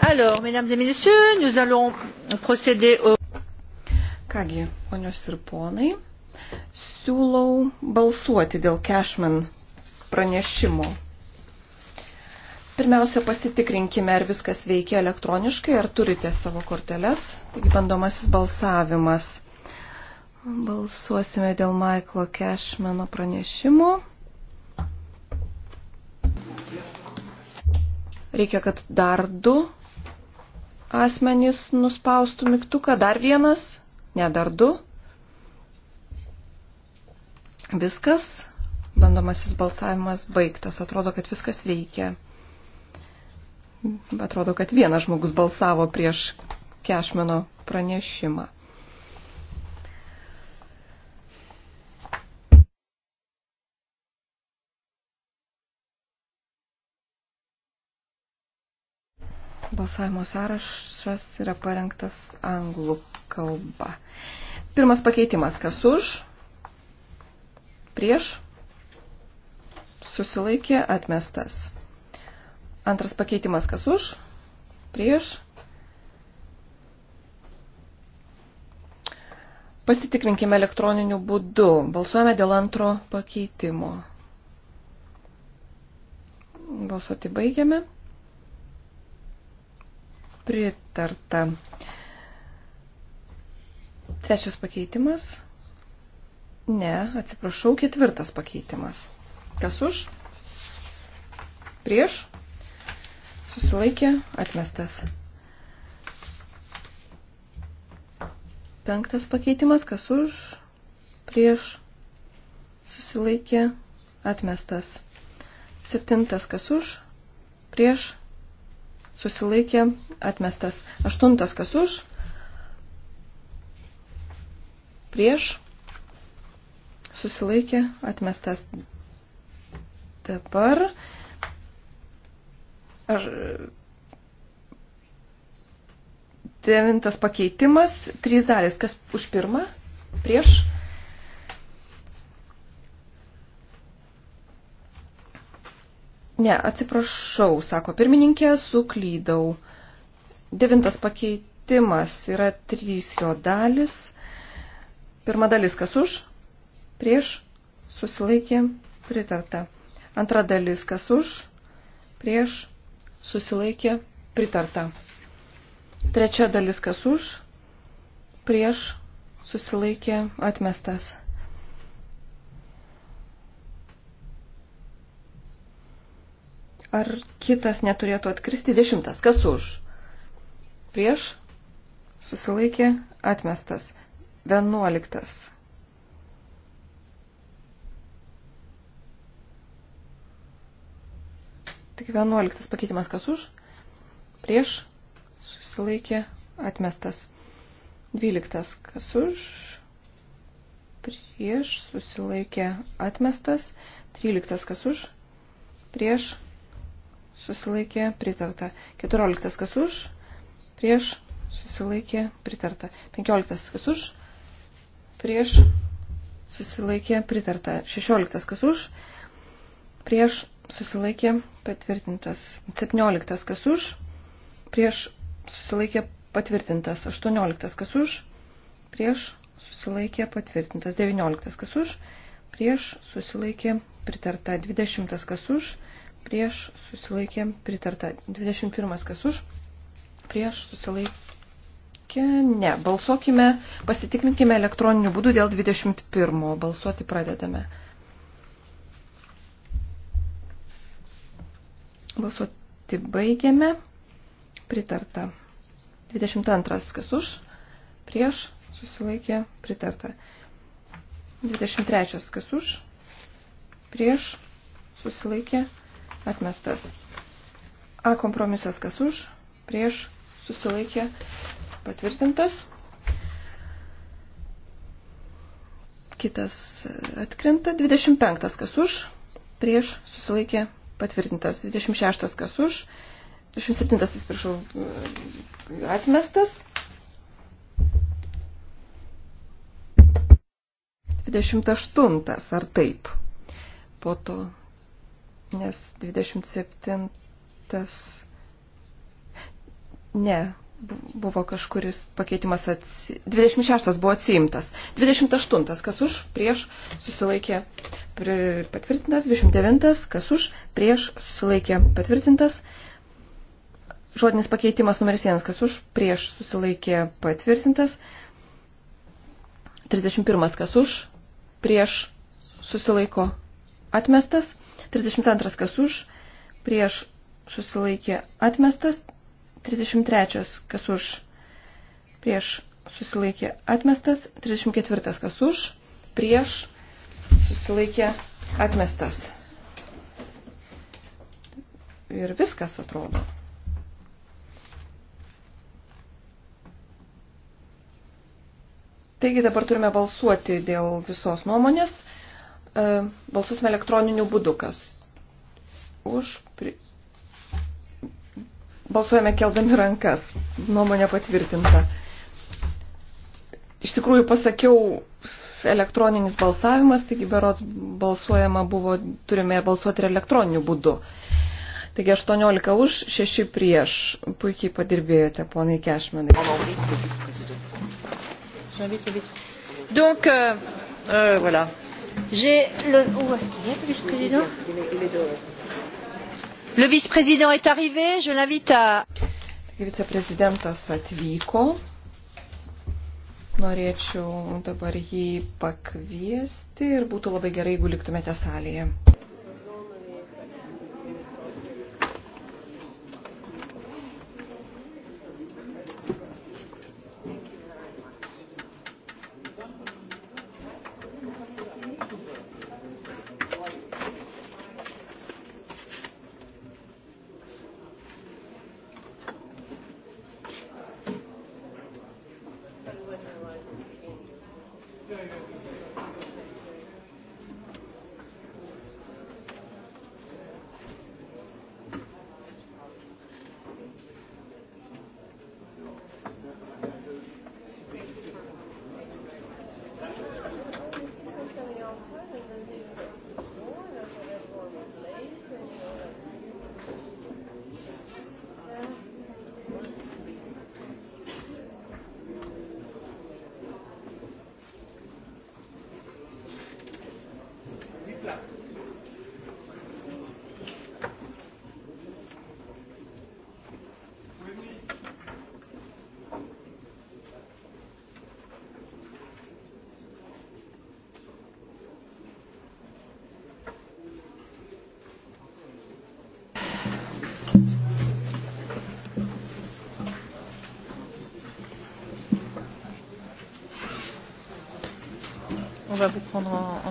Alors, mesdames et messieurs, nous allons procéder au. Kągi, ponios ir ponai, siūlau balsuoti dėl Cashman pranešimo. Pirmiausia, pasitikrinkime, ar viskas veikia elektroniškai, ar turite savo korteles. Taigi bandomasis balsavimas. Balsuosime dėl Michaelo Cashmano pranešimo. Reikia, kad dar du asmenys nuspaustų mygtuką. Dar vienas, ne dar du. Viskas. Bandomasis balsavimas baigtas. Atrodo, kad viskas veikia. Atrodo, kad vienas žmogus balsavo prieš Kešmeno pranešimą. Balsavimo sąrašas yra parengtas anglų kalba. Pirmas pakeitimas. Kas už? Prieš? Susilaikė atmestas. Antras pakeitimas. Kas už? Prieš? Pasitikrinkime elektroniniu būdu. Balsuojame dėl antro pakeitimo. Balsuoti baigiame. Pritarta. Trečias pakeitimas. Ne, atsiprašau, ketvirtas pakeitimas. Kas už? Prieš? Susilaikė, atmestas. Penktas pakeitimas, kas už? Prieš? Susilaikė, atmestas. Septintas, kas už? Prieš? susilaikė, atmestas. Aštuntas kas už, prieš, susilaikė, atmestas. Dabar aš, devintas pakeitimas, trys dalis, kas už pirmą, prieš, Ne, atsiprašau, sako pirmininkė, suklydau. Devintas pakeitimas yra trys jo dalis. Pirma dalis kas už, prieš, susilaikė, pritarta. Antra dalis kas už, prieš, susilaikė, pritarta. Trečia dalis kas už, prieš, susilaikė, atmestas. Ar kitas neturėtų atkristi? Dešimtas. Kas už? Prieš? Susilaikė? Atmestas. Vienuoliktas. Tik vienuoliktas pakeitimas. Kas už? Prieš? Susilaikė? Atmestas. Dvyliktas. Kas už? Prieš? Susilaikė? Atmestas. Tryliktas. Kas už? Prieš? susilaikė pritarta. 14 kas už, prieš susilaikė pritarta. 15 kas už, prieš susilaikė pritarta. 16 kas už, prieš susilaikė patvirtintas. 17 kas už, prieš susilaikė patvirtintas. 18 kas už, prieš susilaikė patvirtintas. 19 kas už, prieš susilaikė pritarta. 20 kas už, prieš susilaikė pritarta. 21 kas už, prieš susilaikė ne. Balsuokime, pasitikrinkime elektroniniu būdu dėl 21. Balsuoti pradedame. Balsuoti baigiame. Pritarta. 22 kas už, prieš susilaikė pritarta. 23 kas už, prieš susilaikė pritarta atmestas. A kompromisas kas už, prieš, susilaikė, patvirtintas. Kitas atkrinta. 25 kas už, prieš, susilaikė, patvirtintas. 26 kas už, 27 atsiprašau, atmestas. 28 ar taip. Po to nes 27. Ne, buvo kažkuris pakeitimas atsi... 26 buvo atsiimtas. 28 kas už, prieš susilaikė patvirtintas. 29 kas už, prieš susilaikė patvirtintas. Žodinis pakeitimas numeris 1 kas už, prieš susilaikė patvirtintas. 31 kas už, prieš susilaiko atmestas. 32 kas už, prieš susilaikė atmestas, 33 kas už, prieš susilaikė atmestas, 34 kas už, prieš susilaikė atmestas. Ir viskas atrodo. Taigi dabar turime balsuoti dėl visos nuomonės. E, balsuosime elektroniniu būdu, kas už. Pri... Balsuojame keldami rankas. Nuomonė patvirtinta. Iš tikrųjų pasakiau elektroninis balsavimas, taigi berots balsuojama buvo, turime balsuoti ir elektroniniu būdu. Taigi 18 už, 6 prieš. Puikiai padirbėjote, ponai Kešmenai. Donc, euh, euh, voilà. J'ai le. Où est-ce qu'il est, le vice-président Le vice-président est arrivé, je l'invite à. Viceprezidentas atvyko. Norėčiau dabar jį pakviesti ir būtų labai gerai, jeigu liktumėte salėje.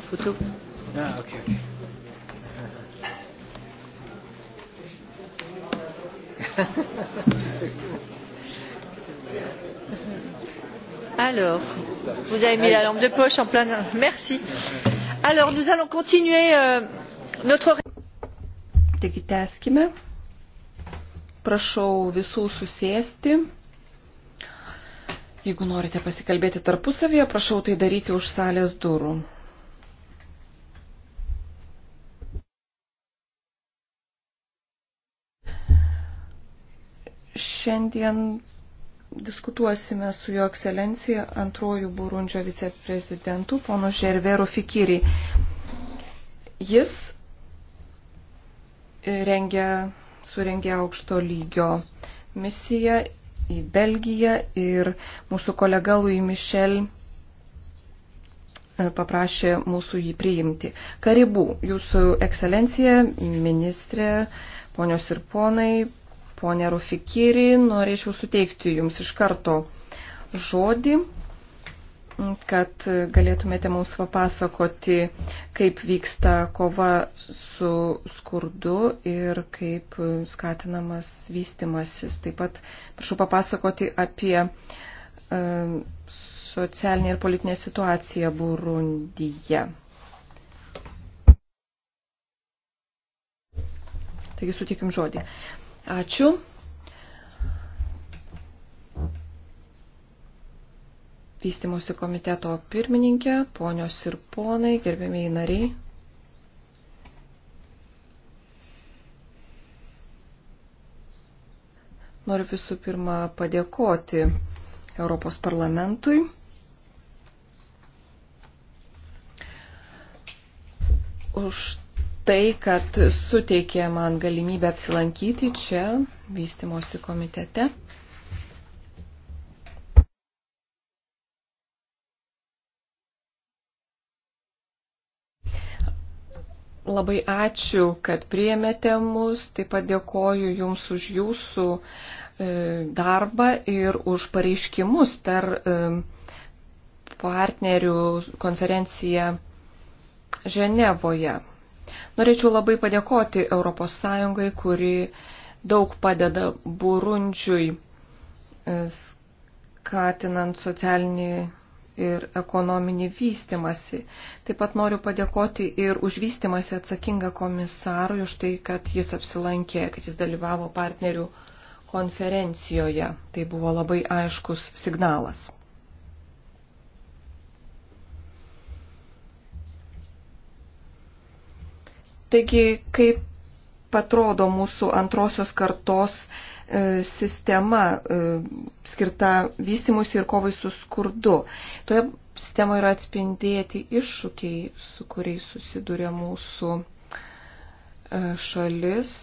photo. Ah, okay, okay. Alors, vous avez mis la lampe de poche en plein. Merci. Alors, nous allons continuer euh, notre. Taigi, tęskime. Prašau visų susėsti. Jeigu norite pasikalbėti tarpusavyje, prašau tai daryti už salės durų. Šiandien diskutuosime su jo ekscelencija antrojų Burundžio viceprezidentu, ponu Žerveru Fikiri. Jis e, rengia, surengia aukšto lygio misiją į Belgiją ir mūsų kolega Louis Michel e, paprašė mūsų jį priimti. Karibų, jūsų ekscelencija, ministrė, ponios ir ponai, Pone Rufikiri, norėčiau suteikti Jums iš karto žodį, kad galėtumėte mums papasakoti, kaip vyksta kova su skurdu ir kaip skatinamas vystimasis. Taip pat prašau papasakoti apie e, socialinė ir politinė situacija Burundyje. Taigi sutikim žodį. Ačiū. Vystimosi komiteto pirmininkė, ponios ir ponai, gerbėmiai nariai. Noriu visų pirma padėkoti Europos parlamentui. Už tai, kad suteikė man galimybę apsilankyti čia vystimosi komitete. Labai ačiū, kad priemėte mus, taip pat dėkoju Jums už Jūsų e, darbą ir už pareiškimus per e, partnerių konferenciją Ženevoje. Norėčiau labai padėkoti ES, kuri daug padeda Burundžiui, e, skatinant socialinį ir ekonominį vystimasi. Taip pat noriu padėkoti ir už vystimasi atsakingą komisarui, už tai, kad jis apsilankė, kad jis dalyvavo partnerių konferencijoje. Tai buvo labai aiškus signalas. Taigi, kaip atrodo mūsų antrosios kartos e, sistema e, skirta vystimusi ir kovai su skurdu. Toje sistemoje yra atspindėti iššūkiai, su kuriais susiduria mūsų e, šalis.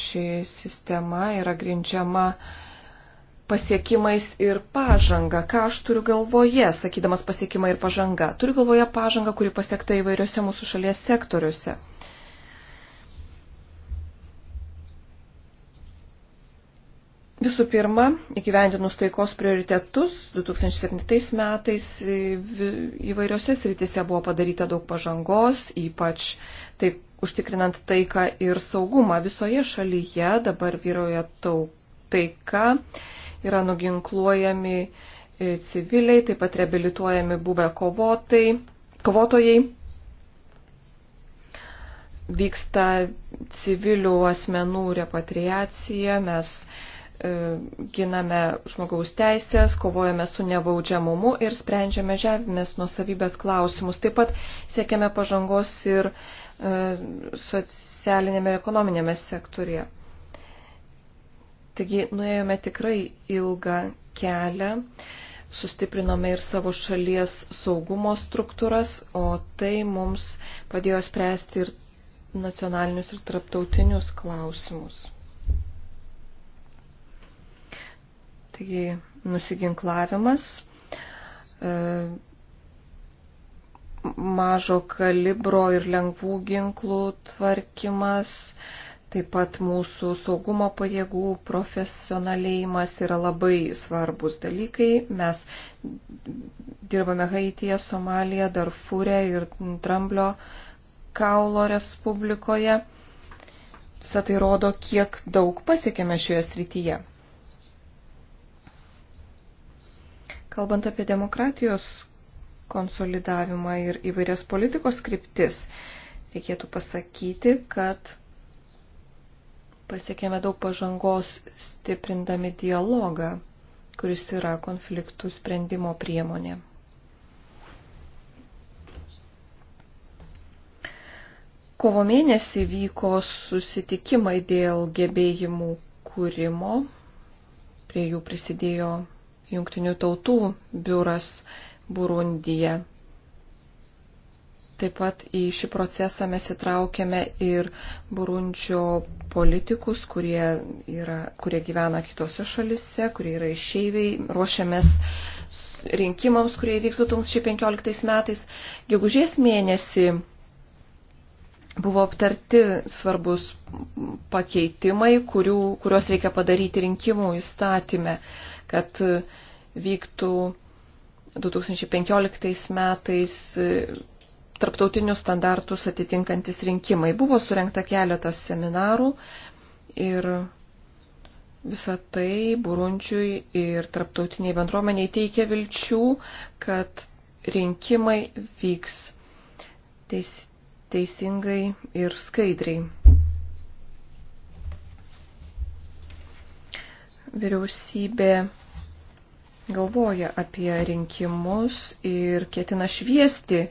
Ši sistema yra grindžiama pasiekimais ir pažanga. Ką aš turiu galvoje, sakydamas pasiekimai ir pažanga? Turiu galvoje pažanga, kuri pasiekta įvairiose mūsų šalies sektoriuose. Visų pirma, įgyvendinus taikos prioritetus, 2007 metais e, įvairiose sritise buvo padaryta daug pažangos, ypač taip, užtikrinant taiką ir saugumą. Visoje šalyje dabar vyroja taika, yra nuginkluojami e, civiliai, taip pat reabilituojami buvę kovotai, kovotojai. Vyksta civilių asmenų repatriacija, mes E, giname žmogaus teisės, kovojame su nebaudžiamumu ir sprendžiame žemės nusavybės klausimus. Taip pat siekiame pažangos ir e, socialinėme ir ekonominėme sektorėje. Taigi nuėjome tikrai ilgą kelią, sustiprinome ir savo šalies saugumo struktūras, o tai mums padėjo spręsti ir nacionalinius ir traptautinius klausimus. Taigi nusiginklavimas, e, mažo kalibro ir lengvų ginklų tvarkymas, taip pat mūsų saugumo pajėgų profesionalėjimas yra labai svarbus dalykai. Mes dirbame Haityje, Somalija, Darfūre ir Dramblio Kaulo Respublikoje. Visą tai rodo, kiek daug pasiekėme šioje srityje. Kalbant apie demokratijos konsolidavimą ir įvairias politikos skriptis, reikėtų pasakyti, kad pasiekėme daug pažangos stiprindami dialogą, kuris yra konfliktų sprendimo priemonė. Kovo mėnesį vyko susitikimai dėl gebėjimų kūrimo, prie jų prisidėjo Junktinių tautų biuras Burundija. Taip pat į šį procesą mes įtraukėme ir Burundžio politikus, kurie, yra, kurie gyvena kitose šalise, kurie yra išeiviai, ruošiamės rinkimams, kurie vyks 2015 metais. Gegužės mėnesį buvo aptarti svarbus pakeitimai, kurių, kuriuos reikia padaryti rinkimų įstatymę, kad vyktų 2015 metais tarptautinius standartus atitinkantis rinkimai. Buvo surinkta keletas seminarų ir visą tai Burundžiui ir tarptautiniai bendruomeniai teikia vilčių, kad rinkimai vyks teis, teisingai ir skaidriai. Vyriausybė galvoja apie rinkimus ir ketina šviesti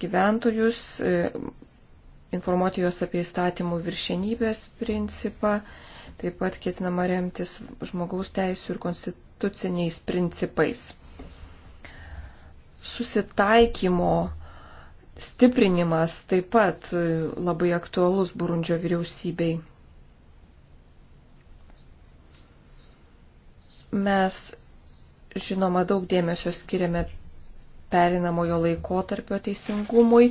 gyventojus, e, informuoti juos apie įstatymų viršenybės principą, taip pat ketinama remtis žmogaus teisų ir konstituciniais principais. Susitaikymo stiprinimas taip pat e, labai aktualus Burundžio vyriausybei. Mes žinoma, daug dėmesio skiriame perinamojo laikotarpio teisingumui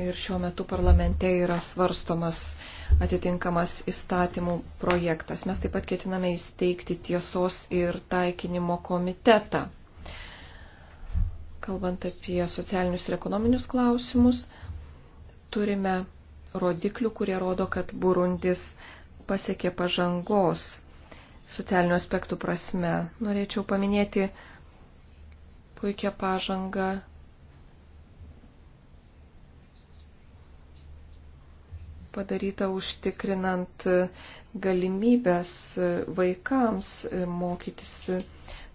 ir šiuo metu parlamente yra svarstomas atitinkamas įstatymų projektas. Mes taip pat ketiname įsteigti tiesos ir taikinimo komitetą. Kalbant apie socialinius ir ekonominius klausimus, turime rodiklių, kurie rodo, kad Burundis pasiekė pažangos socialinių aspektų prasme. Norėčiau paminėti puikia pažanga. padaryta užtikrinant galimybės vaikams mokytis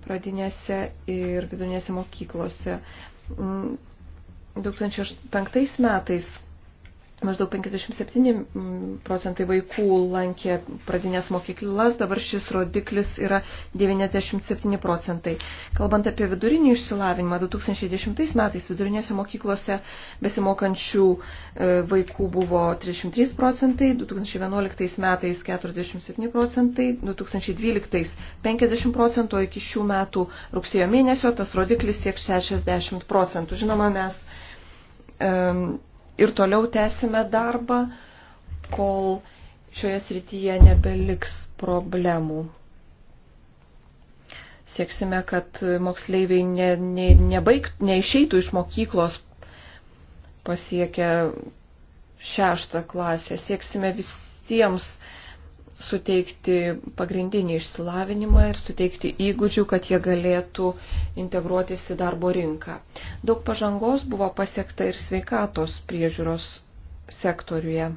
pradinėse ir vidurinėse mokyklose. Mm, 2005 metais Maždaug 57 mm, procentai vaikų lankė pradinės mokyklas, dabar šis rodiklis yra 97 procentai. Kalbant apie vidurinį išsilavinimą, 2010 metais vidurinėse mokyklose besimokančių e, vaikų buvo 33 procentai, 2011 metais 47 procentai, 2012 50 procentų, o iki šių metų rugsėjo mėnesio tas rodiklis sieks 60 procentų. Žinoma, mes um, ir toliau tęsime darbą, kol šioje srityje nebeliks problemų. Sieksime, kad moksleiviai ne, ne, nebaig, neišeitų iš mokyklos pasiekę šeštą klasę. Sieksime visiems uh, suteikti pagrindinį išsilavinimą ir suteikti įgūdžių, kad jie galėtų integruotis į darbo rinką. Daug pažangos buvo pasiekta ir sveikatos priežiūros sektoriuje.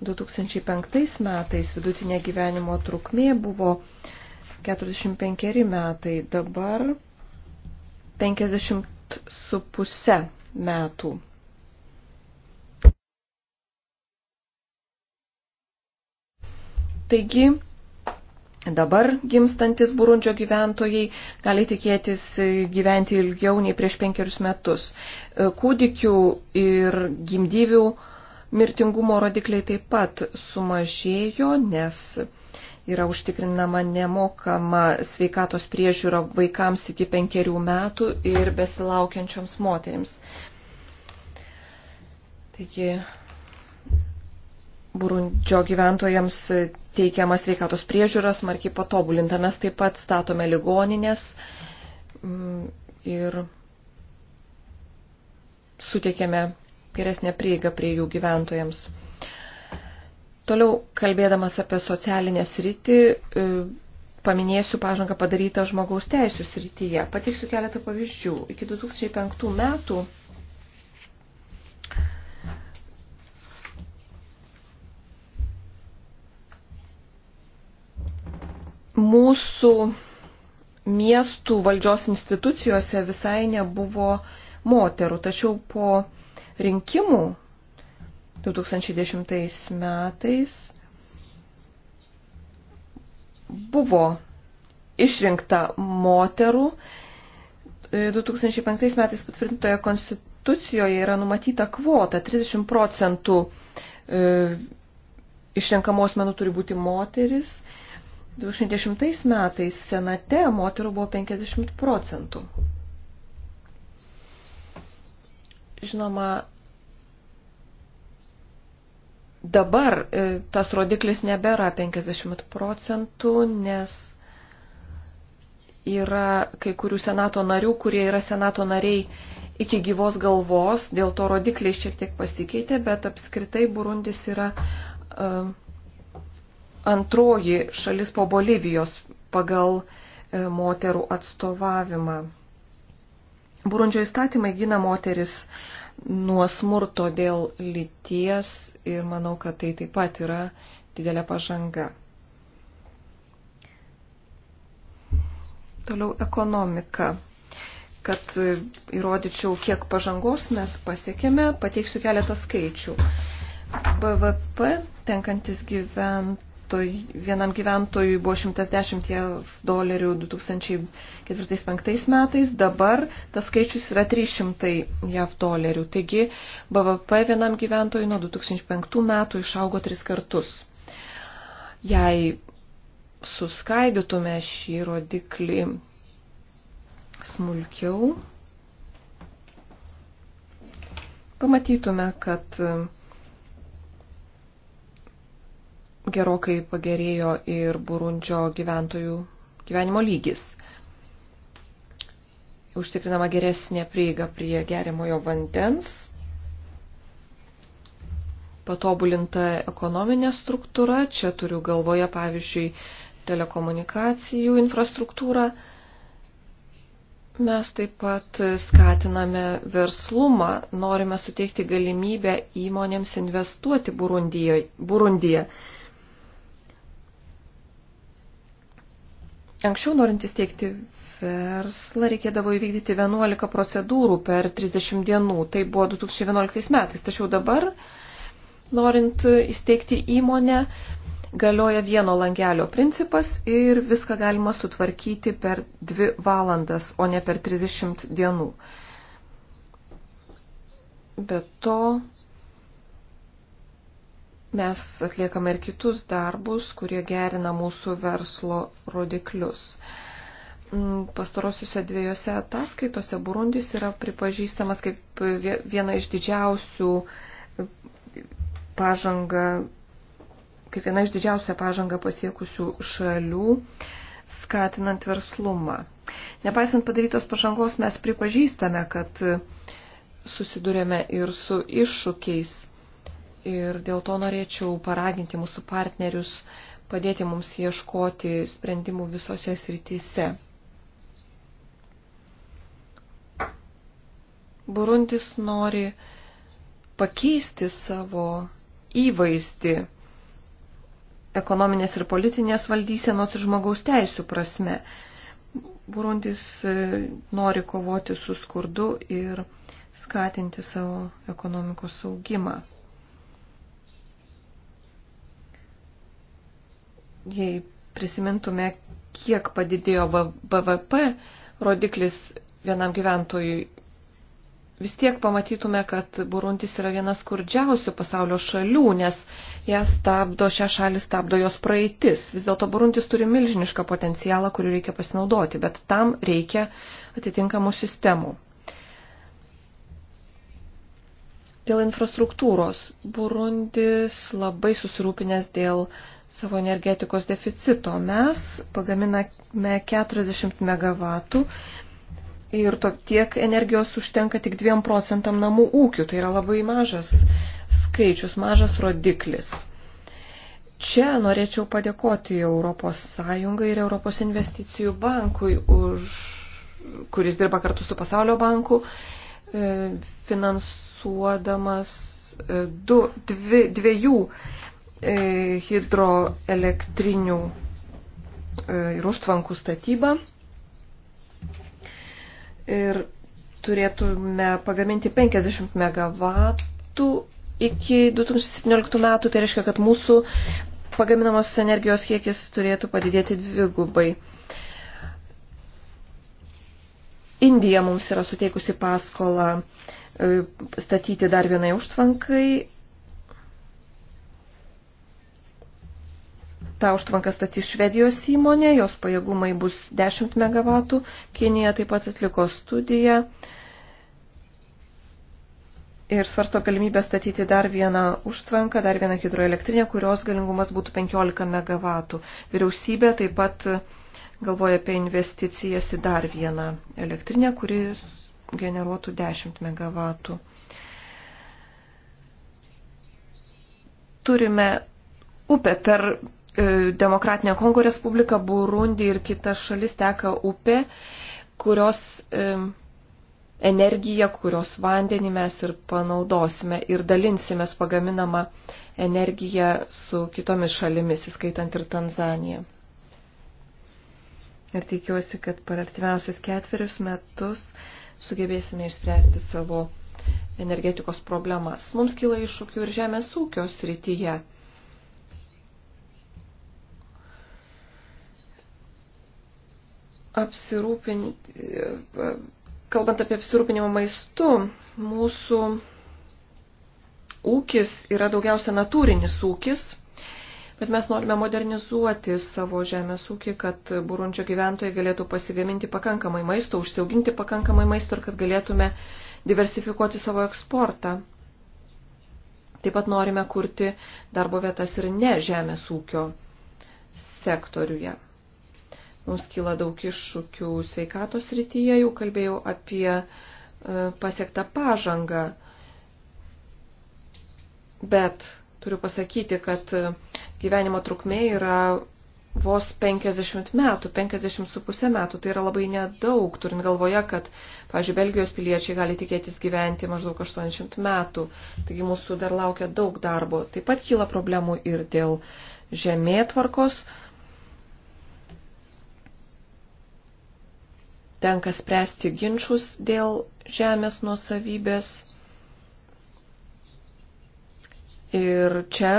2005 metais vidutinė gyvenimo trukmė buvo 45 metai, dabar 50 su puse metų. Taigi, dabar gimstantis Burundžio gyventojai gali tikėtis e, gyventi ilgiau nei prieš penkerius metus. E, kūdikių ir gimdyvių mirtingumo rodikliai taip pat sumažėjo, nes yra užtikrinama nemokama sveikatos priežiūra vaikams iki penkerių metų ir besilaukiančioms moteriams. Taigi Burundžio gyventojams teikiama sveikatos priežiūra smarkiai patobulinta. Mes taip pat statome ligoninės mm, ir suteikėme geresnę prieigą prie jų gyventojams. Toliau, kalbėdamas apie socialinę sritį, e, paminėsiu pažangą padarytą žmogaus teisų srityje. Pateiksiu keletą pavyzdžių. Iki 2005 metų mūsų miestų valdžios institucijose visai nebuvo moterų, tačiau po rinkimų 2010 metais buvo išrinkta moterų. 2005 metais patvirtintoje konstitucijoje yra numatyta kvota 30 procentų e, išrenkamų asmenų turi būti moteris 2010 metais senate moterų buvo 50 procentų. Žinoma, dabar e, tas rodiklis nebėra 50 procentų, nes yra kai kurių senato narių, kurie yra senato nariai iki gyvos galvos, dėl to rodikliai šiek tiek pasikeitė, bet apskritai Burundis yra uh, antroji šalis po Bolivijos pagal e, moterų atstovavimą. Burundžio įstatymai gina moteris nuo smurto dėl lyties ir manau, kad tai taip pat yra didelė pažanga. Toliau ekonomika. Kad e, įrodyčiau, kiek pažangos mes pasiekėme, pateiksiu keletą skaičių. BVP tenkantis gyvent gyventoj, vienam gyventojui buvo 110 dolerių 2004-2005 metais, dabar tas skaičius yra 300 JAV dolerių. Taigi BVP vienam gyventojui nuo 2005 metų išaugo tris kartus. Jei suskaidytume šį rodiklį smulkiau, pamatytume, kad gerokai pagerėjo ir Burundžio gyventojų gyvenimo lygis. Užtikrinama geresnė prieiga prie geriamojo vandens, patobulinta ekonominė struktūra, čia turiu galvoje pavyzdžiui telekomunikacijų infrastruktūrą. Mes taip pat skatiname verslumą, norime suteikti galimybę įmonėms investuoti Burundijoje. Burundijoje Anksčiau norint įsteigti verslą reikėdavo įvykdyti 11 procedūrų per 30 dienų. Tai buvo 2011 metais. Tačiau dabar, norint įsteigti įmonę, galioja vieno langelio principas ir viską galima sutvarkyti per 2 valandas, o ne per 30 dienų. Be to, Mes atliekame ir kitus darbus, kurie gerina mūsų verslo rodiklius mm, pastarosiuose dviejose ataskaitose Burundis yra pripažįstamas kaip viena iš didžiausių pažanga, kaip viena iš didžiausią pažangą pasiekusių šalių, skatinant verslumą. Nepaisant padarytos pažangos, mes pripažįstame, kad susidurėme ir su iššūkiais ir dėl to norėčiau paraginti mūsų partnerius padėti mums ieškoti sprendimų visose srityse. Burundis nori pakeisti savo įvaizdį ekonominės ir politinės valdysenos ir žmogaus teisų prasme. Burundis e, nori kovoti su skurdu ir skatinti savo ekonomikos augimą. Jei prisimintume, kiek padidėjo BVP rodiklis vienam gyventojui, vis tiek pamatytume, kad Burundis yra vienas skurdžiausių pasaulio šalių, nes ją stabdo, šią šalį stabdo jos praeitis. Vis dėlto Burundis turi milžinišką potencialą, kurį reikia pasinaudoti, bet tam reikia atitinkamų sistemų. Dėl infrastruktūros. Burundis labai susirūpinęs dėl savo energetikos deficito. Mes pagaminame 40 MW ir to, tiek energijos užtenka tik 2 procentam namų ūkių. Tai yra labai mažas skaičius, mažas rodiklis. Čia norėčiau padėkoti Europos Sąjungai ir Europos investicijų bankui, už, kuris dirba kartu su Pasaulio banku, e, finansuodamas e, du, dvi, dviejų E, hidroelektrinių e, ir užtvankų statybą. Ir turėtume pagaminti 50 MW iki 2017 metų, tai reiškia, kad mūsų pagaminamos energijos kiekis turėtų padidėti dvigubai. Indija mums yra suteikusi paskolą e, statyti dar vienai užtvankai Ta užtvanka statys Švedijos įmonė, jos pajėgumai bus 10 MW. Kinija taip pat atliko studiją ir svarsto galimybę statyti dar vieną užtvanką, dar vieną hidroelektrinę, kurios galingumas būtų 15 MW. Vyriausybė taip pat galvoja apie investicijas į dar vieną elektrinę, kuri generuotų 10 MW. Turime upę per E, Demokratinė Kongo Respublika, Burundi ir kitas šalis teka upė, kurios e, energiją, kurios vandenį mes ir panaudosime ir dalinsimės pagaminamą energiją su kitomis šalimis, įskaitant ir Tanzaniją. Ir tikiuosi, kad per artimiausius ketverius metus sugebėsime išspręsti savo energetikos problemas. Mums kyla iššūkių ir žemės ūkio srityje. apsirūpinti, e, kalbant apie apsirūpinimo maistu, mūsų ūkis yra daugiausia natūrinis ūkis, bet mes norime modernizuoti savo žemės ūkį, kad burundžio gyventojai galėtų pasigaminti pakankamai maisto, užsiauginti pakankamai maisto ir kad galėtume diversifikuoti savo eksportą. Taip pat norime kurti darbo vietas ir ne žemės ūkio sektoriuje. Mums kyla daug iššūkių sveikatos rytyje, jau kalbėjau apie e, pasiektą pažangą. Bet turiu pasakyti, kad e, gyvenimo trukmė yra vos 50 metų, 50,5 metų, tai yra labai nedaug, turint galvoje, kad, pavyzdžiui, Belgijos piliečiai gali tikėtis gyventi maždaug 80 metų, taigi mūsų dar laukia daug darbo. Taip pat kyla problemų ir dėl žemėtvarkos, tenka spręsti ginčius dėl žemės nuosavybės. Ir čia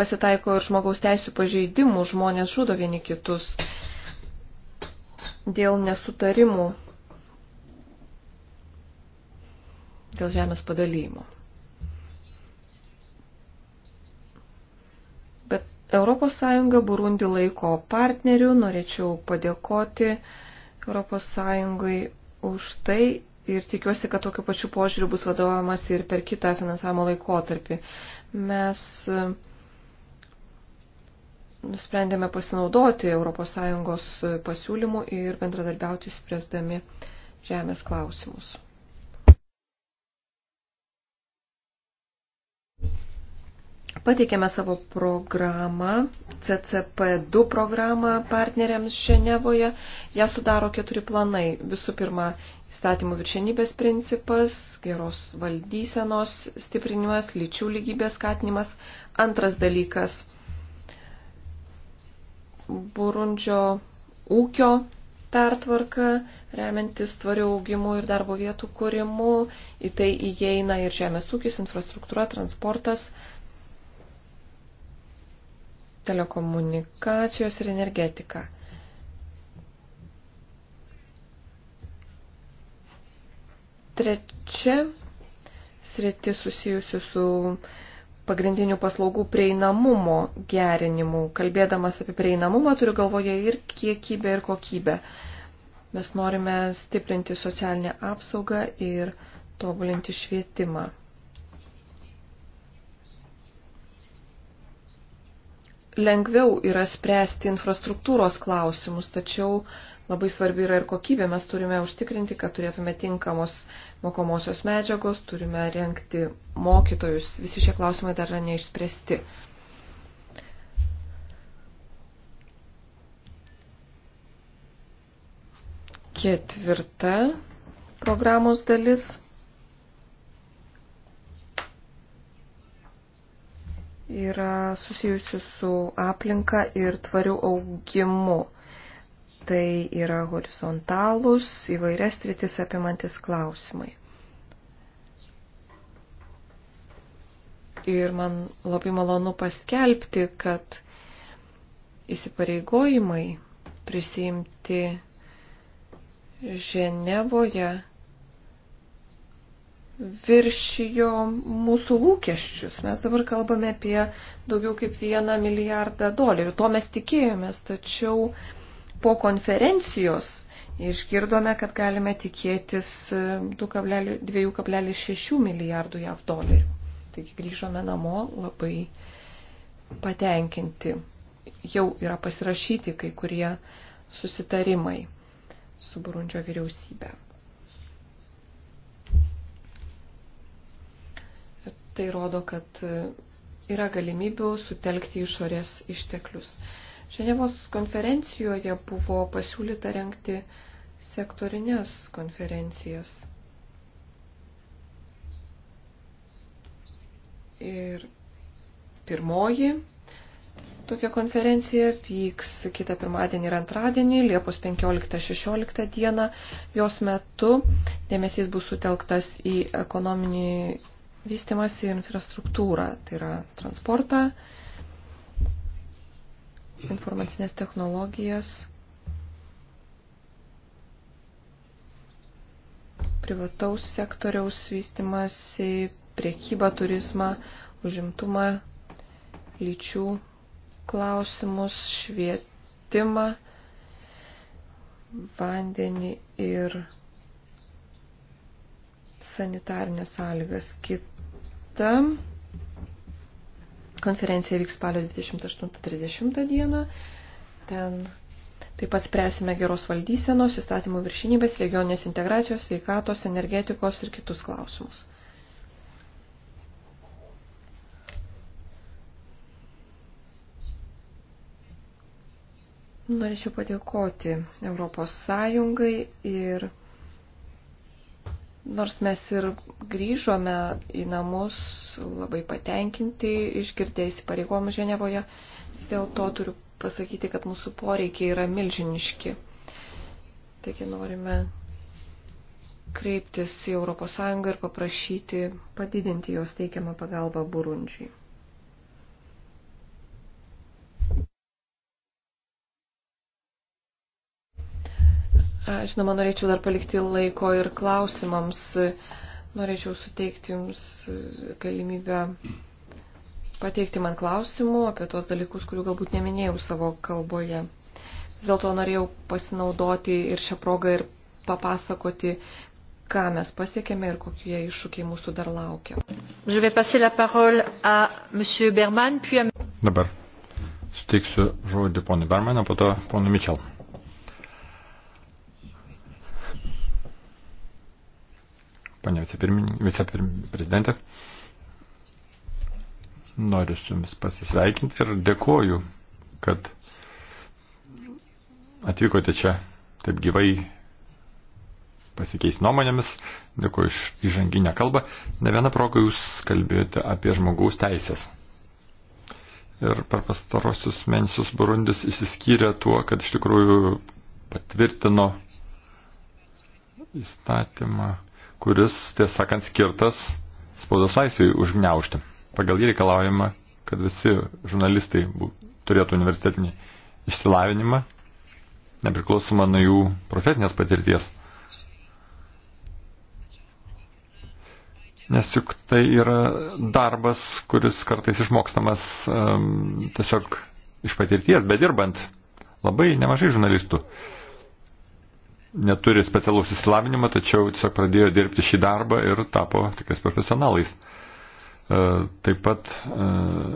pasitaiko ir žmogaus teisų pažeidimų, žmonės žudo vieni kitus dėl nesutarimų, dėl žemės padalymo. Bet ES Burundi laiko partnerių, norėčiau padėkoti uh, Europos Sąjungai už tai ir tikiuosi, kad tokiu pačiu požiūriu bus vadovamas ir per kitą finansavimo laikotarpį. Mes e, nusprendėme pasinaudoti ES pasiūlymu ir bendradarbiauti spręsdami žemės klausimus. Pateikėme savo programą, CCP2 programą partneriams Ženevoje. Ja sudaro keturi planai. Visų pirma, įstatymų viršenybės principas, geros valdysenos stiprinimas, lyčių lygybės skatinimas. Antras dalykas - Burundžio ūkio pertvarka, remiantis tvarių augimų ir darbo vietų kūrimu. Į tai įeina ir žemės ūkis, infrastruktūra, transportas, telekomunikacijos ir energetika. Trečia sritis susijusi su pagrindinių paslaugų prieinamumo gerinimu. Kalbėdamas apie prieinamumą turiu galvoje ir kiekybę, ir kokybę. Mes norime stiprinti socialinę apsaugą ir tobulinti švietimą. lengviau yra spręsti infrastruktūros klausimus, tačiau labai svarbi yra ir kokybė. Mes turime užtikrinti, kad turėtume tinkamos mokomosios medžiagos, turime renkti mokytojus. Visi šie klausimai dar yra neišspręsti. Ketvirta programos dalis yra susijusi su aplinka ir tvariu augimu. Tai yra horizontalūs, įvairias tritis apimantis klausimai. Ir man labai malonu paskelbti, kad įsipareigojimai prisimti Ženevoje viršijo mūsų lūkesčius. Mes dabar kalbame apie daugiau kaip vieną milijardą dolerių. To mes tikėjomės, tačiau po konferencijos išgirdome, kad galime tikėtis 2,6 milijardų JAV dolerių. Taigi grįžome namo labai patenkinti. Jau yra pasirašyti kai kurie susitarimai su Burundžio vyriausybė. Tai rodo, kad e, yra galimybių sutelkti išorės išteklius. Ženevos konferencijoje buvo pasiūlyta renkti sektorinės konferencijas. Ir pirmoji tokia konferencija vyks kitą pirmadienį ir antradienį, Liepos 15-16 dieną. Jos metu dėmesys bus sutelktas į ekonominį vystimas į infrastruktūrą, tai yra transportą, informacinės technologijas, privataus sektoriaus vystimas į priekybą, turizmą, užimtumą, lyčių klausimus, švietimą, vandenį ir sanitarnės sąlygas. Kit data. Konferencija vyks spalio 28-30 dieną. Ten Taip pat spręsime geros valdysenos, įstatymų viršinybės, regioninės integracijos, veikatos, energetikos ir kitus klausimus. Norėčiau padėkoti Europos Sąjungai ir Nors mes ir grįžome į namus labai patenkinti, išgirdę įsipareigomus Ženevoje, vis dėlto turiu pasakyti, kad mūsų poreikiai yra milžiniški. Taigi norime kreiptis į ES ir paprašyti padidinti jos teikiamą pagalbą Burundžiai. Žinoma, norėčiau dar palikti laiko ir klausimams. Norėčiau suteikti Jums e, galimybę pateikti man klausimų apie tuos dalykus, kurių galbūt neminėjau savo kalboje. Vis dėlto norėjau pasinaudoti ir šią progą ir papasakoti, ką mes pasiekėme ir kokie iššūkiai mūsų dar laukia. Berman, puis... Dabar suteiksiu žodį ponui Bermaną, po to ponui Mičel. panė viceprezidentė. Noriu su jumis pasisveikinti ir dėkoju, kad atvykote čia taip gyvai pasikeis nuomonėmis, dėkoju iš įžanginę kalbą. Ne vieną progą jūs kalbėjote apie žmogaus teisės. Ir per pastarosius mėnesius Burundis įsiskyrė tuo, kad iš tikrųjų patvirtino įstatymą kuris, tiesąkant, skirtas spaudos laisvėjai užgneušti. Pagal jį reikalaujama, kad visi žurnalistai turėtų universitetinį išsilavinimą, nepriklausoma nuo jų profesinės patirties. Nes juk tai yra darbas, kuris kartais išmokstamas um, tiesiog iš patirties, bedirbant. Labai nemažai žurnalistų uh, neturi specialaus įsilavinimo, tačiau tiesiog pradėjo dirbti šį darbą ir tapo tikrais profesionalais. E, taip pat e,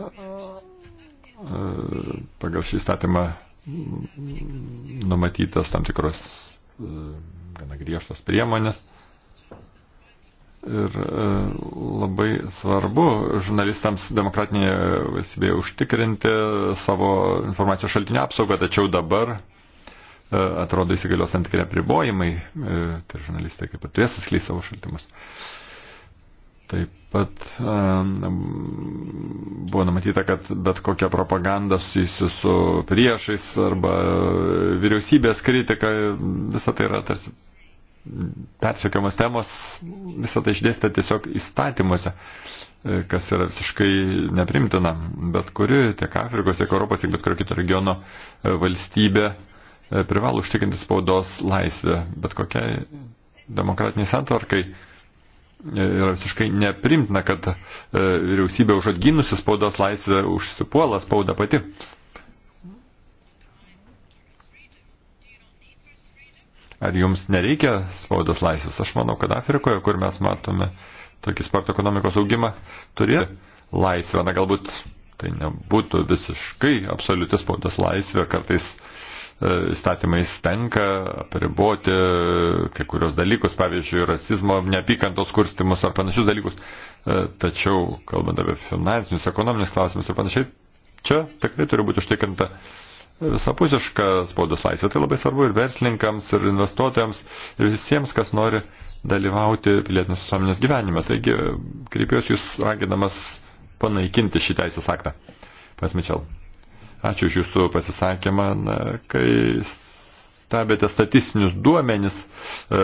e, pagal šį statymą numatytas tam tikros gana griežtos priemonės. Ir labai svarbu žurnalistams demokratinėje valstybėje užtikrinti savo informacijos šaltinio apsaugą, tačiau dabar E, atrodo įsigalios tam tikri apribojimai, e, tai žurnalistai kaip ir turės atskleisti savo šaltimus. Taip pat e, buvo numatyta, kad bet kokia propaganda susijusi su priešais arba vyriausybės kritika, visa tai yra tarsi persiokiamas temos, visą tai išdėstė tiesiog įstatymuose, kas yra visiškai neprimtina. Bet kuri tiek Afrikos, tiek Europos, tiek bet kurio kito regiono valstybė uh, E, privalo užtikrinti spaudos laisvę, bet kokiai demokratiniai santvarkai e, yra visiškai neprimtina, kad e, vyriausybė už atginusi spaudos laisvę užsipuola spaudą pati. Ar jums nereikia spaudos laisvės? Aš manau, kad Afrikoje, kur mes matome tokį spartų ekonomikos augimą, turi laisvę. Na, galbūt tai nebūtų visiškai absoliuti spaudos laisvė, kartais uh, E, įstatymais tenka apriboti e, kai kurios dalykus, pavyzdžiui, rasizmo, neapykantos kurstimus ar panašius dalykus. E, tačiau, kalbant apie finansinius, ekonominius klausimus ir panašiai, čia tikrai turi būti užtikrinta visapusiška spaudos laisvė. Tai labai svarbu ir verslininkams, ir investuotojams, ir visiems, kas nori dalyvauti pilietinės visuomenės gyvenime. Taigi, kreipiuosi jūs raginamas panaikinti šį teisės aktą. Pasmičiau. Ačiū už jūsų pasisakymą. Na, kai stebėte statistinius duomenis e,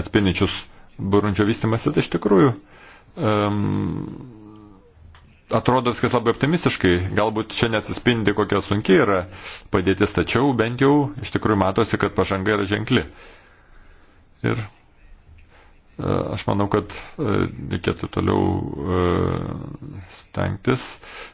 atspindinčius Burundžio vystimasi, tai iš tikrųjų e, atrodo viskas labai optimistiškai. Galbūt čia neatsispindi, kokia sunki yra padėtis, tačiau bent jau iš tikrųjų matosi, kad pažanga yra ženkli. Ir Aš manau, kad e, reikėtų toliau e, stengtis,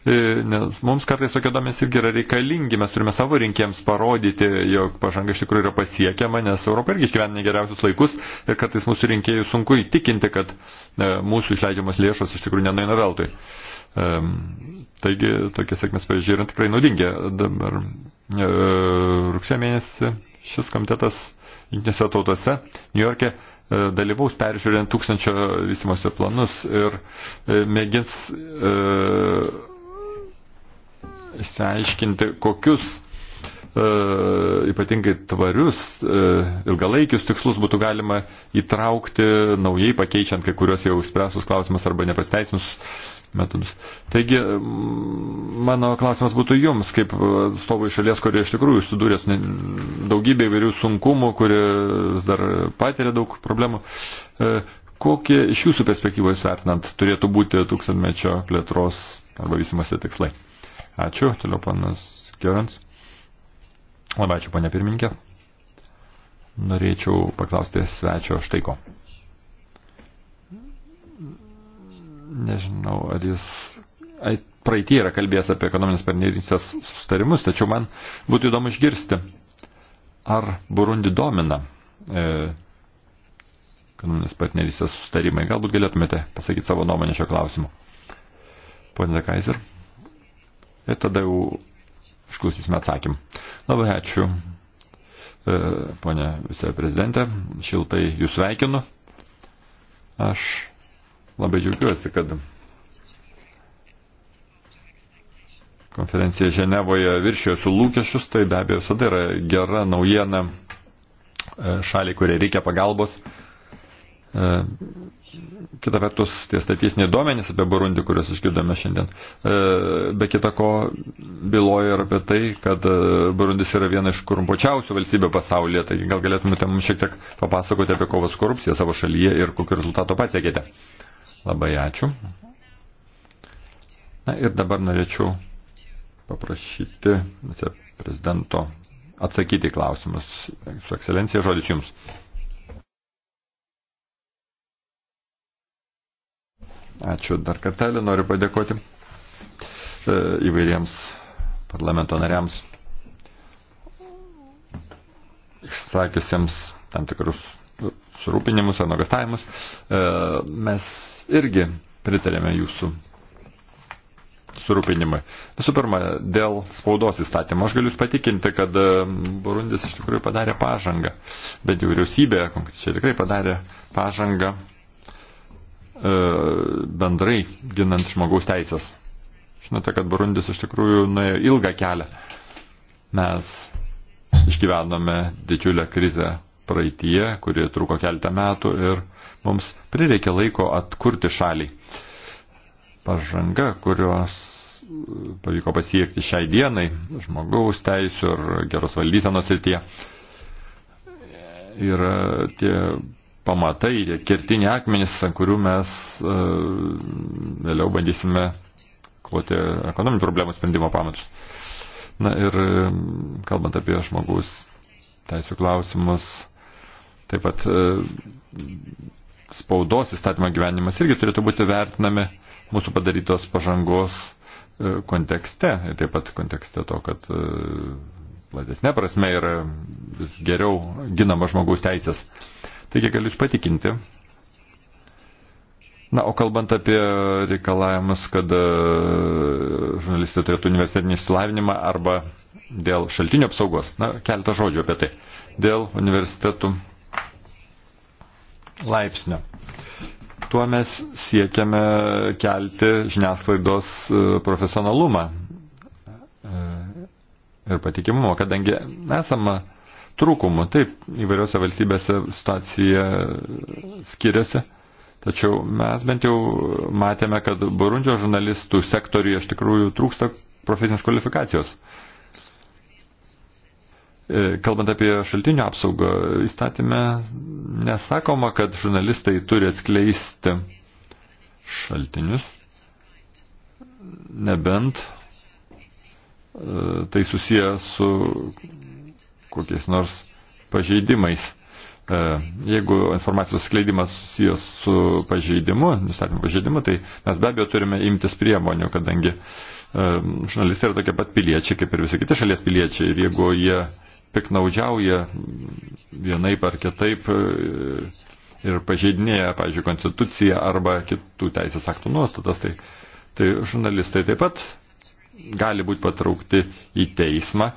e, nes mums kartais tokie domės irgi yra reikalingi, mes turime savo rinkėjams parodyti, jog pažanga iš tikrųjų yra pasiekiama, nes Europa irgi išgyvena negeriausius laikus ir kartais mūsų rinkėjų sunku įtikinti, kad mūsų išleidžiamos lėšos iš tikrųjų nenaina veltui. Taigi tokie sėkmės pavyzdžiai yra tikrai naudingi. Dabar rugsėjo mėnesį šis komitetas Jungtinėse tautose, New York'e E, dalyvaus peržiūrint tūkstančio vystimosi planus ir e, mėgins e, išsiaiškinti, kokius ypatingai tvarius ilgalaikius tikslus būtų galima įtraukti naujai pakeičiant kai kurios jau spręsus klausimus arba nepasteisinius metodus. Taigi, mm, mano klausimas būtų jums, kaip stovų iš šalies, kurie iš tikrųjų sudūrė su daugybė įvairių sunkumų, kurie dar patiria daug problemų. E, kokie iš jūsų perspektyvos vertinant turėtų būti tūkstantmečio plėtros arba vysimasi tikslai? Ačiū, toliau panas Gerans. Labai ačiū, ponė pirmininkė. Norėčiau paklausti svečio štai ko. nežinau, ar jis praeitie yra kalbėjęs apie ekonominės partnerystės sustarimus, tačiau man būtų įdomu išgirsti, ar Burundi domina e, ekonominės partnerystės sustarimai. Galbūt galėtumėte pasakyti savo nuomonę šio klausimu. Pone Zekaiser. Ir tada jau išklausysime atsakym. Labai ačiū, e, ponė viceprezidentė. Šiltai jūs sveikinu. Aš Labai džiaugiuosi, kad konferencija Ženevoje viršijo su lūkesčius, tai be abejo visada yra gera naujiena e, šaliai, kuriai reikia pagalbos. E, kita vertus, tie statistiniai duomenys apie Burundį, kuriuos išgirdome šiandien, e, be kita ko byloja ir apie tai, kad Burundis yra viena iš korumpuočiausių valstybių pasaulyje, taigi gal galėtumėte mums šiek tiek papasakoti apie kovą su korupcija savo šalyje ir kokiu rezultatu pasiekėte. Labai ačiū. Na ir dabar norėčiau paprašyti prezidento atsakyti klausimus. Su ekscelencija žodis jums. Ačiū dar kartelį, noriu padėkoti e, įvairiems parlamento nariams, išsakiusiems tam tikrus surūpinimus ar nuogastavimus, e, mes irgi pritarėme jūsų surūpinimai. Visų pirma, dėl spaudos įstatymo aš galiu patikinti, kad e, Burundis iš tikrųjų padarė pažangą, bet jau vyriausybė konkrečiai tikrai padarė pažangą e, bendrai ginant žmogaus teisės. Žinote, kad Burundis iš tikrųjų nuėjo ilgą kelią. Mes išgyvenome didžiulę krizę praeitie, kuri truko keltą metų ir mums prireikė laiko atkurti šalį. Pažanga, kurios pavyko pasiekti šiai dienai žmogaus teisų ir geros valdysenos srityje. Ir tie pamatai, tie kertiniai akmenys, kurių mes e, vėliau bandysime kloti ekonominių problemų sprendimo pamatus. Na ir kalbant apie žmogus teisų klausimus, Taip pat e, spaudos įstatymo gyvenimas irgi turėtų būti vertinami mūsų padarytos pažangos e, kontekste, taip pat kontekste to, kad e, platesnė prasme yra vis geriau ginama žmogaus teisės. Taigi galiu jūs patikinti. Na, o kalbant apie reikalavimus, kad žurnalistai turėtų universitetinį išsilavinimą arba dėl šaltinių apsaugos, na, keletą žodžių apie tai. Dėl universitetų laipsnio. Tuo mes siekiame kelti žiniasklaidos e, profesionalumą e, ir patikimumą, kadangi esama trūkumų. Taip, įvairiose valstybėse situacija skiriasi. Tačiau mes bent jau matėme, kad Burundžio žurnalistų sektoriuje iš tikrųjų trūksta profesinės kvalifikacijos. E, kalbant apie šaltinių apsaugą, įstatymę nesakoma, kad žurnalistai turi atskleisti šaltinius, nebent e, tai susiję su kokiais nors pažeidimais. E, jeigu informacijos skleidimas susijęs su pažeidimu, nustatymu pažeidimu, tai mes be abejo turime imtis priemonių, kadangi žurnalistai yra tokie pat piliečiai, kaip ir visi kiti šalies piliečiai. Ir jeigu jie uh, piknaudžiauja vienaip ar kitaip e, ir pažeidinėja, pavyzdžiui, konstituciją arba kitų teisės aktų nuostatas, tai, tai žurnalistai taip pat gali būti patraukti į teismą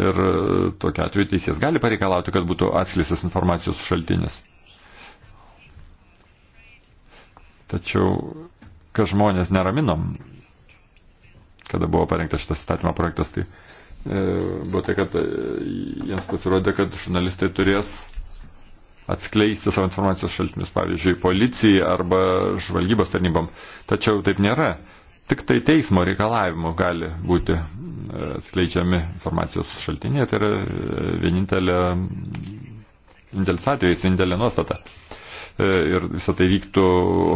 ir e, tokia atveju teisės gali pareikalauti, kad būtų atsklistas informacijos šaltinis. Tačiau, kas žmonės neraminom, kada buvo parengtas šitas statymo projektas, tai E, buvo tai, kad e, jiems pasirodė, kad žurnalistai turės atskleisti savo informacijos šaltinius, pavyzdžiui, policijai arba žvalgybos tarnybom. Tačiau taip nėra. Tik tai teismo reikalavimu gali būti e, skleidžiami informacijos šaltiniai, tai yra vienintelė, vienintelis atvejais, vienintelė nuostata. Ir visą tai vyktų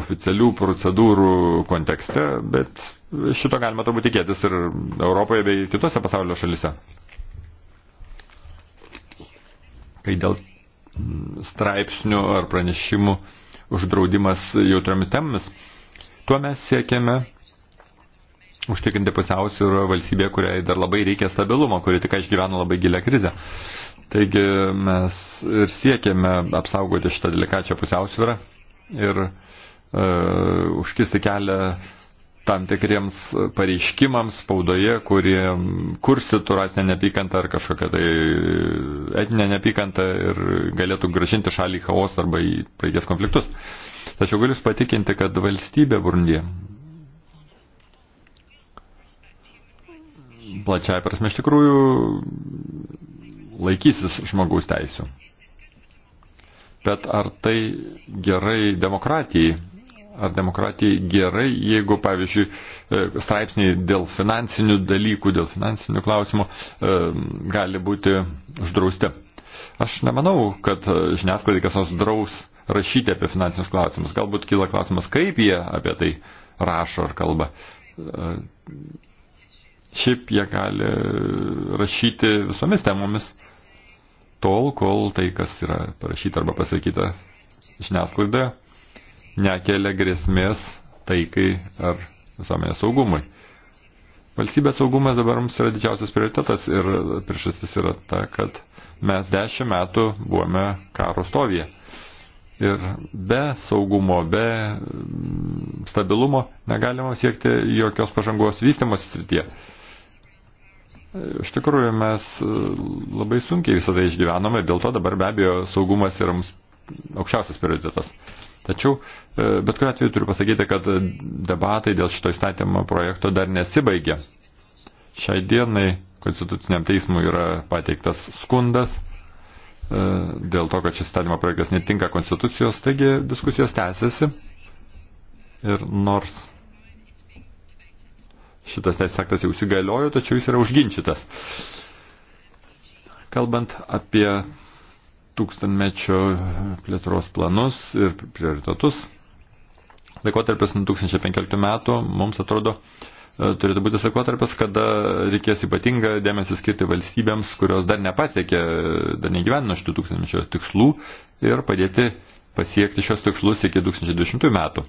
oficialių procedūrų kontekste, bet Šito galima turbūt tikėtis ir Europoje bei kitose pasaulio šalise. Kai dėl straipsnių ar pranešimų uždraudimas jautriomis temomis, tuo mes siekiame užtikrinti pusiausvyrą valstybė, kuriai dar labai reikia stabilumo, kuri tik išgyveno labai gilę krizę. Taigi mes ir siekiame apsaugoti šitą delikačią pusiausvyrą ir uh, e, užkisti kelią tam tikriems pareiškimams spaudoje, kurie kurstytų rasinę neapykantą ar kažkokią tai etinę neapykantą ir galėtų gražinti šalį į chaosą arba į praeities konfliktus. Tačiau galiu patikinti, kad valstybė Burundija plačiai prasme iš tikrųjų laikysis žmogaus teisų. Bet ar tai gerai demokratijai? ar demokratijai gerai, jeigu, pavyzdžiui, e, straipsniai dėl finansinių dalykų, dėl finansinių klausimų e, gali būti uždrausti. Aš nemanau, kad e, žiniasklaidai kas nors draus rašyti apie finansinius klausimus. Galbūt kyla klausimas, kaip jie apie tai rašo ar kalba. Šiaip jie gali rašyti visomis temomis tol, kol tai, kas yra parašyta arba pasakyta žiniasklaidoje, nekelia grėsmės taikai ar visuomenės saugumui. Valstybės saugumas dabar mums yra didžiausias prioritetas ir priešastis yra ta, kad mes dešimt metų buvome karo stovyje. Ir be saugumo, be mm, stabilumo negalima siekti jokios pažangos vystimos srityje. Iš tikrųjų, mes e, labai sunkiai visą tai išgyvenome, dėl to dabar be abejo saugumas yra mums aukščiausias prioritetas. Tačiau e, bet kuriuo atveju turiu pasakyti, kad debatai dėl šito įstatymo projekto dar nesibaigė. Šiai dienai Konstituciniam teismui yra pateiktas skundas e, dėl to, kad šis įstatymo projektas netinka Konstitucijos, taigi diskusijos tęsiasi. Ir nors šitas teisės aktas jau įsigaliojo, tačiau jis yra užginčytas. Kalbant apie tūkstantmečio plėtros planus ir prioritetus. Laikotarpis nuo 2015 metų mums atrodo e, turėtų būti laikotarpis, kada reikės ypatingą dėmesį skirti valstybėms, kurios dar nepasiekė, dar negyveno šitų tūkstantmečio tikslų ir padėti pasiekti šios tikslus iki 2020 metų.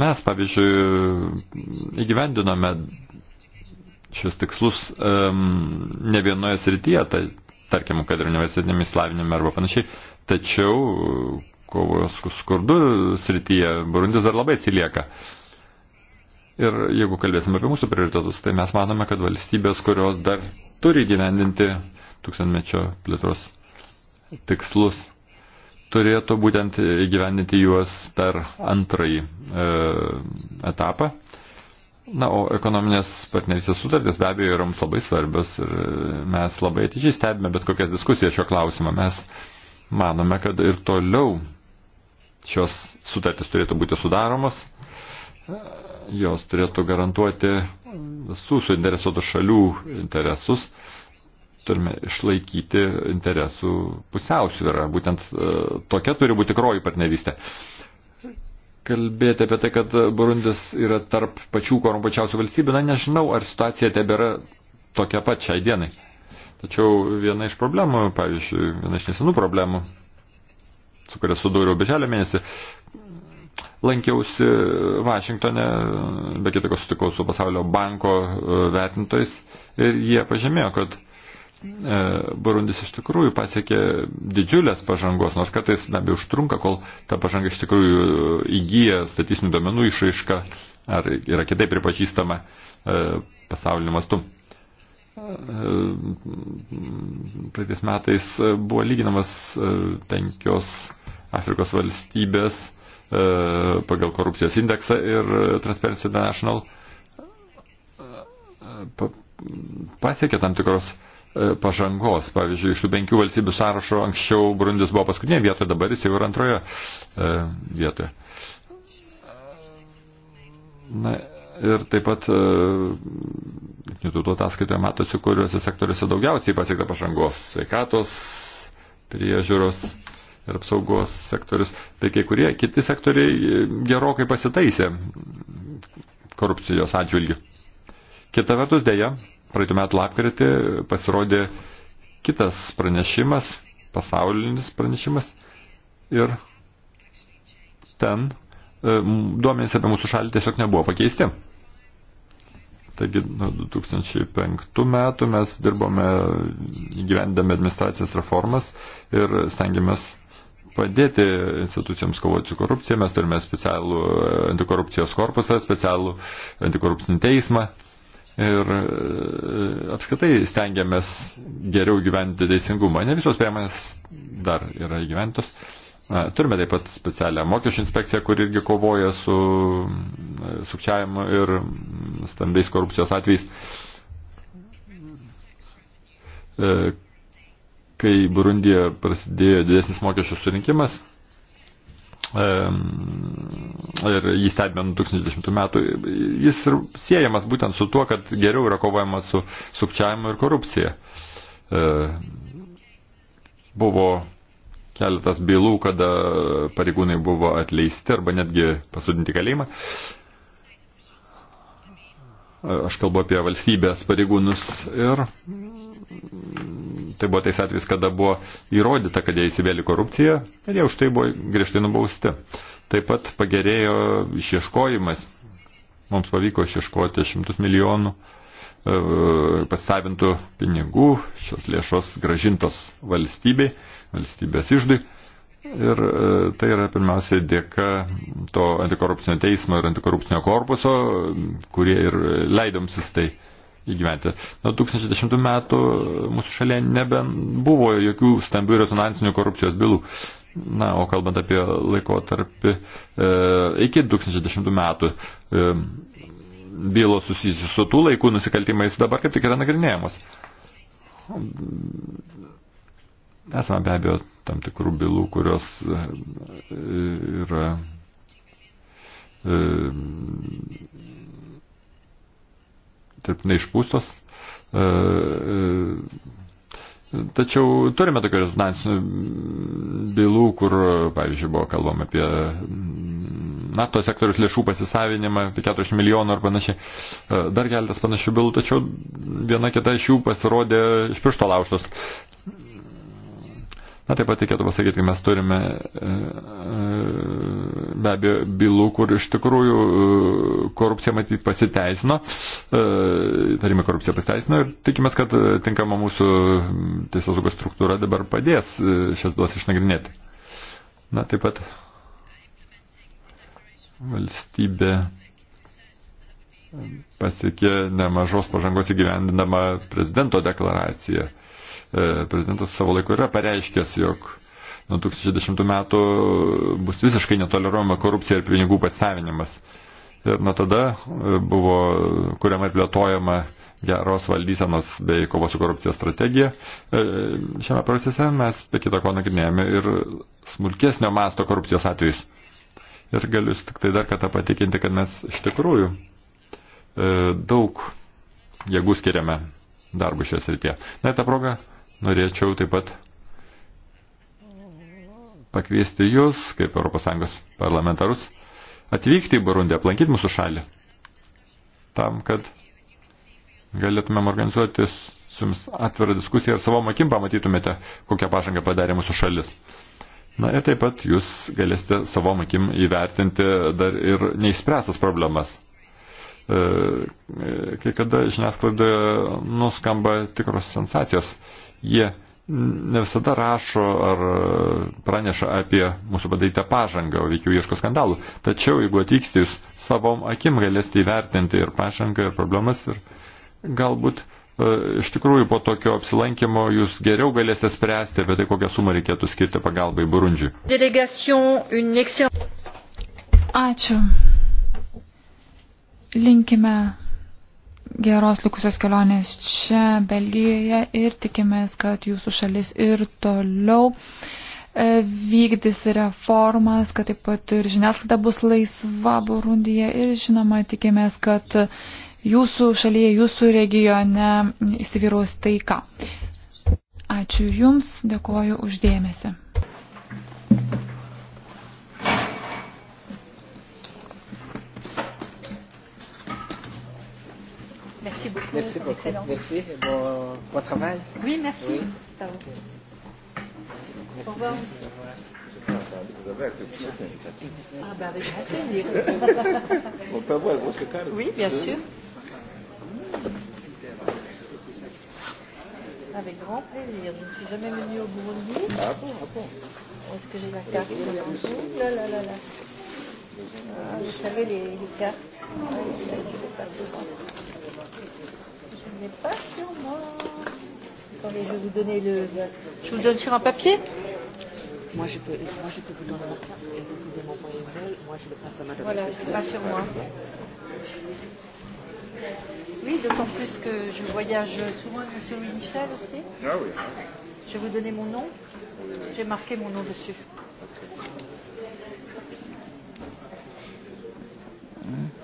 Mes, pavyzdžiui, įgyvendinome šios tikslus um, ne vienoje srityje, tai tarkim, kad ir universitetinėme įslavinime arba panašiai. Tačiau e, kovos skurdu srityje Burundis dar labai atsilieka. Ir jeigu kalbėsime apie mūsų prioritetus, tai mes manome, kad valstybės, kurios dar turi gyvendinti tūkstantmečio plėtros tikslus, turėtų būtent įgyvendinti juos per antrąjį e, etapą. Na, o ekonominės partnerystės sutartys be abejo yra mums labai svarbios ir e, mes labai atidžiai stebime bet kokias diskusijas šio klausimą. Mes manome, kad ir toliau šios sutartys turėtų būti sudaromos, jos turėtų garantuoti visų suinteresuotų šalių interesus. Turime išlaikyti interesų pusiausvyrą. Būtent e, tokia turi būti tikroji partnerystė. Uh, kalbėti apie tai, kad Burundis yra tarp pačių korumpuočiausių valstybių, na nežinau, ar situacija tebėra tokia pat šiai dienai. Tačiau viena iš problemų, pavyzdžiui, viena iš nesenų problemų, su kuria sudūriau birželio mėnesį, lankiausi Vašingtone, be kitako sutikau su pasaulio banko e, vertintojais ir jie pažymėjo, kad E, Burundis iš tikrųjų pasiekė didžiulės pažangos, nors kartais labiau užtrunka, kol ta pažanga iš tikrųjų įgyja statistinių domenų išraišką ar yra kitaip pripažįstama e, pasauliniu mastu. E, praeitais metais buvo lyginamas penkios Afrikos valstybės pagal korupcijos indeksą ir Transparency International pasiekė tam tikros uh, E, pažangos. Pavyzdžiui, iš tų penkių valstybių sąrašo anksčiau Brundis buvo paskutinėje vietoje, dabar jis jau yra antroje e, vietoje. Na, ir taip pat e, tautų ataskaitoje matosi, kuriuose sektoriuose daugiausiai pasiekta pažangos - sveikatos, priežiūros ir apsaugos sektorius. Tai kai kurie kiti sektoriai gerokai pasitaisė korupcijos atžvilgių. Kita vertus dėja, praeitų metų lapkritį pasirodė kitas pranešimas, pasaulinis pranešimas ir ten e, duomenys apie mūsų šalį tiesiog nebuvo pakeisti. Taigi nuo 2005 metų mes dirbome gyvendami administracijos reformas ir stengiamės padėti institucijoms kovoti su korupcija. Mes turime specialų e, antikorupcijos korpusą, specialų antikorupcinį teismą ir e, apskritai stengiamės geriau gyventi teisingumą. Ne visos priemonės dar yra įgyventos. E, turime taip pat specialią mokesčių inspekciją, kuri irgi kovoja su e, sukčiavimu ir mm, stambiais korupcijos atvejais. Kai Burundija prasidėjo didesnis mokesčių surinkimas, Ehm, ir jį stebime nuo 2010 metų, jis ir siejamas būtent su tuo, kad geriau yra kovojama su sukčiavimu ir korupcija. Ehm, buvo keletas bylų, kada pareigūnai buvo atleisti arba netgi pasudinti kalėjimą. Aš kalbu apie valstybės pareigūnus ir Tai buvo tais atvejais, kada buvo įrodyta, kad jie įsivėlė korupciją ir jie už tai buvo griežtai nubausti. Taip pat pagerėjo išieškojimas. Mums pavyko išieškoti šimtus milijonų e, pastavintų pinigų, šios lėšos gražintos valstybei, valstybės išdui. Ir e, tai yra pirmiausiai dėka to antikorupcinio teismo ir antikorupcinio korpuso, kurie ir leidoms įstai įgyventi. Nuo 2010 metų mūsų šalyje nebebuvo jokių stambių rezonansinių korupcijos bylų. Na, o kalbant apie laikotarpį e, iki 2010 metų, e, bylos susijusios su tų laikų nusikaltimais dabar kaip tik yra nagrinėjamos. Esame be abejo tam tikrų bylų, kurios e, yra e, tirpnai išpūstos. E, e, tačiau turime tokių rezonansinių bylų, kur, pavyzdžiui, buvo kalbama apie mm, naftos sektorius lėšų pasisavinimą, apie 40 milijonų ar panašiai. E, dar keletas panašių bylų, tačiau viena kita iš jų pasirodė iš piršto lauštos. Na taip pat reikėtų pasakyti, kad mes turime e, e, be abejo bylų, kur iš tikrųjų e, korupcija matyti pasiteisino, tarime korupcija pasiteisino ir tikimės, kad tinkama mūsų teisės saugos struktūra dabar padės šias duos išnagrinėti. Na taip pat valstybė pasiekė nemažos pažangos įgyvendinama prezidento deklaraciją E, prezidentas savo laiku yra pareiškęs, jog nuo 2010 metų bus visiškai netoleruojama korupcija ir pinigų pasavinimas. Ir nuo tada e, buvo kuriama ir plėtojama geros valdysenos bei kovos su korupcija strategija. E, šiame procese mes be kita ko nagrinėjame ir smulkesnio masto korupcijos atvejus. Ir galiu tik tai dar kartą patikinti, kad mes iš tikrųjų daug jėgų skiriame darbų šioje srityje. Na ir tą progą norėčiau taip pat pakviesti jūs, kaip ES parlamentarus, atvykti į Burundį, aplankyti mūsų šalį, tam, kad galėtumėm organizuoti su jums atvirą diskusiją ir savo akim pamatytumėte, kokią pažangą padarė mūsų šalis. Na ir taip pat jūs galėsite savo akim įvertinti dar ir neįspręstas problemas. E, e, kai kada žiniasklaidoje nuskamba tikros sensacijos jie ne visada rašo ar praneša apie mūsų padarytą pažangą, o veikiau ieško skandalų. Tačiau, jeigu atvyksti, jūs savom akim galėsite įvertinti ir pažangą, ir problemas, ir galbūt e, iš tikrųjų po tokio apsilankimo jūs geriau galėsite spręsti apie tai, kokią sumą reikėtų skirti pagalbai Burundžiui. Ačiū. Linkime geros likusios kelionės čia, Belgijoje ir tikimės, kad jūsų šalis ir toliau e, vykdys reformas, kad taip pat ir žiniasklaida bus laisva Burundija ir žinoma tikimės, kad jūsų šalyje, jūsų regione įsivyraus taika. Ačiū Jums, dėkoju uždėmesi. Merci beaucoup. Merci beaucoup. Excellent. Merci et bon, bon travail. Oui, merci. Oui. À vous. Okay. Merci beaucoup. Au revoir. Vous avez accepté Ah, ben avec grand plaisir. On peut avoir votre carte Oui, bien sûr. Avec grand plaisir. Je ne suis jamais venue au Burundi. Ah bon, ah bon. Où est-ce que j'ai la carte Là, là, là, là. Ah, vous savez, les, les cartes. Ouais, je ne les ai pas souvent n'ai pas sur moi. Attendez, je vais vous donner le. Je vous donne sur un papier Moi, je peux, moi, je peux vous donner ma carte et vous pouvez m'envoyer un mail. Moi, je le passe à madame. Voilà, pas sur moi. Oui, d'autant plus que je voyage souvent avec monsieur Louis Michel aussi. Ah oui. Je vais vous donner mon nom. J'ai marqué mon nom dessus. Okay. Mmh.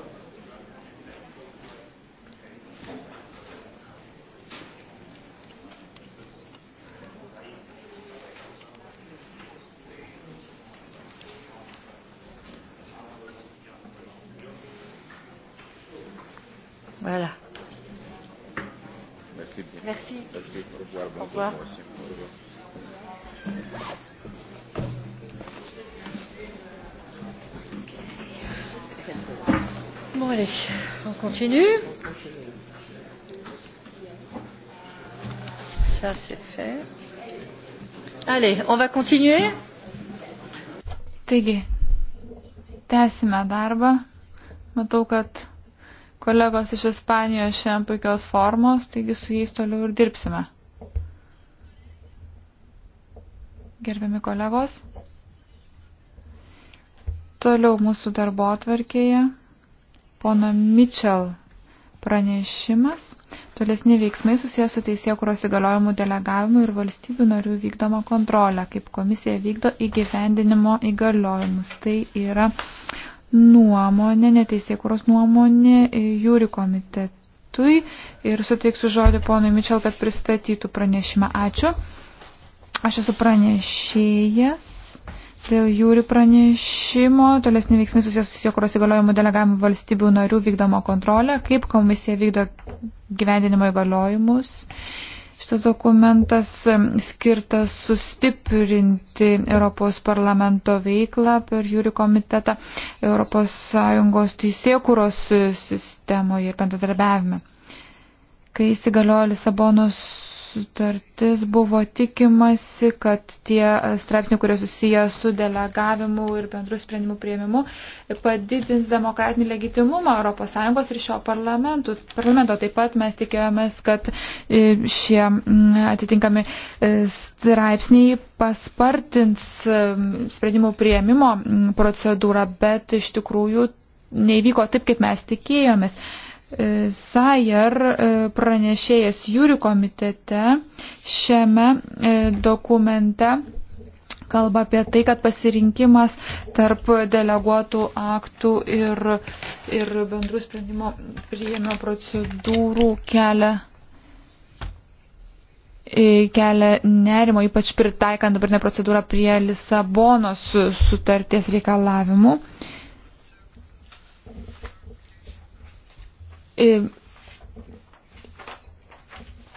revoir. Bon, allez, on continue. Ça, c'est fait. Allez, on va continuer. Taigi, tęsime darbą. Matau, kad kolegos iš Ispanijos šiandien puikios formos, taigi su jais toliau ir dirbsime. Gerbiami kolegos, toliau mūsų darbo atvarkėje pono Mitchell pranešimas, tolesni veiksmai susijęs su teisėkuros įgaliojimų delegavimu ir valstybių narių vykdoma kontrolė, kaip komisija vykdo įgyvendinimo įgaliojimus. Tai yra nuomonė, neteisėkuros nuomonė jūri komitetui ir suteiksiu žodį ponui Mičel, kad pristatytų pranešimą. Ačiū. Aš esu pranešėjas dėl jūrių pranešimo, tolesni veiksmai susijęs su siekuros įgaliojimų delegavimu valstybių narių vykdoma kontrolė, kaip komisija vykdo gyvendinimo įgaliojimus. Šitas dokumentas skirtas sustiprinti Europos parlamento veiklą per jūrių komitetą ES teisėkuros sistemoje ir bendradarbiavime. Kai įsigaliojo Lisabonos sutartis buvo tikimasi, kad tie straipsniai, kurie susiję su delegavimu ir bendrų sprendimų prieimimu, padidins demokratinį legitimumą ES ir šio parlamento. parlamento. Taip pat mes tikėjomės, kad e, šie atitinkami e, straipsniai paspartins e, sprendimų prieimimo procedūrą, bet iš tikrųjų neįvyko taip, kaip mes tikėjomės. Sajer e, pranešėjas jūrių komitete šiame e, dokumente kalba apie tai, kad pasirinkimas tarp deleguotų aktų ir, ir bendrų sprendimo priėmio procedūrų kelia, e, kelia nerimo, ypač pritaikant dabar ne procedūrą prie Lisabonos sutarties reikalavimų. E,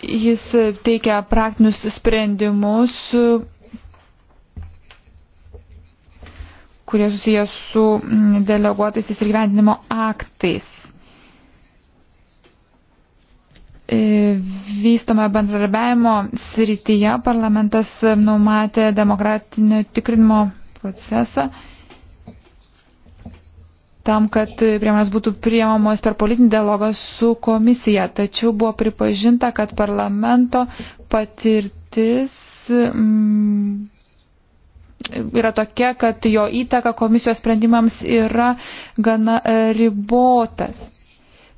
Jis teikia praktinius sprendimus, kurie susijęs su mm, deleguotais ir gyvendinimo aktais. Vystome bendradarbiavimo srityje parlamentas numatė demokratinio tikrinimo procesą tam, kad priemonės būtų priemamos per politinį dialogą su komisija. Tačiau buvo pripažinta, kad parlamento patirtis mm, yra tokia, kad jo įtaka komisijos sprendimams yra gana e, ribotas.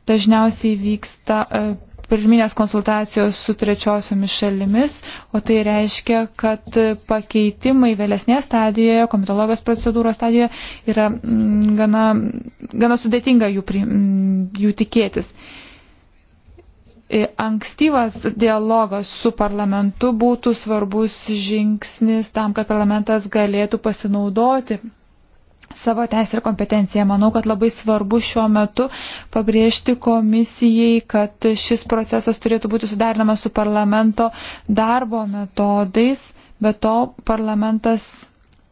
Dažniausiai vyksta e, pirminės konsultacijos su trečiosiomis šalimis, o tai reiškia, kad pakeitimai vėlesnėje stadijoje, komitologijos procedūros stadijoje yra mm, gana, gana sudėtinga jų, mm, jų tikėtis. E, ankstyvas dialogas su parlamentu būtų svarbus žingsnis tam, kad parlamentas galėtų pasinaudoti savo teisę ir kompetenciją. Manau, kad labai svarbu šiuo metu pabrėžti komisijai, kad šis procesas turėtų būti sudarinamas su parlamento darbo metodais, bet to parlamentas.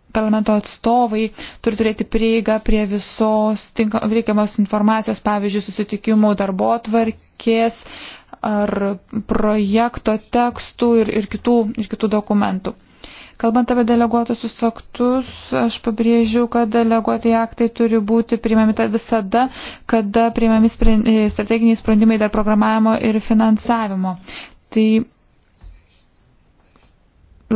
Parlamento atstovai turi turėti prieigą prie visos tinka, reikiamos informacijos, pavyzdžiui, susitikimų darbo tvarkės ar projekto tekstų ir, ir, kitų, ir kitų dokumentų. Kalbant apie deleguotusius aktus, aš pabrėžiau, kad deleguoti aktai turi būti priimami visada, kada priimami e, strateginiai sprendimai dar programavimo ir finansavimo. Tai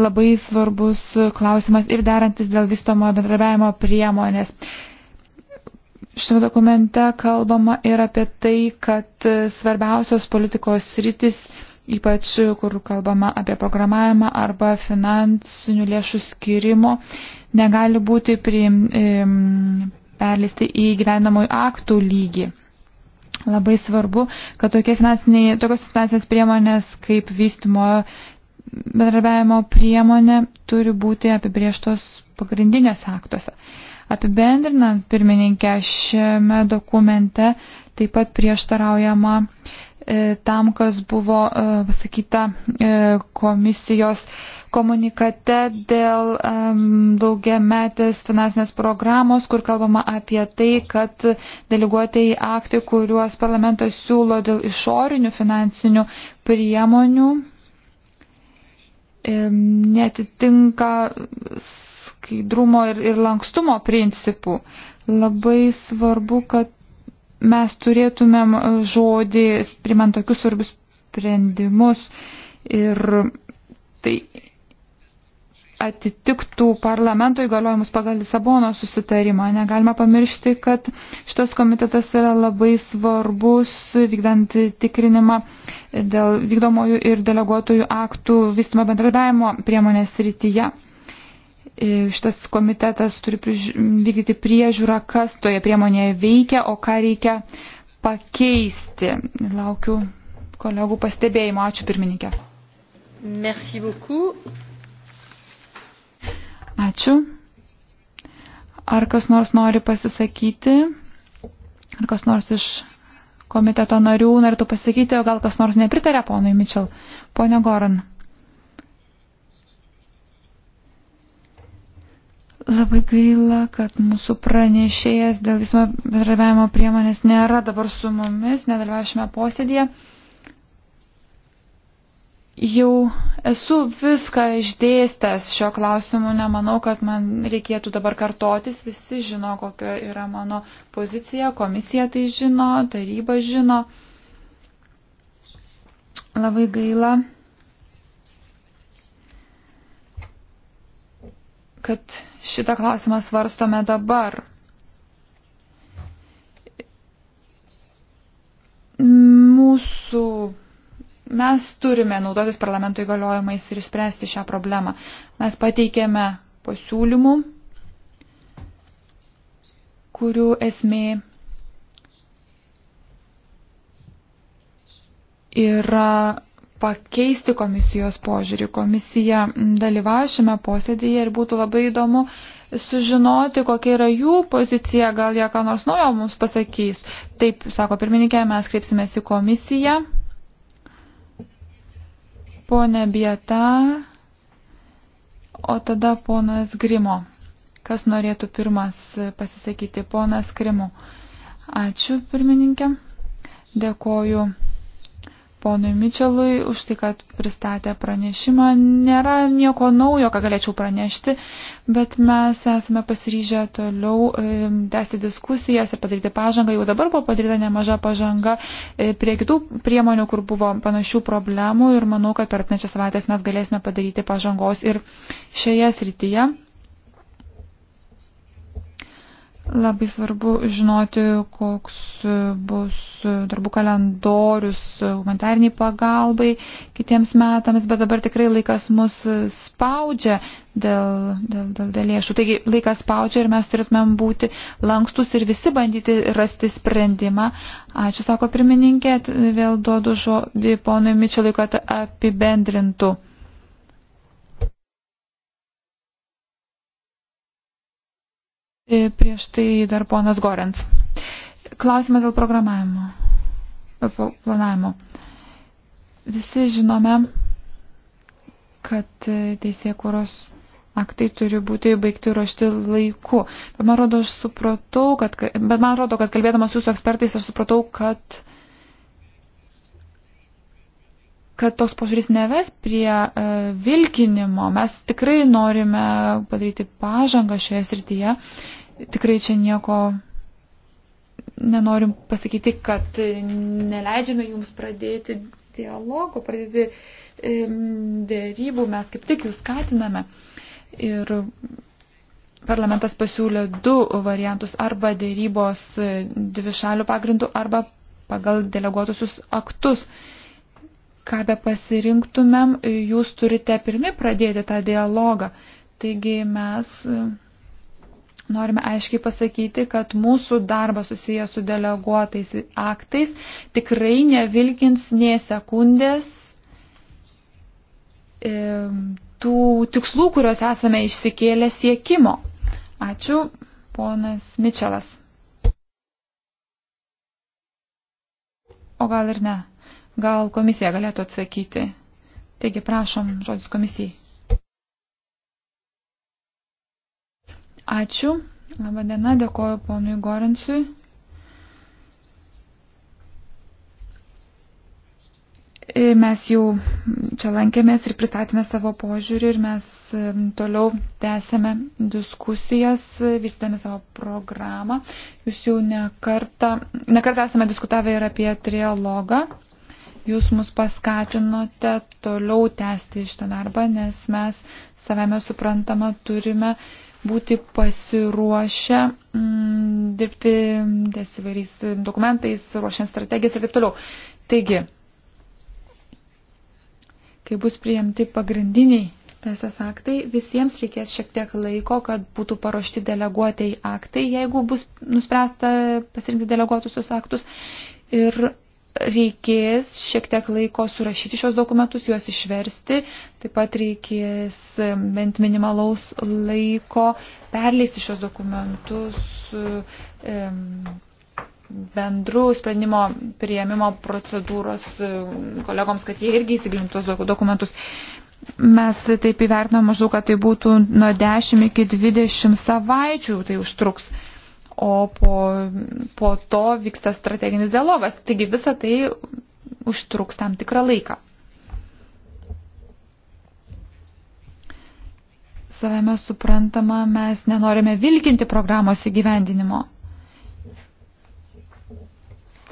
labai svarbus klausimas ir derantis dėl vystomojo bendradarbiavimo priemonės. Šitame dokumente kalbama ir apie tai, kad svarbiausios politikos rytis ypač kur kalbama apie programavimą arba finansinių lėšų skirimo, negali būti priim, perlisti į gyvenamųjų aktų lygį. Labai svarbu, kad tokie finansiniai, tokios finansinės priemonės kaip vystimo bendradarbiavimo priemonė turi būti apibrieštos pagrindinėse aktuose. Apibendrinant pirmininkę šiame dokumente taip pat prieštaraujama E, tam, kas buvo e, pasakyta e, komisijos komunikate dėl daugiametės finansinės programos, kur kalbama apie tai, kad deleguotieji aktai, kuriuos parlamentas siūlo dėl išorinių finansinių priemonių, netitinka skaidrumo ir, ir lankstumo principų. Labai svarbu, kad mes turėtumėm žodį, primant tokius svarbius sprendimus ir tai atitiktų parlamento įgaliojimus pagal Lisabono susitarimą. Negalima pamiršti, kad šitas komitetas yra labai svarbus vykdant tikrinimą dėl vykdomojų ir deleguotojų aktų vystumo bendradarbiavimo priemonės rytyje. E, šitas komitetas turi vykdyti priežiūrą, kas toje priemonėje veikia, o ką reikia pakeisti. Laukiu kolegų pastebėjimo. Ačiū pirmininkė. Merci beaucoup. Ačiū. Ar kas nors nori pasisakyti? Ar kas nors iš komiteto narių norėtų pasakyti, o gal kas nors nepritarė ponui Mitchell? Pone Goran. Labai gaila, kad mūsų pranešėjas dėl vismo bendradarbiavimo priemonės nėra dabar su mumis, nedalyvauja šiame posėdėje. Jau esu viską išdėstęs šio klausimu, nemanau, kad man reikėtų dabar kartotis, visi žino, kokia yra mano pozicija, komisija tai žino, taryba žino. Labai gaila, kad šitą klausimą svarstome dabar. Mūsų, mes turime naudotis parlamento įgaliojimais ir išspręsti šią problemą. Mes pateikėme pasiūlymų, kurių esmė yra pakeisti komisijos požiūrį. Komisija dalyvauja šiame posėdėje ir būtų labai įdomu sužinoti, kokia yra jų pozicija, gal jie ką nors naujo mums pasakys. Taip, sako pirmininkė, mes kreipsimės į komisiją. Pone Bieta, o tada ponas Grimo. Kas norėtų pirmas pasisakyti? Ponas Grimo. Ačiū, pirmininkė. Dėkoju ponui Mičelui už tai, kad pristatė pranešimą. Nėra nieko naujo, ką galėčiau pranešti, bet mes esame pasiryžę toliau e, tęsti diskusijas ir padaryti pažangą. Jau dabar buvo padaryta nemaža pažanga e, prie kitų priemonių, kur buvo panašių problemų ir manau, kad per atnečią savaitę mes galėsime padaryti pažangos ir šioje srityje. Labai svarbu žinoti, koks bus darbų kalendorius humanitariniai pagalbai kitiems metams, bet dabar tikrai laikas mus spaudžia dėl, dėl, dėl, dėl lėšų. Taigi laikas spaudžia ir mes turėtumėm būti lankstus ir visi bandyti rasti sprendimą. Ačiū, sako pirmininkė, vėl duodu žodį ponui Mičelui, kad apibendrintų. E, prieš tai dar ponas Gorens. Klausimas dėl programavimo, planavimo. Visi žinome, kad e, teisėkūros aktai turi būti baigti ruošti laiku. Bet man rodo, aš supratau, kad, bet man rodo, kad kalbėdamas jūsų ekspertais, aš supratau, kad kad toks požiūris neves prie e, vilkinimo. Mes tikrai norime padaryti pažangą šioje srityje. Tikrai čia nieko nenorim pasakyti, kad neleidžiame jums pradėti dialogo, pradėti e, dėrybų. Mes kaip tik jūs skatiname. Ir parlamentas pasiūlė du variantus arba dėrybos dvišalių pagrindų arba pagal deleguotusius aktus. E, ką be pasirinktumėm, jūs turite pirmi pradėti tą dialogą. Taigi mes e, norime aiškiai pasakyti, kad mūsų darbas susijęs su deleguotais aktais tikrai nevilkins nie sekundės e, tų tikslų, kuriuos esame išsikėlę siekimo. Ačiū, ponas Mičelas. O gal ir ne? Gal komisija galėtų atsakyti. Taigi, prašom, žodis komisijai. Ačiū. Labadiena, dėkoju ponui Gorinčiui. E, mes jau čia lankėmės ir pristatėme savo požiūrį ir mes e, toliau tęsėme diskusijas, e, vystėme savo programą. Jūs jau nekartą, nekartą esame diskutavę ir apie trialogą. Jūs mus paskatinote toliau tęsti šitą darbą, nes mes savame suprantama turime būti pasiruošę mm, dirbti ties įvairiais dokumentais, ruošiant strategijas ir taip toliau. Taigi, kai bus priimti pagrindiniai teisės aktai, visiems reikės šiek tiek laiko, kad būtų paruošti deleguotieji aktai, jeigu bus nuspręsta pasirinkti deleguotusius aktus. Ir reikės šiek tiek laiko surašyti šios dokumentus, juos išversti, taip pat reikės bent minimalaus laiko perleisti šios dokumentus bendrų sprendimo prieimimo procedūros kolegoms, kad jie irgi įsigilintų tos dokumentus. Mes taip įvertinome maždaug, kad tai būtų nuo 10 iki 20 savaičių tai užtruks o po, po to vyksta strateginis dialogas. Taigi visa tai užtruks tam tikrą laiką. Savame suprantama, mes nenorime vilkinti programos įgyvendinimo.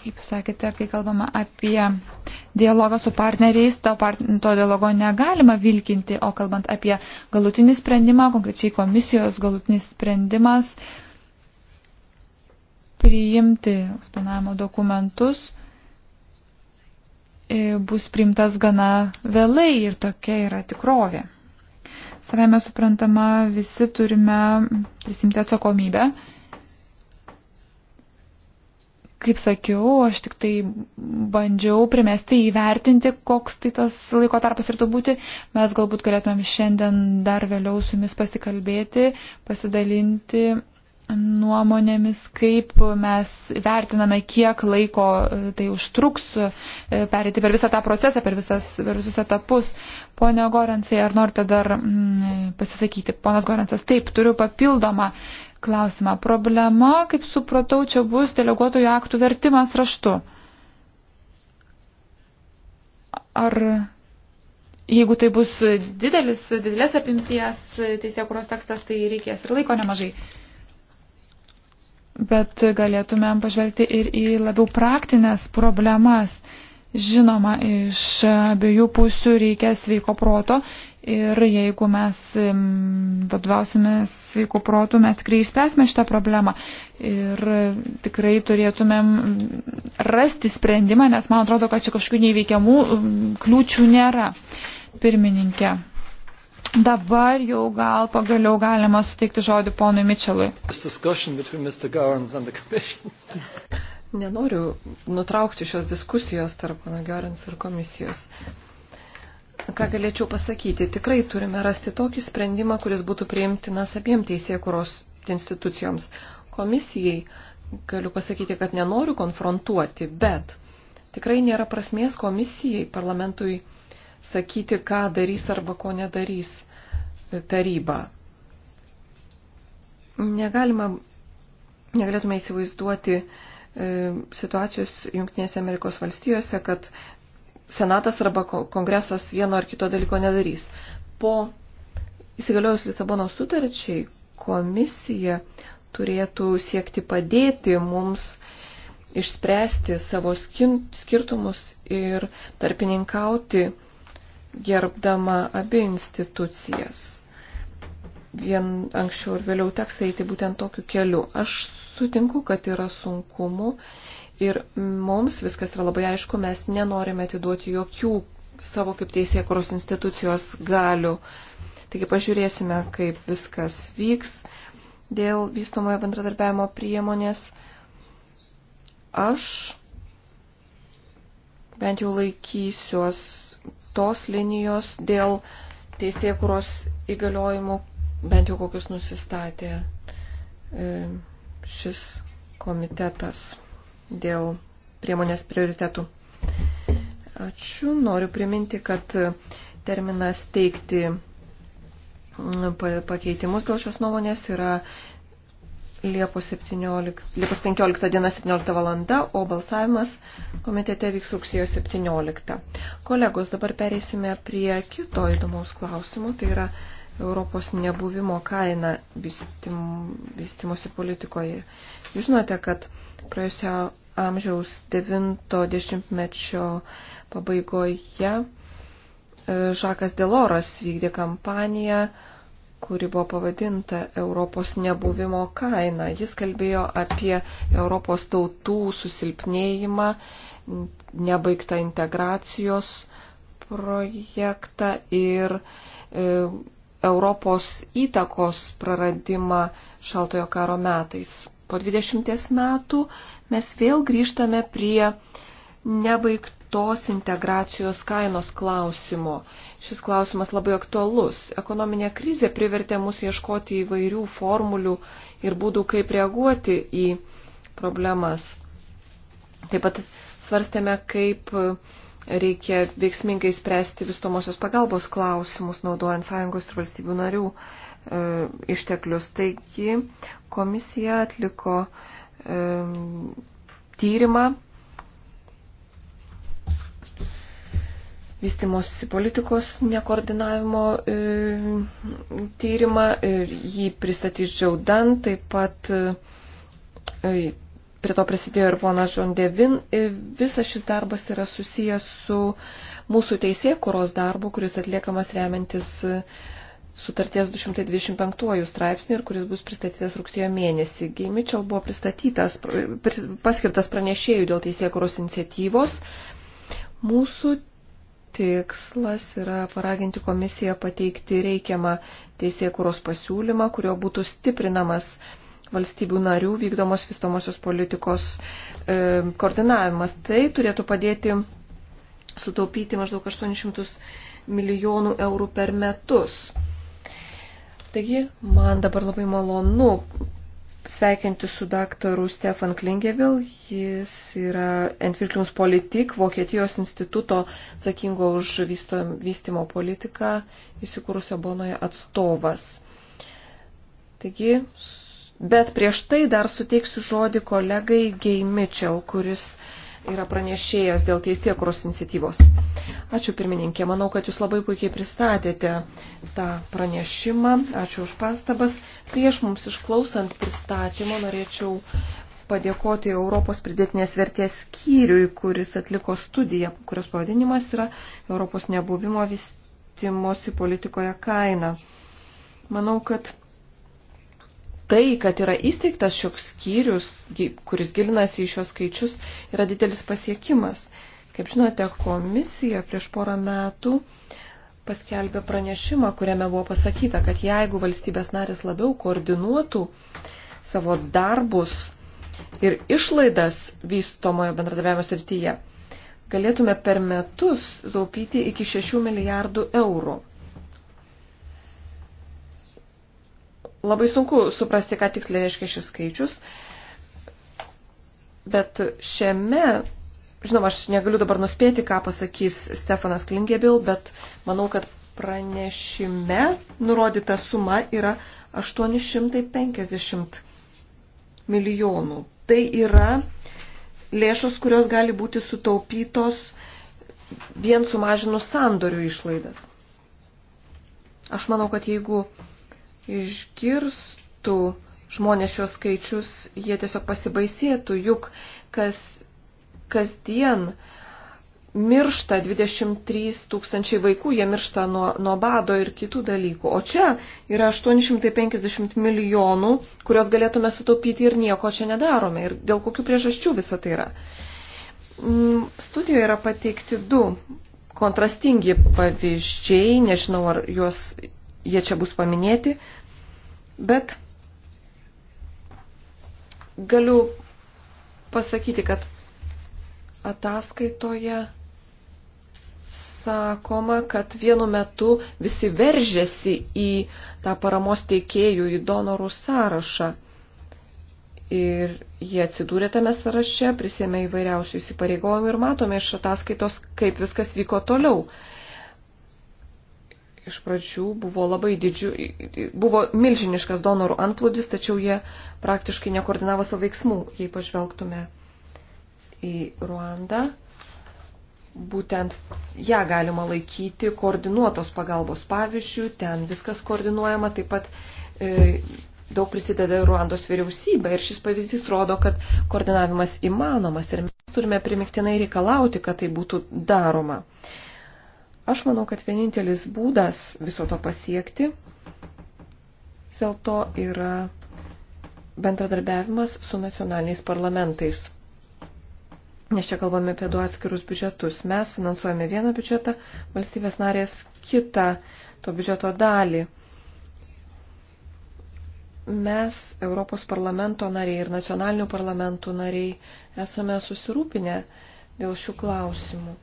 Kaip sakėte, kai kalbama apie dialogą su partneriais, to, part, to dialogo negalima vilkinti, o kalbant apie galutinį sprendimą, konkrečiai komisijos galutinis sprendimas, uh, priimti planavimo dokumentus e, bus priimtas gana vėlai ir tokia yra tikrovė. Savame suprantama, visi turime prisimti atsakomybę. Kaip sakiau, aš tik tai bandžiau primesti įvertinti, koks tai tas laiko tarpas ir tu būti. Mes galbūt galėtumėm šiandien dar vėliau su jumis pasikalbėti, pasidalinti nuomonėmis, kaip mes vertiname, kiek laiko e, tai užtruks e, perėti per visą tą procesą, per, visas, per visus etapus. Pone Gorancai, ar norite dar mm, pasisakyti? Ponas Gorancas, taip, turiu papildomą klausimą. Problema, kaip supratau, čia bus deleguotojų aktų vertimas raštu. Ar jeigu tai bus didelis, didelės apimties teisėkuros tekstas, tai reikės ir laiko nemažai bet galėtumėm pažvelgti ir į labiau praktinės problemas. Žinoma, iš abiejų pusių reikia sveiko proto ir jeigu mes mm, vadovausime sveiko protų, mes tikrai įspręsime šitą problemą ir tikrai turėtumėm mm, rasti sprendimą, nes man atrodo, kad čia kažkokių neįveikiamų mm, kliūčių nėra. Pirmininkė. Dabar jau gal pagaliau galima suteikti žodį ponui Mitchellui. Nenoriu nutraukti šios diskusijos tarp pana Gerins ir komisijos. Ką galėčiau pasakyti, tikrai turime rasti tokį sprendimą, kuris būtų priimtinas abiem teisėkuros institucijoms. Komisijai galiu pasakyti, kad nenoriu konfrontuoti, bet tikrai nėra prasmės komisijai, parlamentui sakyti, ką darys arba ko nedarys taryba. Negalima, negalėtume įsivaizduoti e, situacijos Junktinėse Amerikos valstijose, kad Senatas arba kongresas vieno ar kito dalyko nedarys. Po įsigaliojus Lisabono sutarčiai komisija turėtų siekti padėti mums išspręsti savo skirtumus ir tarpininkauti gerbdama abi institucijas. Vien anksčiau ir vėliau teks eiti būtent tokiu keliu. Aš sutinku, kad yra sunkumų ir mums viskas yra labai aišku, mes nenorime atiduoti jokių savo kaip teisėkuros institucijos galių. Taigi pažiūrėsime, kaip viskas vyks dėl vystomojo bendradarbiavimo priemonės. Aš bent jau laikysiuos tos linijos dėl teisėkuros įgaliojimų, bent jau kokius nusistatė e, šis komitetas dėl priemonės prioritetų. Ačiū. Noriu priminti, kad terminas teikti pakeitimus dėl šios nuomonės yra Liepos, 17, Liepos 15 diena 17 valanda, o balsavimas komitete vyks rugsėjo 17. Kolegos, dabar pereisime prie kito įdomaus klausimo, tai yra Europos nebuvimo kaina vystim, vystimosi politikoje. Jūs žinote, kad praėjusio amžiaus 90-mečio pabaigoje e, Žakas Deloras vykdė kampaniją kuri buvo pavadinta Europos nebuvimo kaina. Jis kalbėjo apie Europos tautų susilpnėjimą, nebaigtą integracijos projektą ir e, Europos įtakos praradimą šaltojo karo metais. Po 20 metų mes vėl grįžtame prie nebaigtos integracijos kainos klausimo Šis klausimas labai aktualus. Ekonominė krizė privertė mus ieškoti įvairių formulių ir būdų, kaip reaguoti į problemas. Taip pat svarstėme, kaip reikia veiksmingai spręsti vystomosios pagalbos klausimus, naudojant sąjungos ir valstybių narių e, išteklius. Taigi komisija atliko e, tyrimą vystimosi politikos nekoordinavimo e, tyrimą ir jį pristatys Džiaudan, taip pat e, prie to prisidėjo ir ponas John Devin. E, visas šis darbas yra susijęs su mūsų teisėkuros darbu, kuris atliekamas remiantis sutarties 225 straipsnių ir kuris bus pristatytas rugsėjo mėnesį. Gimičel buvo pristatytas, paskirtas pranešėjų dėl teisėkuros iniciatyvos. Mūsų tikslas yra paraginti komisiją pateikti reikiamą teisėkuros pasiūlymą, kurio būtų stiprinamas valstybių narių vykdomos vystomosios politikos e, koordinavimas. Tai turėtų padėti sutaupyti maždaug 800 milijonų eurų per metus. Taigi, man dabar labai malonu sveikinti su daktaru Stefan Klingevil. Jis yra Entwicklungs politik, Vokietijos instituto atsakingo už vystimo politiką įsikūrusio Bonoje atstovas. Taigi, bet prieš tai dar suteiksiu žodį kolegai Gei Mitchell, kuris uh, yra pranešėjas dėl teisėkuros iniciatyvos. Ačiū pirmininkė, manau, kad jūs labai puikiai pristatėte tą pranešimą. Ačiū už pastabas. Prieš mums išklausant pristatymą norėčiau padėkoti Europos pridėtinės vertės skyriui, kuris atliko studiją, kurios pavadinimas yra Europos nebuvimo vystimosi politikoje kaina. Manau, kad tai, kad yra įsteigtas šioks skyrius, kuris gilinasi į šios skaičius, yra didelis pasiekimas. Kaip žinote, komisija prieš porą metų paskelbė pranešimą, kuriame buvo pasakyta, kad jeigu valstybės narės labiau koordinuotų savo darbus ir išlaidas vystomojo bendradarbiavimo srityje, galėtume per metus taupyti iki 6 milijardų eurų. labai sunku suprasti, ką tiksliai reiškia šis skaičius, bet šiame, žinoma, aš negaliu dabar nuspėti, ką pasakys Stefanas Klingebil, bet manau, kad pranešime nurodyta suma yra 850 milijonų. Tai yra lėšos, kurios gali būti sutaupytos vien sumažinus sandorių išlaidas. Aš manau, kad jeigu išgirstų žmonės šios skaičius, jie tiesiog pasibaisėtų, juk kas, kasdien miršta 23 tūkstančiai vaikų, jie miršta nuo, nuo bado ir kitų dalykų. O čia yra 850 milijonų, kuriuos galėtume sutaupyti ir nieko čia nedarome. Ir dėl kokių priežasčių visa tai yra. Mm, studijoje yra pateikti du kontrastingi pavyzdžiai, nežinau, ar juos jie čia bus paminėti. Bet galiu pasakyti, kad ataskaitoje sakoma, kad vienu metu visi veržėsi į tą paramos teikėjų, į donorų sąrašą. Ir jie atsidūrė tame sąraše, prisėmė įvairiausių įsipareigojimų ir matome iš ataskaitos, kaip viskas vyko toliau iš pradžių buvo labai didžiu, buvo milžiniškas donorų antplūdis, tačiau jie praktiškai nekoordinavo savo veiksmų, jei pažvelgtume į Ruandą. Būtent ją galima laikyti koordinuotos pagalbos pavyzdžių, ten viskas koordinuojama, taip pat e, daug prisideda Ruandos vyriausybė ir šis pavyzdys rodo, kad koordinavimas įmanomas ir mes turime primiktinai reikalauti, kad tai būtų daroma. E, Aš manau, kad vienintelis būdas viso to pasiekti vis dėlto yra bendradarbiavimas su nacionaliniais parlamentais. Nes čia kalbame apie du atskirus biudžetus. Mes finansuojame vieną biudžetą, valstybės narės kitą to biudžeto dalį. Mes, Europos parlamento nariai ir nacionalinių parlamentų nariai, esame susirūpinę dėl šių klausimų.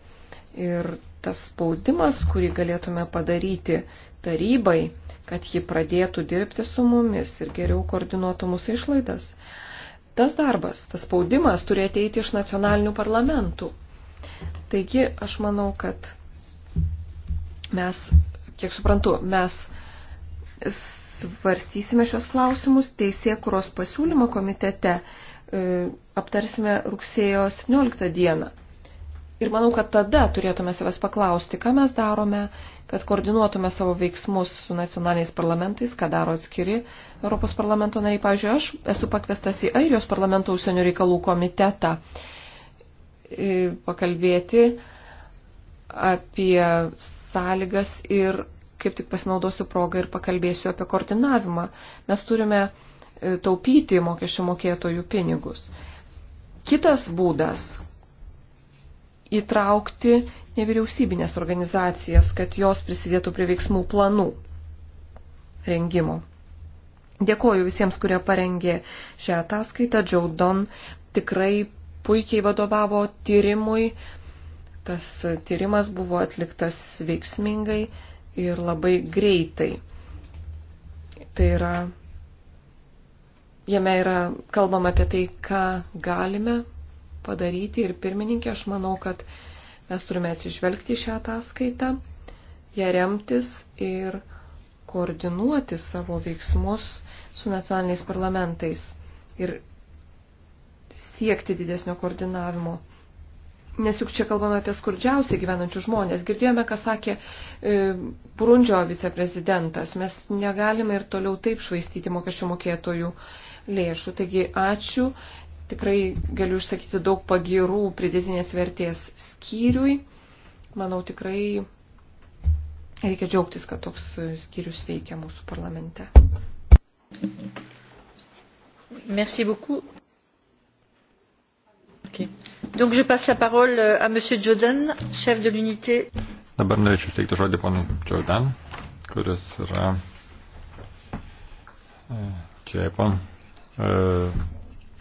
Ir tas spaudimas, kurį galėtume padaryti tarybai, kad ji pradėtų dirbti su mumis ir geriau koordinuotų mūsų išlaidas. Tas darbas, tas spaudimas turi ateiti iš nacionalinių parlamentų. Taigi, aš manau, kad mes, kiek suprantu, mes svarstysime šios klausimus teisėkuros pasiūlymo komitete, e, aptarsime rugsėjo 17 dieną. Ir manau, kad tada turėtume savęs paklausti, ką mes darome, kad koordinuotume savo veiksmus su nacionaliniais parlamentais, ką daro atskiri Europos parlamento nariai. Pavyzdžiui, aš esu pakvestas į Airijos parlamento užsienio reikalų komitetą e, pakalbėti apie sąlygas ir kaip tik pasinaudosiu progą ir pakalbėsiu apie koordinavimą. Mes turime e, taupyti mokesčių mokėtojų pinigus. Kitas būdas, įtraukti nevyriausybinės organizacijas, kad jos prisidėtų prie veiksmų planų rengimo. Dėkoju visiems, kurie parengė šią ataskaitą. Džiaudon tikrai puikiai vadovavo tyrimui. Tas tyrimas buvo atliktas veiksmingai ir labai greitai. Tai yra, jame yra kalbama apie tai, ką galime padaryti ir pirmininkė, aš manau, kad mes turime atsižvelgti šią ataskaitą, ją remtis ir koordinuoti savo veiksmus su nacionaliniais parlamentais ir siekti didesnio koordinavimo. Nes juk čia kalbame apie skurdžiausiai gyvenančių žmonės. Girdėjome, ką sakė e, Brundžio viceprezidentas. Mes negalime ir toliau taip švaistyti mokesčių mokėtojų lėšų. Taigi ačiū Tikrai galiu išsakyti daug pagirų pridėtinės vertės skyriui. Manau, tikrai reikia džiaugtis, kad toks skyrius veikia mūsų parlamente. Merci beaucoup. Okay. Donc je passe la parole euh, à Monsieur Jordan, chef de l'unité. Dabar norėčiau teikti žodį ponui Jordan, kuris yra e, čia Japan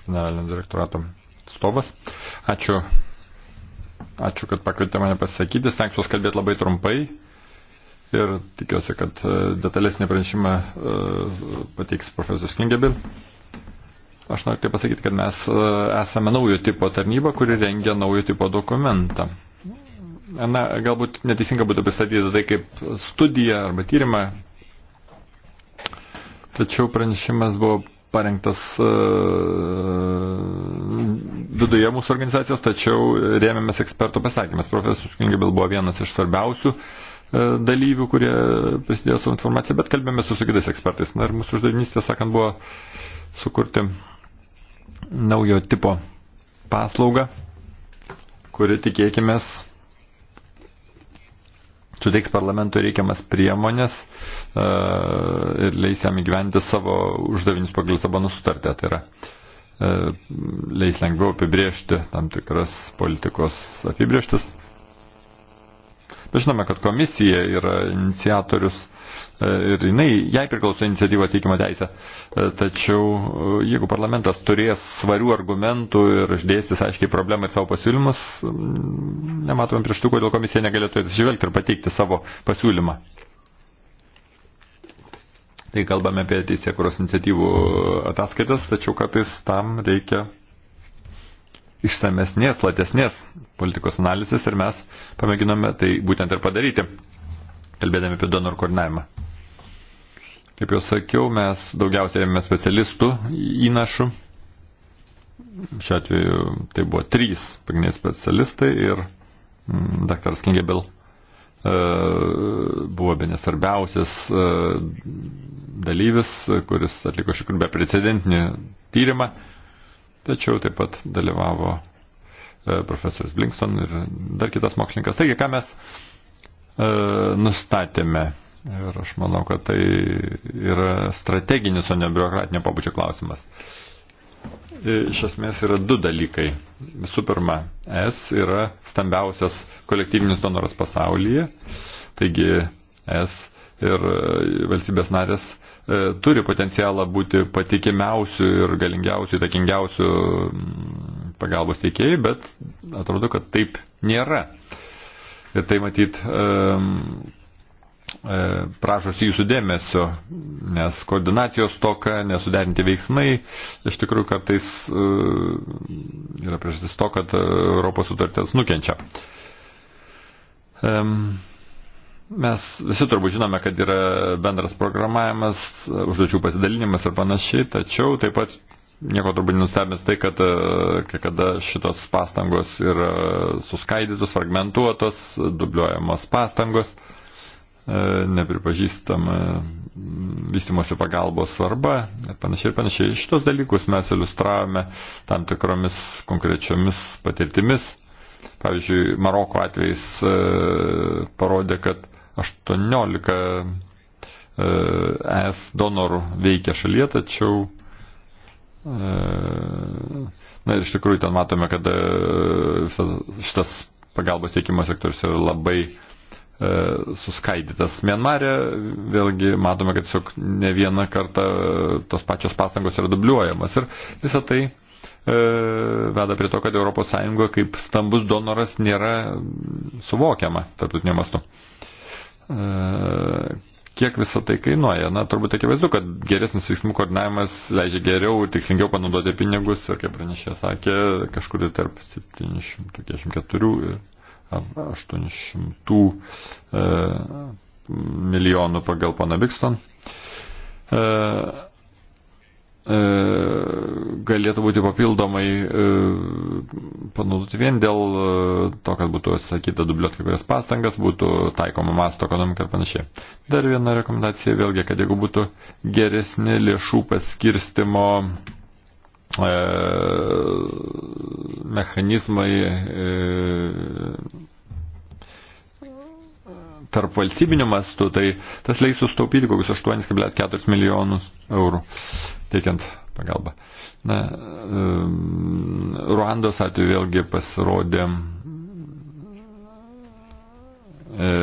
generalinio direktorato atstovas. Ačiū. Ačiū, kad pakvietė mane pasisakyti. Stengsiuos kalbėti labai trumpai ir tikiuosi, kad e, detalesnį pranešimą e, pateiks profesorius Klingebil. Aš noriu tik pasakyti, kad mes e, esame naujo tipo tarnyba, kuri rengia naujo tipo dokumentą. Na, galbūt neteisinga būtų pristatyti tai kaip studiją arba tyrimą, tačiau pranešimas buvo parengtas e, viduje mūsų organizacijos, tačiau rėmėmės ekspertų pasakymas. Profesorius Kingebel buvo vienas iš svarbiausių e, dalyvių, kurie prisidėjo savo informaciją, bet kalbėjome su, su kitais ekspertais. Na ir mūsų uždavinys, tiesą sakant, buvo sukurti naujo tipo paslaugą, kuri tikėkimės suteiks parlamentui reikiamas priemonės e, ir leis jam įgyventi savo uždavinius pagal Lisabono sutartę. Tai yra e, leis lengviau apibriežti tam tikras politikos apibrieštis Bet žinome, kad komisija yra iniciatorius e, ir jinai, jai priklauso iniciatyva teikimo teisė. E, tačiau e, jeigu parlamentas turės svarių argumentų ir išdėstys aiškiai problemą ir savo pasiūlymus, mm, nematome prieš tų, kodėl komisija negalėtų atsižvelgti ir pateikti savo pasiūlymą. Tai kalbame apie teisėkuros iniciatyvų ataskaitas, tačiau kartais tam reikia išsamesnės, platesnės politikos analizės ir mes pamėginome tai būtent ir padaryti, kalbėdami apie donorų koordinavimą. Kaip jau sakiau, mes daugiausiai rėmėme specialistų įnašų. Šiuo atveju tai buvo trys pagrindiniai specialistai ir mm, dr. Kingebel e, buvo be nesvarbiausias e, dalyvis, kuris atliko iš tikrųjų beprecedentinį tyrimą. E, tačiau taip pat dalyvavo e, profesorius Blinkston ir dar kitas mokslininkas. Taigi, ką mes e, nustatėme. Ir aš manau, kad tai yra strateginis, o ne biurokratinio pabudžio klausimas. E, iš esmės yra du dalykai. Visų pirma, S yra stambiausias kolektyvinis donoras pasaulyje. Taigi S ir valstybės narės E, turi potencialą būti patikimiausių ir galingiausių, įtakingiausių mm, pagalbos teikėjai, bet atrodo, kad taip nėra. Ir tai matyt e, e, prašosi jūsų dėmesio, nes koordinacijos toka, nesuderinti veiksmai, iš tikrųjų kartais yra priežastis to, kad Europos sutartės nukenčia. Um, Mes visi turbūt žinome, kad yra bendras programavimas, užduočių pasidalinimas ir panašiai, tačiau taip pat nieko turbūt nustebins tai, kad e, kai kada šitos pastangos yra suskaidytos, fragmentuotos, dubliuojamos pastangos, e, nepripažįstama mm, vystimosi pagalbos svarba ir panašiai ir panašiai. Šitos dalykus mes iliustravome tam tikromis konkrečiomis patirtimis pavyzdžiui, Maroko atvejais e, parodė, kad 18 e, ES donorų veikia šalyje, tačiau e, Na ir iš tikrųjų ten matome, kad e, šitas pagalbos teikimo sektorius yra labai suskaidytas. Mienmarė vėlgi matome, kad tiesiog ne vieną kartą tos pačios pastangos yra dubliuojamas. Ir visą tai e, veda prie to, kad ES kaip stambus donoras nėra suvokiama tarptautinio mastu. E, E, kiek visą tai kainuoja. Na, turbūt akivaizdu, kad geresnis veiksmų koordinavimas leidžia geriau, tikslingiau panaudoti pinigus ir, kaip pranešė, sakė, kažkur tai tarp 744 ir 800 e, milijonų pagal pana Bikston. E, E, galėtų būti papildomai e, panaudoti vien dėl e, to, kad būtų atsakyta dubliuoti kai kurias pastangas, būtų taikoma masto ekonomika ir panašiai. Dar viena rekomendacija vėlgi, kad jeigu būtų geresni lėšų paskirstimo e, mechanizmai e, tarp valstybinių mastų, tai tas leis sustaupyti kokius 8,4 milijonus eurų. E, teikiant pagalbą. Na, e, Ruandos atveju vėlgi pasirodė e,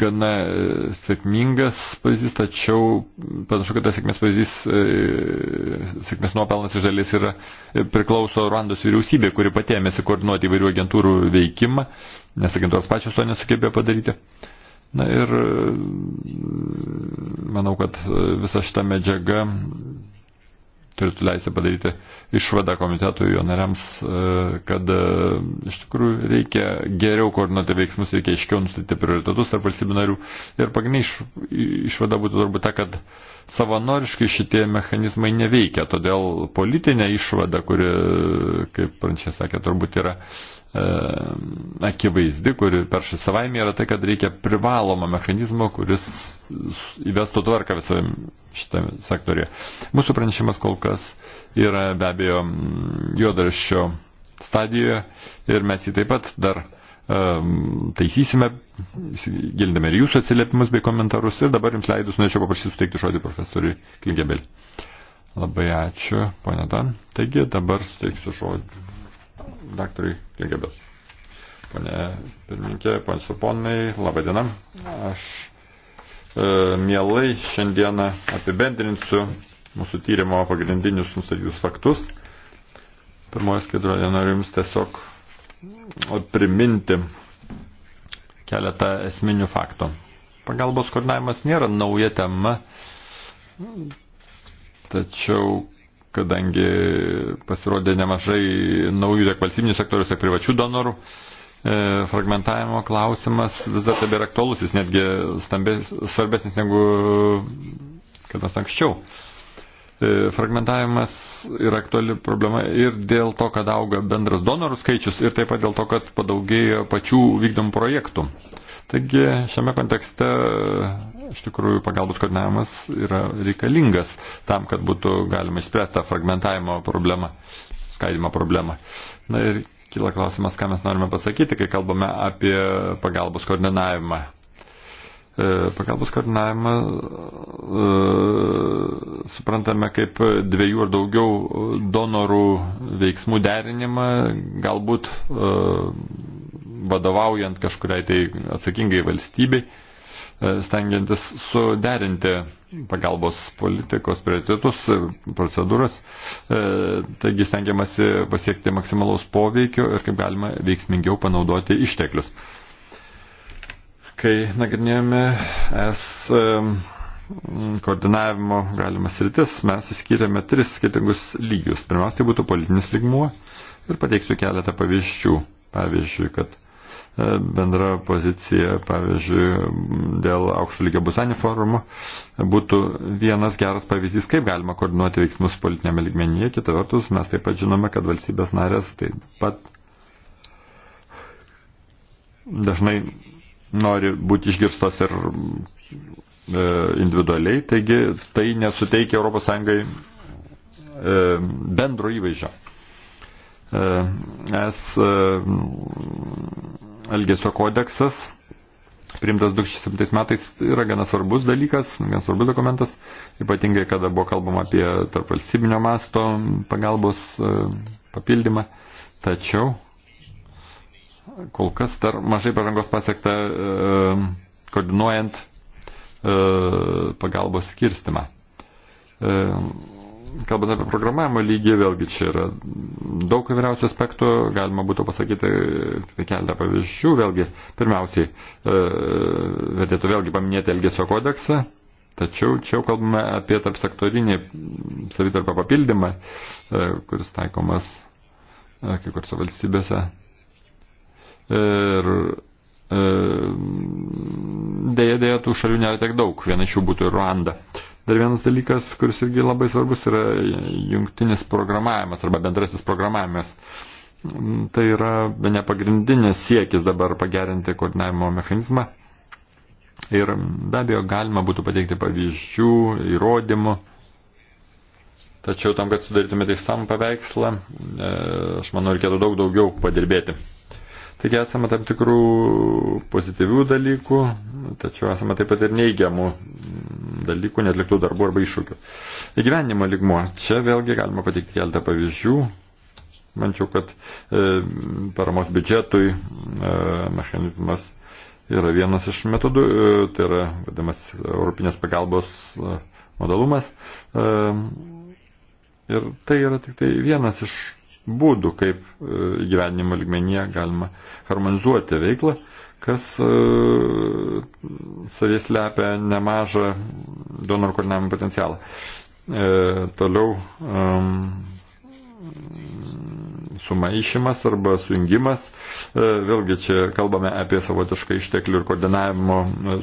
gana e, sėkmingas pavyzdys, tačiau panašu, kad tas sėkmės pavyzdys, e, sėkmės nuopelnas iš dalies yra priklauso Ruandos vyriausybė, kuri patėmėsi koordinuoti įvairių agentūrų veikimą, nes agentūros pačios to nesugebėjo padaryti. E, Na ir e, manau, kad e, visa šita medžiaga turėtų leisti padaryti išvadą komitetui jo nariams, e, kad iš tikrųjų reikia geriau koordinuoti veiksmus, reikia aiškiau nustatyti prioritetus tarp valstybių narių. Ir pagrindinė išvada būtų turbūt ta, kad savanoriškai šitie mechanizmai neveikia, todėl politinė išvada, kuri, kaip pranešė sakė, turbūt yra uh, E, akivaizdi, kuri per šį savaimį yra tai, kad reikia privalomą mechanizmą, kuris įvestų tvarką visame šitame sektorėje. Mūsų pranešimas kol kas yra be abejo juodarščio stadijoje ir mes jį taip pat dar e, taisysime, gildame ir jūsų atsiliepimus bei komentarus ir dabar jums leidus norėčiau paprašyti suteikti žodį profesoriui Klingebelį. Labai ačiū, ponia Dan. Taigi dabar suteiksiu žodį daktarui Klingebės. Pone pirmininkė, pone suponai, laba diena. Aš e, mielai šiandieną apibendrinsiu mūsų tyrimo pagrindinius nustatytus faktus. Pirmoje skaidroje noriu Jums tiesiog priminti keletą esminių faktų. Pagalbos koordinavimas nėra nauja tema, tačiau kadangi pasirodė nemažai naujų tiek valstybinių sektorių, tiek privačių donorų. E, fragmentavimo klausimas vis dar tebėra aktualus, jis netgi stambės, svarbesnis negu kada anksčiau. E, fragmentavimas yra aktuali problema ir dėl to, kad auga bendras donorų skaičius ir taip pat dėl to, kad padaugėjo pačių vykdomų projektų. Taigi šiame kontekste iš tikrųjų pagalbos koordinavimas yra reikalingas tam, kad būtų galima išspręsti tą fragmentavimo problemą, skaidimo problemą. Na ir kyla klausimas, ką mes norime pasakyti, kai kalbame apie pagalbos koordinavimą. E, pagalbos koordinavimą e, suprantame kaip dviejų ar daugiau donorų veiksmų derinimą, galbūt e, vadovaujant kažkuriai tai atsakingai valstybei, e, stengiantis suderinti pagalbos politikos prioritetus, e, procedūras. E, taigi stengiamasi pasiekti maksimalaus poveikio ir kaip galima veiksmingiau panaudoti išteklius. Kai nagrinėjome es koordinavimo galimas rytis, mes įskyrėme tris skirtingus lygius. Pirmiausia, tai būtų politinis lygmuo ir pateiksiu keletą pavyzdžių. Pavyzdžiui, kad E, bendra pozicija, pavyzdžiui, dėl aukšto lygio Busanio forumo, būtų vienas geras pavyzdys, kaip galima koordinuoti veiksmus politinėme ligmenyje. Kita vertus, mes taip pat žinome, kad valstybės narės taip pat dažnai nori būti išgirstos ir e, individualiai, taigi tai nesuteikia ES e, bendro įvaizdžio. Es Elgesio kodeksas, priimtas 2007 metais, yra gana svarbus dalykas, gana svarbus dokumentas, ypatingai kada buvo kalbama apie tarpvalstybinio masto pagalbos e, papildymą. Tačiau kol kas dar mažai pažangos pasiekta e, koordinuojant e, pagalbos skirstimą kalbant apie programavimo lygį, vėlgi čia yra daug įvairiausių aspektų, galima būtų pasakyti tai keletą pavyzdžių. Vėlgi, pirmiausiai, e, vertėtų vėlgi paminėti Elgesio kodeksą, tačiau čia jau kalbame apie tarp sektorinį savitarpą papildymą, e, kuris taikomas e, kai kuriuose valstybėse. Ir dėja, dėja, tų šalių nėra tiek daug, viena iš jų būtų ir Ruanda. E, Dar vienas dalykas, kuris irgi labai svarbus, yra jungtinis programavimas arba bendrasis programavimas. Tai yra nepagrindinis siekis dabar pagerinti koordinavimo mechanizmą. Ir be abejo, galima būtų pateikti pavyzdžių, įrodymų. Tačiau tam, kad sudarytumėte išsamų paveikslą, e, aš manau, reikėtų daug daugiau padirbėti. Taigi esame tam tikrų pozityvių dalykų, tačiau esame taip pat ir neigiamų dalykų, netliktų darbų arba iššūkių. Įgyvenimo ligmuo. Čia vėlgi galima pateikti keletą pavyzdžių. Mančiau, kad e, paramos biudžetui e, mechanizmas yra vienas iš metodų, e, tai yra vadimas Europinės pagalbos e, modalumas. E, ir tai yra tik tai vienas iš būdų, kaip e, gyvenimo ligmenyje galima harmonizuoti veiklą, kas e, savės lepia nemažą donorų koordinavimo potencialą. E, toliau sumaišymas arba sujungimas. Vėlgi čia kalbame apie savotišką išteklių ir koordinavimo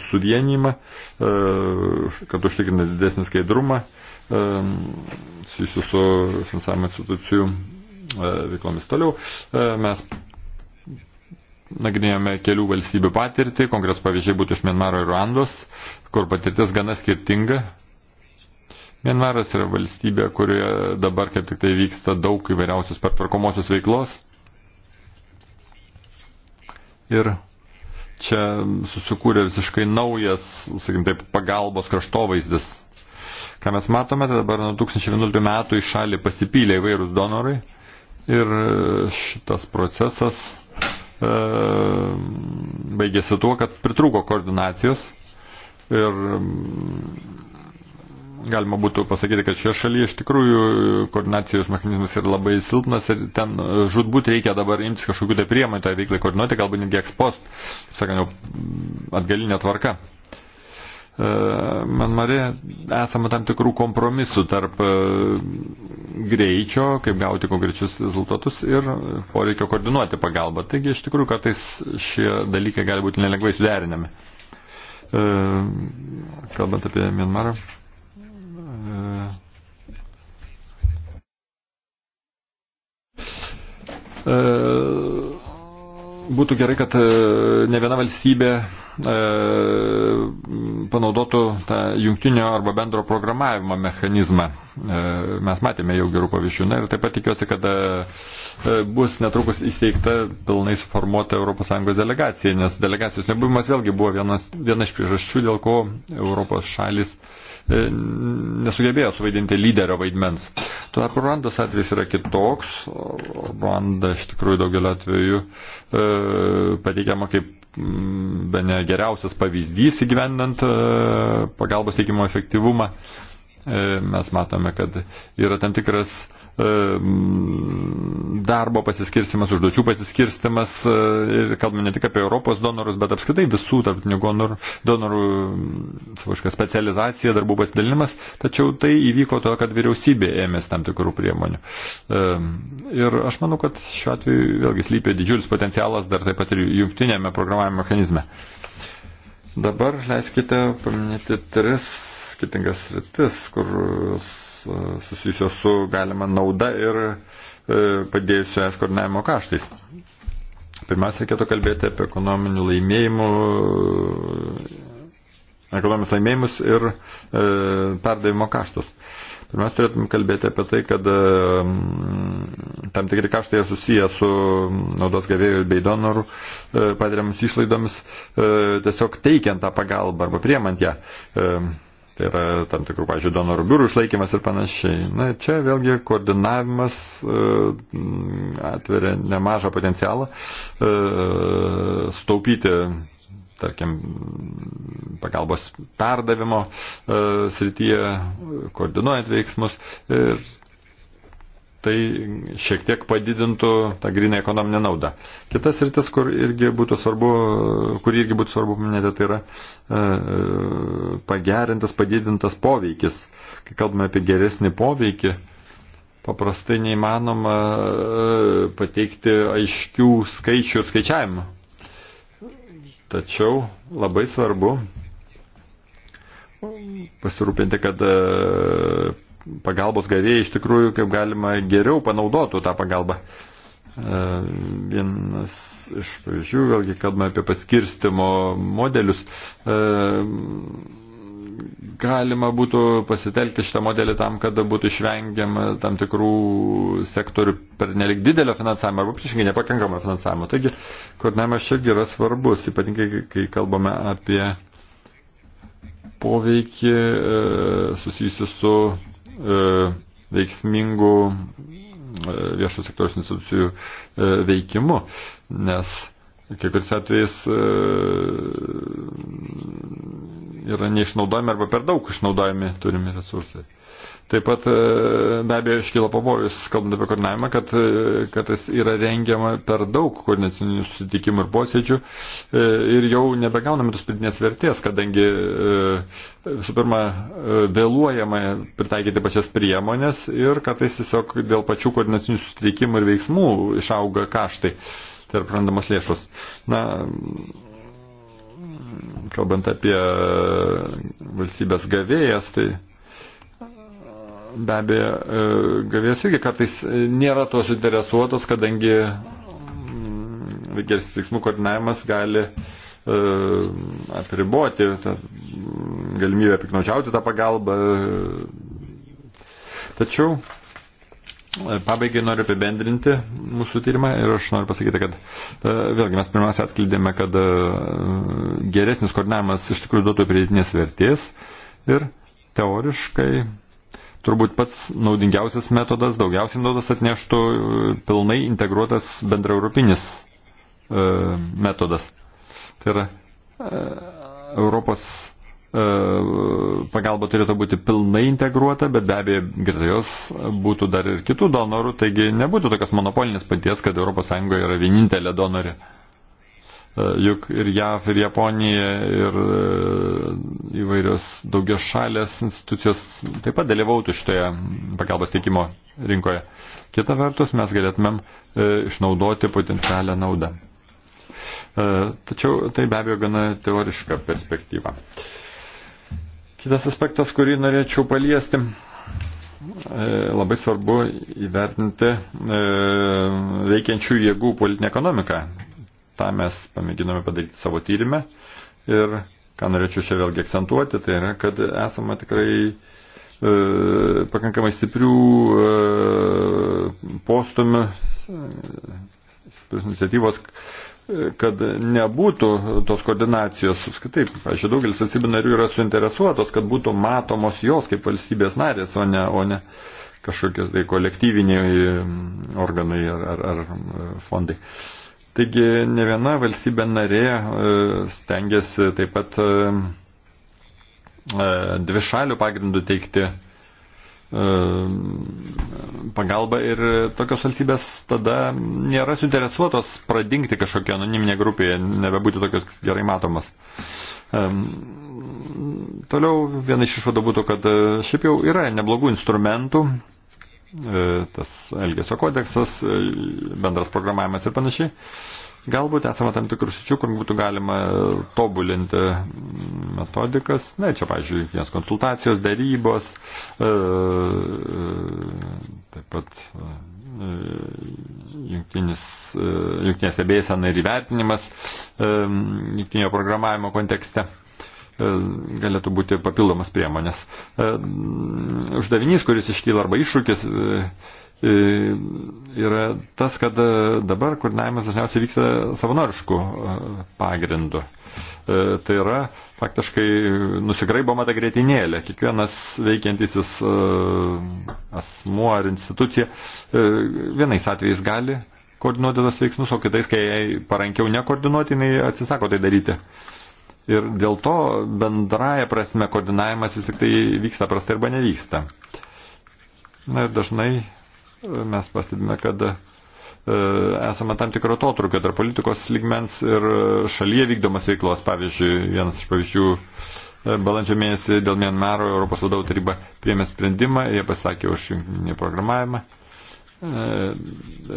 suvienimą, kad užtikrina didesnį skaidrumą susijusiu su finansavimo institucijų E, veiklomis toliau. E, mes nagrinėjome kelių valstybių patirtį, konkretus pavyzdžiai būtų iš Mienmaro ir Ruandos, kur patirtis gana skirtinga. Mienmaras yra valstybė, kurioje dabar kaip tik tai vyksta daug įvairiausios pertvarkomosios veiklos. Ir čia susikūrė visiškai naujas, sakykim taip, pagalbos kraštovaizdis. Ką mes matome, tai dabar nuo 2011 metų į šalį pasipylė įvairūs donorai Ir e, šitas procesas e, baigėsi tuo, kad pritrūko koordinacijos ir mm, galima būtų pasakyti, kad šioje šalyje iš tikrųjų koordinacijos mechanizmas yra labai silpnas ir ten e, žudbūt reikia dabar imtis kažkokių tai priemonių tą tai veiklą koordinuoti, galbūt netgi ekspost, sakant, atgalinė tvarka. E, E, Manmare esama tam tikrų kompromisų tarp e, greičio, kaip gauti konkrečius rezultatus ir poreikio koordinuoti pagalbą. Taigi iš tikrųjų kartais šie dalykai gali būti nelengvai suderinami. E, kalbant apie Mianmarą. Uh, būtų gerai, kad e, ne viena valstybė e, panaudotų tą jungtinio arba bendro programavimo mechanizmą. E, mes matėme jau gerų pavyzdžių. Na ir taip pat tikiuosi, kad bus netrukus įsteigta pilnai suformuota ES delegacija, nes delegacijos nebuvimas vėlgi buvo vienas, viena iš priežasčių, dėl ko Europos šalis uh, E, nesugebėjo suvaidinti lyderio vaidmens. Tuo tarpu Ruandos atvejs yra kitoks. Ruanda iš tikrųjų daugelio atveju e, pateikiama kaip mm, be ne geriausias pavyzdys įgyvendinant e, pagalbos teikimo efektyvumą. Mes matome, kad yra tam tikras darbo pasiskirstimas, užduočių pasiskirstimas e, ir kalbame ne tik apie Europos donorus, bet apskritai visų tarptautinių donorų, donorų savoška, specializacija, darbų pasidalinimas, tačiau tai įvyko to, kad vyriausybė ėmėsi tam tikrų priemonių. Ir aš manau, kad šiuo atveju vėlgi slypė didžiulis potencialas dar taip pat ir jungtinėme programavimo mechanizme. Dabar leiskite paminėti tris skirtingas rytis, kur e, susijusios su galima nauda ir e, padėjusio es koordinavimo kaštais. Pirmiausia, reikėtų kalbėti apie ekonominių laimėjimų, e, ekonominius laimėjimus ir e, perdavimo kaštus. Pirmiausia, turėtum kalbėti apie tai, kad e, tam tikri kaštai yra susiję su naudos gavėjų bei donorų e, patiriamus išlaidomis, e, tiesiog teikiant tą pagalbą arba priemant ją. E, Tai yra tam tikrų, pažiūrėjau, donorų biurų išlaikymas ir panašiai. Na, čia vėlgi koordinavimas e, atveria nemažą potencialą e, staupyti tarkim, pagalbos perdavimo e, srityje, koordinuojant veiksmus ir tai šiek tiek padidintų tą grinę ekonominę naudą. Kitas rytis, kur irgi būtų svarbu, kur irgi būtų svarbu paminėti, tai yra e, pagerintas, padidintas poveikis. Kai kalbame apie geresnį poveikį, paprastai neįmanoma e, pateikti aiškių skaičių skaičiavimų. Tačiau labai svarbu pasirūpinti, kad e, pagalbos gavėjai iš tikrųjų kaip galima geriau panaudotų tą pagalbą. E, vienas iš pavyzdžių, vėlgi kalbame apie paskirstimo modelius, e, galima būtų pasitelkti šitą modelį tam, kad būtų išvengiama tam tikrų sektorių per nelik didelio finansavimo arba priešingai nepakankamo finansavimo. Taigi, koordinavimas čia yra svarbus, ypatingai kai kalbame apie poveikį e, susijusiu su E, veiksmingų e, viešo sektoriaus institucijų e, veikimu, nes kai kuris atvejais yra neišnaudojami arba per daug išnaudojami turimi resursai. Taip pat e, be abejo iškyla pavojus, kalbant apie koordinavimą, kad, e, kad jis yra rengiama per daug koordinacinių susitikimų ir posėdžių e, ir jau nebegauname tos pridinės vertės, kadangi visų pirma vėluojama pritaikyti pačias priemonės ir kartais tiesiog dėl pačių koordinacinių susitikimų ir veiksmų išauga kaštai, tai yra prarandamos lėšos. Na, kalbant apie valstybės gavėjas, tai be abejo e, gavėjas irgi kartais nėra tuo suinteresuotas, kadangi mm, geresnis veiksmų koordinavimas gali e, apriboti tą galimybę piknaudžiauti tą pagalbą. Tačiau e, pabaigai noriu apibendrinti mūsų tyrimą ir aš noriu pasakyti, kad vėlgi mes pirmiausia atskleidėme, kad geresnis koordinavimas iš tikrųjų duotų pridėtinės vertės ir teoriškai turbūt pats naudingiausias metodas, daugiausiai naudos atneštų e, pilnai integruotas bendraeuropinis e, metodas. Tai yra e, Europos e, pagalba turėtų būti pilnai integruota, bet be abejo, greta jos būtų dar ir kitų donorų, taigi nebūtų tokios monopolinės paties, kad ES yra vienintelė donorė. E, juk ir JAV, ir Japonija, ir e, įvairios daugia šalės institucijos taip pat dalyvautų šitoje pagalbos teikimo rinkoje. Kita vertus, mes galėtumėm e, išnaudoti potencialią naudą. Tačiau tai be abejo gana teoriška perspektyva. Kitas aspektas, kurį norėčiau paliesti, labai svarbu įvertinti veikiančių jėgų politinę ekonomiką tą mes pamėginome padaryti savo tyrimę. Ir ką norėčiau čia vėlgi akcentuoti, tai yra, kad esame tikrai e, pakankamai stiprių e, postumių, e, iniciatyvos, kad nebūtų tos koordinacijos. Apskritai, aš daugelis valstybių narių yra suinteresuotos, kad būtų matomos jos kaip valstybės narės, o ne, o ne kažkokie tai kolektyviniai mm, organai ar, ar, ar e, fondai. E, Taigi ne viena valstybė narė e, stengiasi taip pat e, e, dvi šalių pagrindų teikti pagalba ir tokios valstybės tada nėra suinteresuotos pradingti kažkokią anoniminę grupėje, nebebūti tokios gerai matomos. Toliau viena iš išvadų būtų, kad šiaip jau yra neblogų instrumentų, E, tas Elgesio kodeksas, e, bendras programavimas ir panašiai. Galbūt esame tam tikrų sičių, kur būtų galima tobulinti metodikas. Na, čia, pažiūrėjau, nes konsultacijos, darybos, e, taip pat jungtinės abėsena ir įvertinimas jungtinio programavimo kontekste. E, galėtų būti papildomas priemonės. E, uždavinys, kuris iškyla arba iššūkis, e, yra tas, kad dabar koordinavimas dažniausiai vyksta savanoriškų pagrindų. Tai yra faktiškai nusigraiboma ta greitinėlė. Kiekvienas veikiantisis asmuo ar institucija vienais atvejais gali koordinuoti tos veiksmus, o kitais, kai parankiau nekoordinuoti, jinai atsisako tai daryti. Uh, Ir dėl to bendraja prasme koordinavimas vis tik tai vyksta prastai arba nevyksta. Na ir dažnai e, mes pastebime, kad e, esame tam tikro totrukio tarp politikos lygmens ir e, šalyje vykdomas veiklos. Pavyzdžiui, vienas iš pavyzdžių, balandžio mėnesį dėl Mienmaro Europos vadovų taryba priėmė sprendimą, jie pasakė už jungtinį programavimą. E,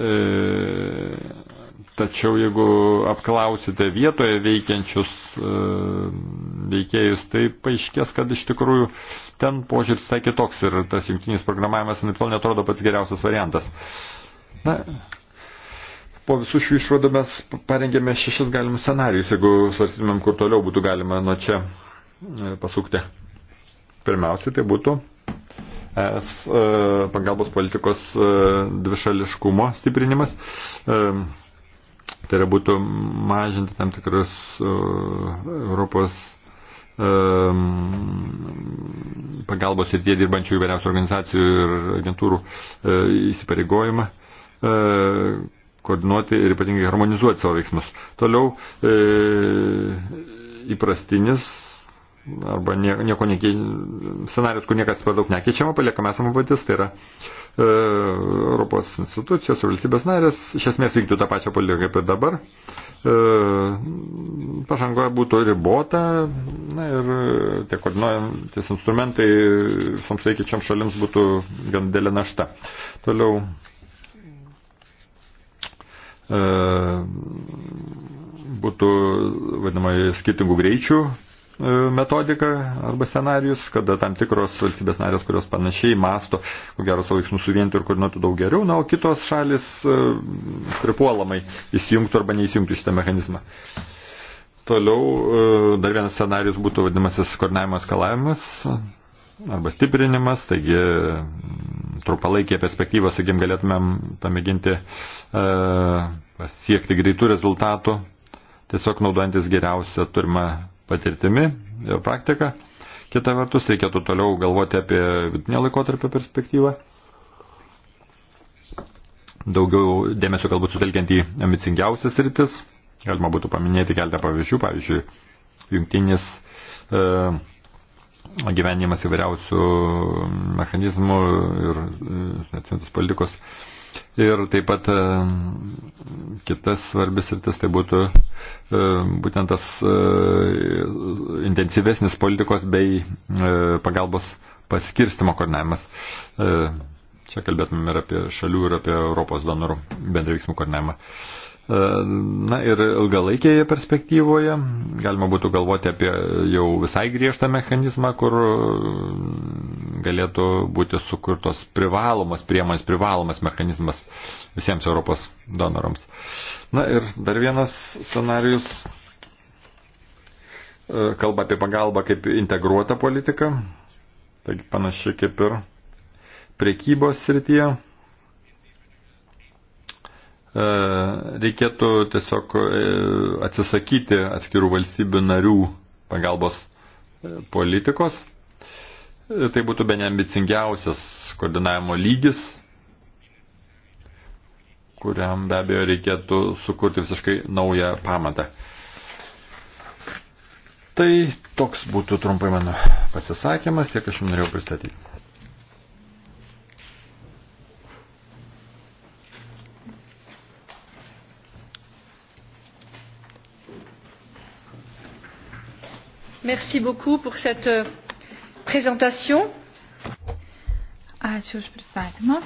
e, Tačiau jeigu apklausite vietoje veikiančius e, veikėjus, tai paaiškės, kad iš tikrųjų ten požiūris visai kitoks ir tas jungtinis programavimas netol netrodo pats geriausias variantas. Na, po visų šių išvadų mes parengėme šešis galimus scenarius, jeigu svarstytumėm, kur toliau būtų galima nuo čia e, pasukti. Pirmiausia, tai būtų es e, pagalbos politikos dvišališkumo stiprinimas. E, Tai yra būtų mažinti tam tikrus Europos pagalbos ir tie dirbančių įvairiausių organizacijų ir agentūrų e, įsipareigojimą e, koordinuoti ir ypatingai harmonizuoti savo veiksmus. Toliau e, įprastinis arba nieko nekei, scenarius, kur niekas per daug nekeičiama, paliekama esama patys, tai yra uh, E, Europos institucijos ir valstybės narės iš esmės vyktų tą pačią politiką kaip ir dabar. E, Pažangoje būtų ribota na, ir tie koordinuojantis instrumentai visoms veikiačiam šalims būtų gan dėlė našta. Toliau. E, būtų, vadinamai, skirtingų greičių E, metodiką arba scenarius, kada tam tikros valstybės narės, kurios panašiai masto, ko gero savo veiksmus suvienyti ir koordinuotų daug geriau, na, o kitos šalis e, pripuolamai įsijungtų arba neįsijungtų šitą mechanizmą. Toliau e, dar vienas scenarius būtų vadinamasis koordinavimo skalavimas arba stiprinimas, taigi trumpalaikėje perspektyvoje, sakykim, galėtumėm pamėginti e, pasiekti greitų rezultatų, tiesiog naudojantis geriausią turimą patirtimi ir praktika. Kita vertus, reikėtų toliau galvoti apie vidutinę laikotarpio perspektyvą. Daugiau dėmesio galbūt sutelkiant į ambicingiausias rytis. Galima būtų paminėti keletą pavyzdžių. Pavyzdžiui, jungtinis e, gyvenimas įvairiausių mechanizmų ir nacintos e, politikos e, Ir taip pat e, kitas svarbis ir tas tai būtų e, būtent tas e, intensyvesnis politikos bei pagalbos paskirstimo koordinavimas. Čia kalbėtumėm ir apie šalių, ir apie Europos donorų bendrą veiksmų koordinavimą. E, na ir ilgalaikėje perspektyvoje galima būtų galvoti apie jau visai griežtą mechanizmą, kur galėtų būti sukurtos privalomas priemonės, privalomas mechanizmas visiems Europos donorams. Na ir dar vienas scenarius e, kalba apie pagalbą kaip integruotą politiką, taigi panašiai kaip ir priekybos srityje. E, reikėtų tiesiog e, atsisakyti atskirų valstybių narių pagalbos e, politikos. Tai būtų be neambicingiausias koordinavimo lygis, kuriam be abejo reikėtų sukurti visiškai naują pamatą. Tai toks būtų trumpai mano pasisakymas, tiek aš jums norėjau pristatyti. Merci beaucoup pour cette euh, présentation. Ačiū už pristatymą.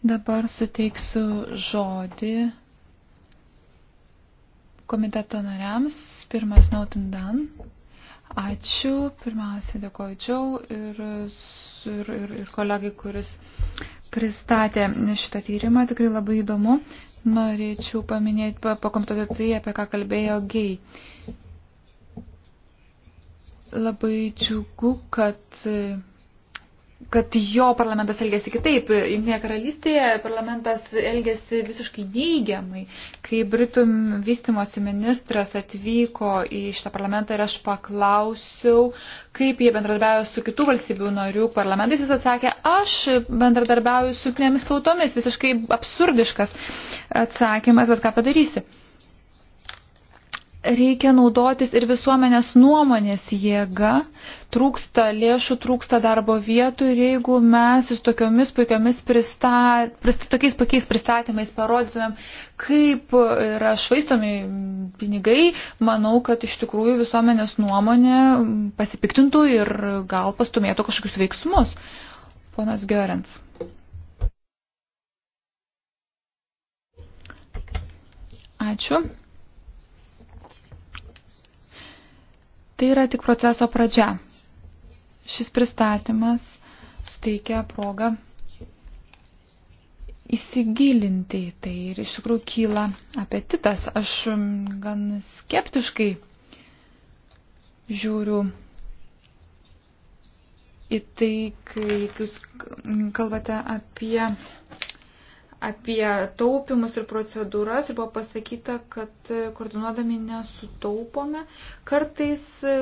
Dabar suteiksiu žodį komiteto nariams. Pirmas Nautin Dan. Ačiū. Pirmiausia, dėkoju Džiau ir, ir, ir, ir kolegai, kuris pristatė šitą tyrimą. Tikrai labai įdomu. Norėčiau paminėti, pakomentuoti tai, apie ką kalbėjo gei. Labai džiugu, kad kad jo parlamentas elgėsi kitaip. Junktinėje karalystėje parlamentas elgėsi visiškai neigiamai. Kai Britų vystimosi ministras atvyko į šitą parlamentą ir aš paklausiau, kaip jie bendradarbiavo su kitų valstybių narių parlamentais, jis atsakė, aš bendradarbiauju su jungtinėmis tautomis. Visiškai absurdiškas atsakymas, bet ką padarysi reikia naudotis ir visuomenės nuomonės jėga, trūksta lėšų, trūksta darbo vietų ir jeigu mes su tokiomis puikiamis pristat, prist, tokiais puikiais pristatymais parodytumėm, kaip yra švaistomi pinigai, manau, kad iš tikrųjų visuomenės nuomonė pasipiktintų ir gal pastumėtų kažkokius veiksmus. Ponas Görens. Ačiū. Tai yra tik proceso pradžia. Šis pristatymas suteikia progą įsigilinti į tai ir iš tikrųjų kyla apetitas. Aš mm, gan skeptiškai žiūriu į tai, kai jūs kalbate apie apie taupimus ir procedūras ir buvo pasakyta, kad e, koordinuodami nesutaupome. Kartais e,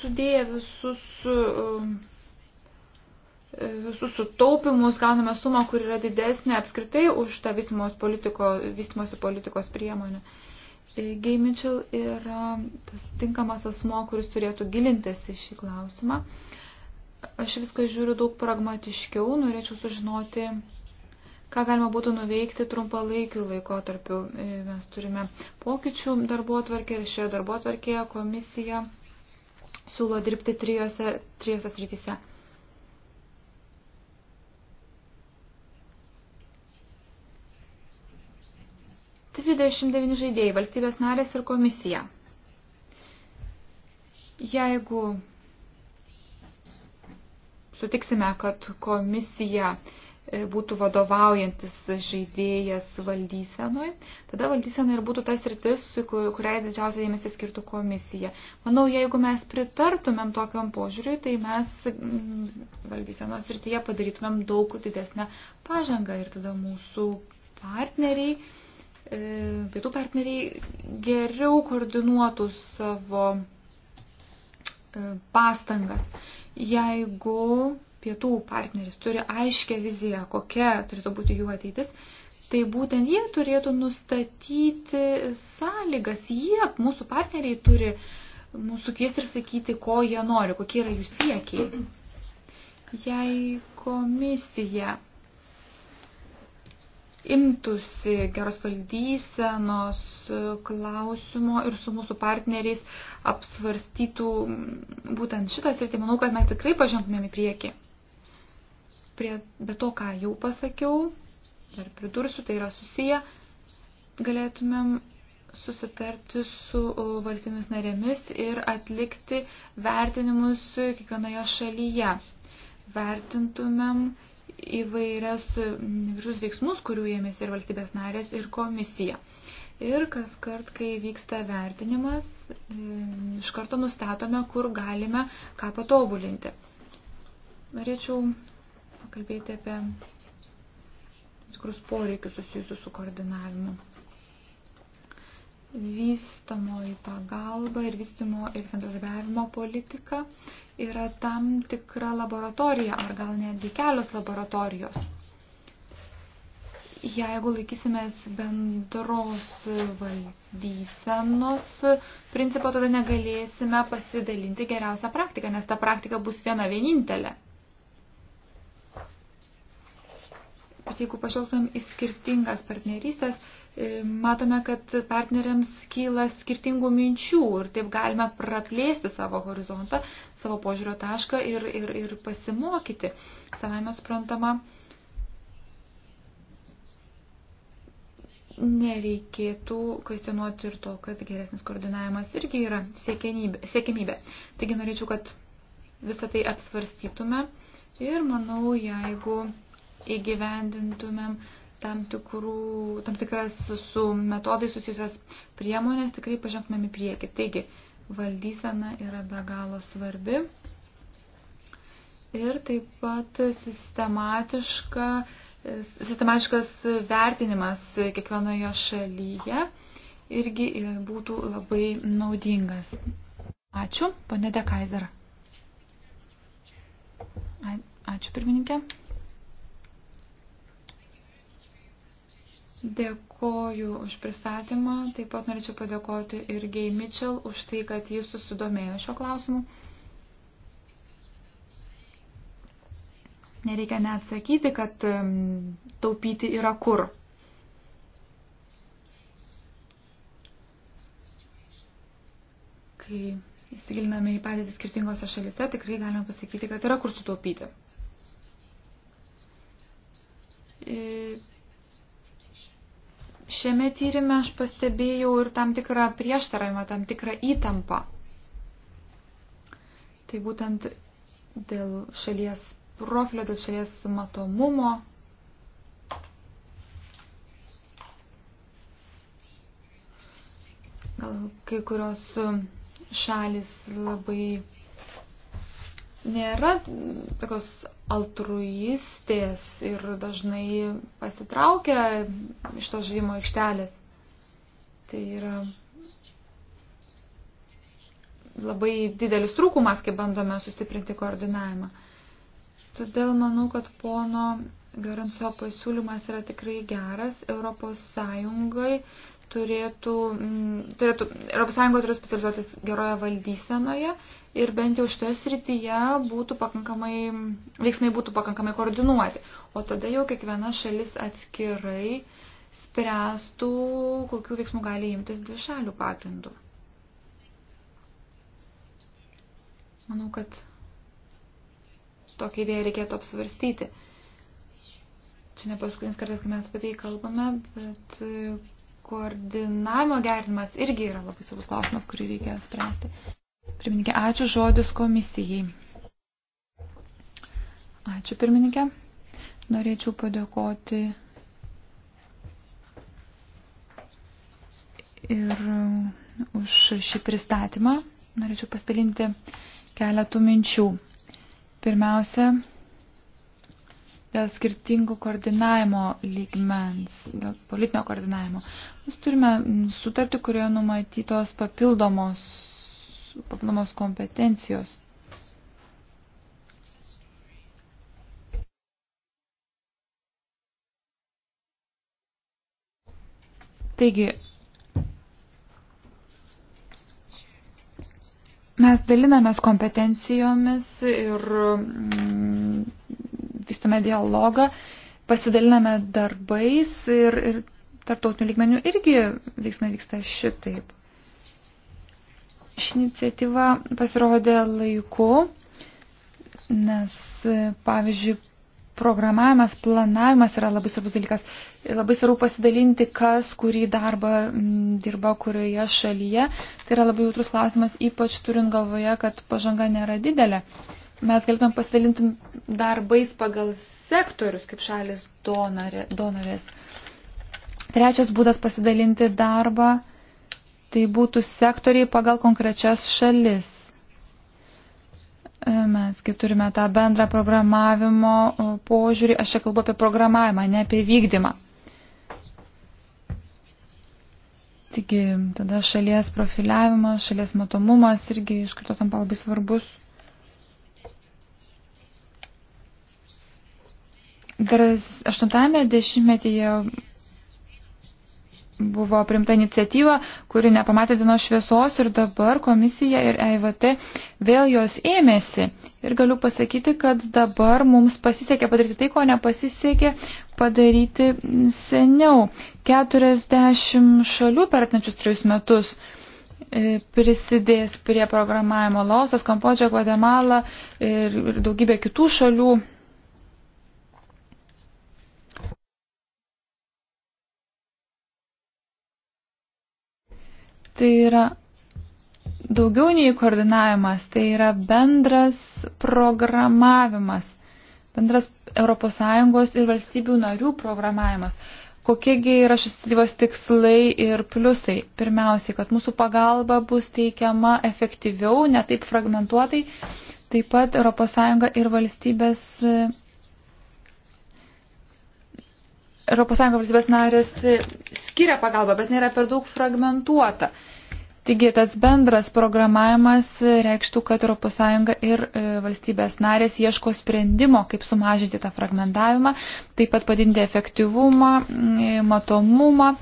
sudėję visus, e, visus sutaupimus gauname sumą, kur yra didesnė apskritai už tą vystimos politiko, vystimosi politikos priemonę. Gay Mitchell yra tas tinkamas asmo, kuris turėtų gilintis į šį klausimą. Aš viską žiūriu daug pragmatiškiau, norėčiau sužinoti ką galima būtų nuveikti trumpalaikiu laikotarpiu. E, mes turime pokyčių darbo atvarkė ir šioje darbo atvarkėje komisija siūlo dirbti trijose, trijose srityse. Dvidešimt devyni žaidėjai, valstybės narės ir komisija. Jeigu sutiksime, kad komisija uh, E, būtų vadovaujantis žaidėjas valdysenoje, tada valdysena ir būtų tas rytis, kuriai didžiausia dėmesį skirtų komisija. Manau, jeigu mes pritartumėm tokiam požiūriui, tai mes mm, valdysenos rytyje padarytumėm daug didesnę pažangą ir tada mūsų partneriai, e, pietų partneriai geriau koordinuotų savo e, pastangas. Jeigu pietų partneris turi aiškę viziją, kokia turėtų būti jų ateitis, tai būtent jie turėtų nustatyti sąlygas. Jie, mūsų partneriai, turi mūsų kviesti ir sakyti, ko jie nori, kokie yra jų siekiai. Jei komisija imtųsi geros valdysenos klausimo ir su mūsų partneriais apsvarstytų būtent šitas ir tai manau, kad mes tikrai pažengtumėm į priekį prie be to, ką jau pasakiau, dar pridursiu, tai yra susiję, galėtumėm susitarti su valstybėmis narėmis ir atlikti vertinimus kiekvienoje šalyje. Vertintumėm įvairias mm, visus veiksmus, kurių ėmėsi ir valstybės narės, ir komisija. Ir kas kart, kai vyksta vertinimas, mm, iš karto nustatome, kur galime ką patobulinti. Norėčiau kalbėti apie tikrus poreikius susijusius su koordinavimu. Vystamoji pagalba ir vystimo ir bendradarbiavimo politika yra tam tikra laboratorija, ar gal netgi kelios laboratorijos. Jeigu laikysimės bendros valdysenos principo, tada negalėsime pasidalinti geriausią praktiką, nes ta praktika bus viena vienintelė. Bet jeigu pažvelgtumėm į skirtingas partnerystės, e, matome, kad partneriams kyla skirtingų minčių ir taip galime praplėsti savo horizontą, savo požiūrio tašką ir, ir, ir pasimokyti. Savame suprantama, nereikėtų kvestionuoti ir to, kad geresnis koordinavimas irgi yra siekimybė. Taigi norėčiau, kad visą tai apsvarstytume ir manau, jeigu įgyvendintumėm tam, tikrų, tam tikras su metodai susijusias priemonės, tikrai pažengtumėm į priekį. Taigi, valdysena yra be galo svarbi. Ir taip pat sistematiška, sistematiškas vertinimas kiekvienoje šalyje irgi būtų labai naudingas. Ačiū, ponė Dekaiser. Ačiū, pirmininkė. Dėkoju už pristatymą. Taip pat norėčiau padėkoti ir Gay Mitchell už tai, kad jis susidomėjo šio klausimu. Nereikia neatsakyti, kad taupyti yra kur. Kai įsigiliname į padėtį skirtingose šalise, tikrai galime pasakyti, kad yra kur sutaupyti. E Šiame tyrimė aš pastebėjau ir tam tikrą prieštaravimą, tam tikrą įtampą. Tai būtent dėl šalies profilio, dėl šalies matomumo. Gal kai kurios šalis labai nėra tokios altruistės ir dažnai pasitraukia iš to žaidimo aikštelės. Tai yra labai didelis trūkumas, kai bandome sustiprinti koordinavimą. Todėl manau, kad pono Garanso pasiūlymas yra tikrai geras. Europos Sąjungai turėtų, mm, turėtų Europos Sąjunga turėtų specializuotis geroje valdysenoje ir bent jau šitoje srityje būtų pakankamai, veiksmai būtų pakankamai koordinuoti. O tada jau kiekviena šalis atskirai spręstų, kokių veiksmų gali imtis dvišalių pagrindų. Manau, kad tokią idėją reikėtų apsvarstyti. Čia ne paskutinis kartas, kai mes apie tai kalbame, bet koordinavimo gerinimas irgi yra labai svarbus klausimas, kurį reikia spręsti. Pirmininkė, ačiū žodis komisijai. Ačiū pirmininkė. Norėčiau padėkoti ir už šį pristatymą. Norėčiau pasidalinti keletų minčių. Pirmiausia, dėl skirtingų koordinavimo lygmens, dėl politinio koordinavimo. Mes turime sutartį, kurioje numatytos papildomos papildomos kompetencijos. Taigi, mes dalinamės kompetencijomis ir mm, vystome dialogą, pasidaliname darbais ir, ir tarptautinių lygmenių irgi veiksmai vyksta šitaip. Ši iniciatyva pasirodė laiku, nes, pavyzdžiui, programavimas, planavimas yra labai svarbus dalykas. Labai svarbu pasidalinti, kas, kurį darbą dirba kurioje šalyje. Tai yra labai jautrus klausimas, ypač turint galvoje, kad pažanga nėra didelė. Mes galėtume pasidalinti darbais pagal sektorius, kaip šalis donorė, donorės. Trečias būdas pasidalinti darbą tai būtų sektoriai pagal konkrečias šalis. E, mesgi turime tą bendrą programavimo e, požiūrį, aš čia kalbu apie programavimą, ne apie vykdymą. Taigi tada šalies profiliavimas, šalies matomumas irgi iš karto tampa labai svarbus. Dar 80-ame dešimtmetyje buvo primta iniciatyva, kuri nepamatė dienos šviesos ir dabar komisija ir EIVT vėl jos ėmėsi. Ir galiu pasakyti, kad dabar mums pasisekė padaryti tai, ko nepasisekė padaryti seniau. 40 šalių per atnečius trejus metus e, prisidės prie programavimo Laosas, Kambodža, Guatemala ir daugybė kitų šalių Tai yra daugiau nei koordinavimas, tai yra bendras programavimas, bendras ES ir valstybių narių programavimas. Kokiegi yra šis iniciatyvos tikslai ir pliusai? Pirmiausiai, kad mūsų pagalba bus teikiama efektyviau, netaip fragmentuotai. Taip pat ES ir valstybės ES valstybės narės skiria pagalbą, bet nėra per daug fragmentuota. Taigi tas bendras programavimas reikštų, kad ES ir e, valstybės narės ieško sprendimo, kaip sumažinti tą fragmentavimą, taip pat padinti efektyvumą, matomumą.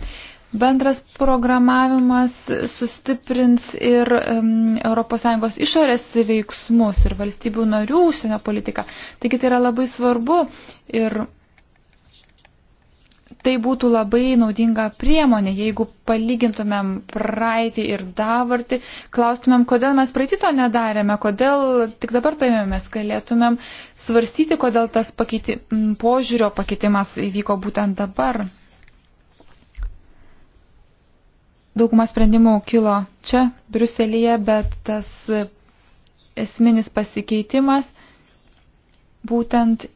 Bendras programavimas sustiprins ir ES išorės veiksmus ir valstybių narių užsienio politiką. Taigi tai yra labai svarbu ir tai būtų labai naudinga priemonė, jeigu palygintumėm praeitį ir dabartį, klaustumėm, kodėl mes praeitį to nedarėme, kodėl tik dabar to ėmėmės, galėtumėm svarstyti, kodėl tas pakeiti, požiūrio pakeitimas įvyko būtent dabar. Dauguma sprendimų kilo čia, Briuselėje, bet tas esminis pasikeitimas būtent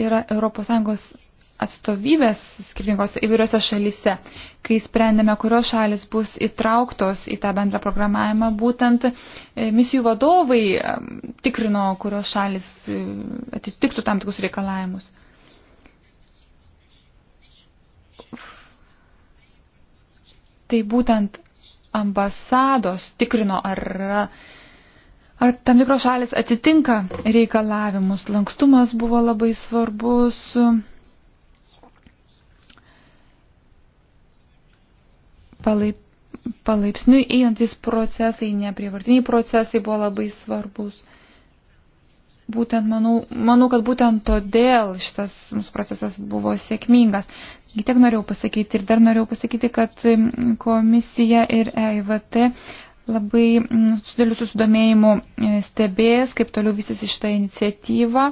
yra ES atstovybės skirtingose įvairiose šalyse, kai sprendėme, kurios šalis bus įtrauktos į tą bendrą programavimą, būtent e, misijų vadovai e, tikrino, kurios šalis e, atitiktų tam tikrus reikalavimus. Tai būtent ambasados tikrino, ar yra Ar tam tikros šalis atitinka reikalavimus? Lankstumas buvo labai svarbus, palaip, palaipsniui einantis procesai, neprievartiniai procesai buvo labai svarbus. Būtent manau, manau, kad būtent todėl šitas mūsų procesas buvo sėkmingas. Tiek norėjau pasakyti ir dar norėjau pasakyti, kad komisija ir EIVT labai sudėliu susidomėjimu e, stebės, kaip toliau vysis šitą iniciatyvą.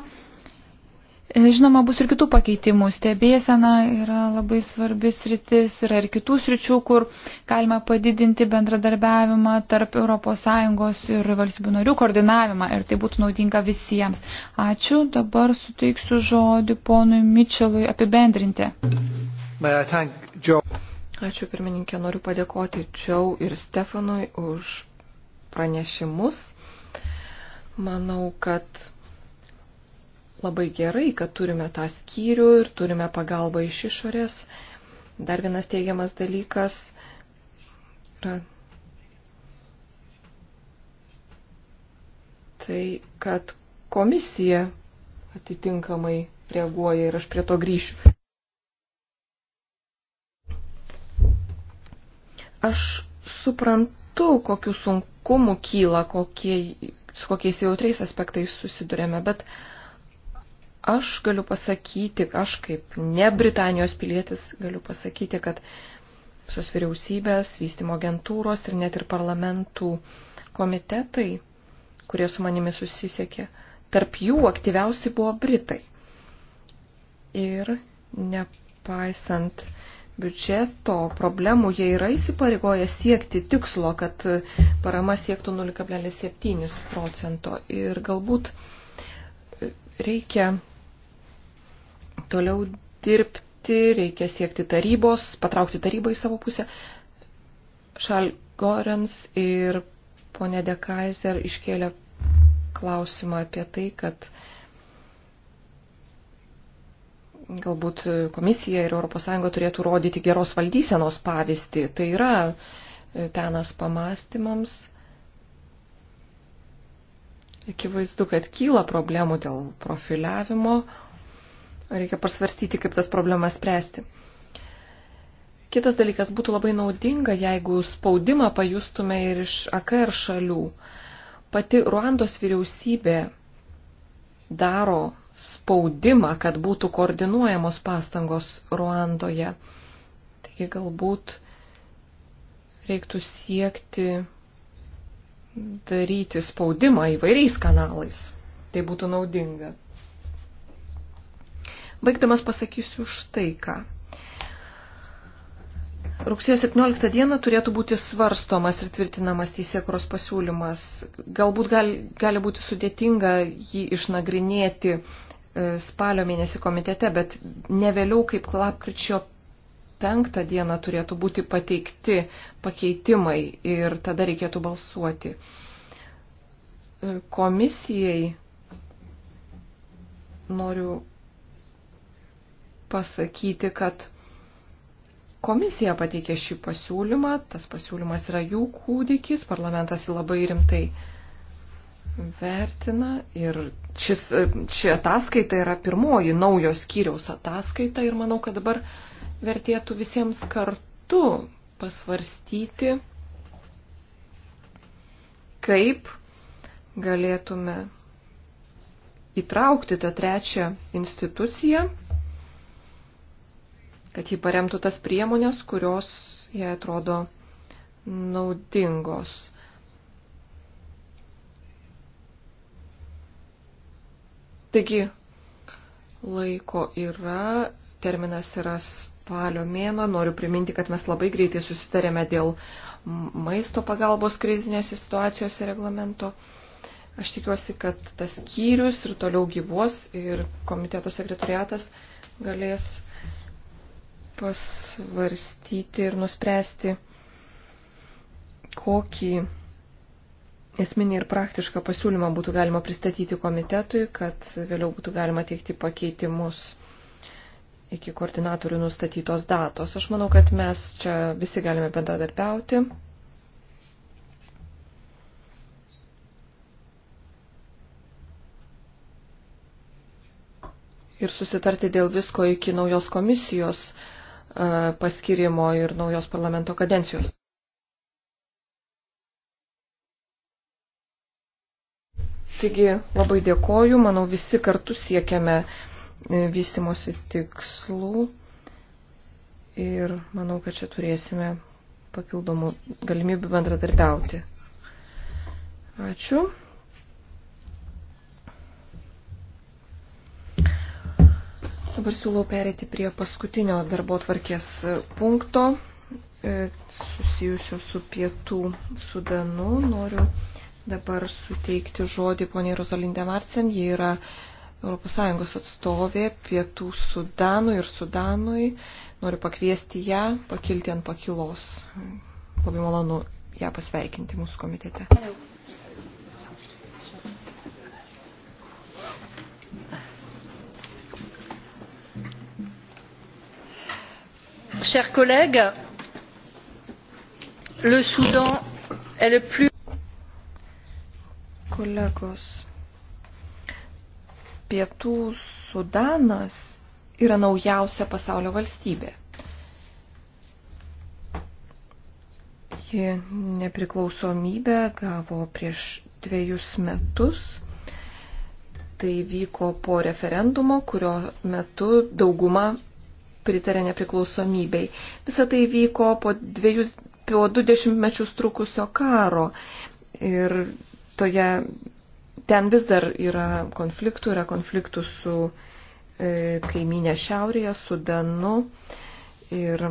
E, žinoma, bus ir kitų pakeitimų. Stebėsena yra labai svarbis rytis, yra ir kitų sričių, kur galima padidinti bendradarbiavimą tarp ES ir valstybių narių koordinavimą ir tai būtų naudinga visiems. Ačiū, dabar suteiksiu žodį ponui Mitčelui apibendrinti. Ačiū pirmininkė, noriu padėkoti Čiau ir Stefanui už pranešimus. Manau, kad labai gerai, kad turime tą skyrių ir turime pagalbą iš išorės. Dar vienas teigiamas dalykas yra tai, kad komisija atitinkamai reaguoja ir aš prie to grįšiu. Aš suprantu, kokiu sunkumu kyla, kokie, su kokiais jautriais aspektais susidurėme, bet uh, Aš galiu pasakyti, aš kaip ne Britanijos pilietis galiu pasakyti, kad visos vyriausybės, vystimo agentūros ir net ir parlamentų komitetai, kurie su manimi susisiekė, tarp jų aktyviausi buvo Britai. Ir nepaisant biudžeto problemų, jie yra įsipareigoję siekti tikslo, kad parama siektų 0,7 procento. Ir galbūt reikia toliau dirbti, reikia siekti tarybos, patraukti tarybą į savo pusę. Šal Gorens ir ponė De Kaiser iškėlė klausimą apie tai, kad galbūt komisija ir ES turėtų rodyti geros valdysenos pavyzdį. Tai yra e, tenas pamastymams. Akivaizdu, kad kyla problemų dėl profiliavimo, reikia pasvarstyti, kaip tas problemas spręsti. Kitas dalykas būtų labai naudinga, jeigu spaudimą pajustume ir iš AKR šalių. Pati Ruandos vyriausybė daro spaudimą, kad būtų koordinuojamos pastangos Ruandoje. Taigi galbūt reiktų siekti daryti spaudimą įvairiais kanalais. Tai būtų naudinga. Baigdamas pasakysiu štai ką. Rugsėjo 17 dieną turėtų būti svarstomas ir tvirtinamas teisėkuros pasiūlymas. Galbūt gali, gali būti sudėtinga jį išnagrinėti e, spalio mėnesį komitete, bet ne vėliau kaip lapkričio 5 dieną turėtų būti pateikti pakeitimai ir tada reikėtų balsuoti. E, komisijai noriu pasakyti, kad komisija pateikė šį pasiūlymą, tas pasiūlymas yra jų kūdikis, parlamentas jį labai rimtai vertina ir šis, ši ataskaita yra pirmoji naujo skyriaus ataskaita ir manau, kad dabar vertėtų visiems kartu pasvarstyti, kaip galėtume įtraukti tą trečią instituciją kad jį paremtų tas priemonės, kurios jai atrodo naudingos. Taigi, laiko yra, terminas yra spalio mėno. Noriu priminti, kad mes labai greitai susitarėme dėl maisto pagalbos krizinės situacijos reglamento. Aš tikiuosi, kad tas skyrius ir toliau gyvos ir komiteto sekretoriatas galės pasvarstyti ir nuspręsti, kokį esminį ir praktišką pasiūlymą būtų galima pristatyti komitetui, kad vėliau būtų galima teikti pakeitimus iki koordinatorių nustatytos datos. Aš manau, kad mes čia visi galime bendradarbiauti. Ir susitarti dėl visko iki naujos komisijos E, paskirimo ir naujos parlamento kadencijos. Taigi labai dėkoju, manau visi kartu siekiame e, vystimosi tikslų ir manau, kad čia turėsime papildomų galimybių bendradarbiauti. Ačiū. Dabar siūlau perėti prie paskutinio darbo tvarkės e, punkto e, susijusio su pietų sudanu. Noriu dabar suteikti žodį poniai Rozalinde Marcen. Ji yra ES atstovė pietų sudanui ir sudanui. Noriu pakviesti ją pakilti ant pakilos. Labai malonu ją pasveikinti mūsų komitete. Hello. chers collègues le soudan est le plus. kolegos pietų sudanas yra naujausia pasaulio valstybė. Ji nepriklausomybę gavo prieš dviejus metus. Tai vyko po referendumo, kurio metu dauguma pritarė nepriklausomybei. Visą tai vyko po, dviejus, po du dešimtmečius trukusio karo ir toje, ten vis dar yra konfliktų, yra konfliktų su e, kaiminė šiaurėje, Sudanu ir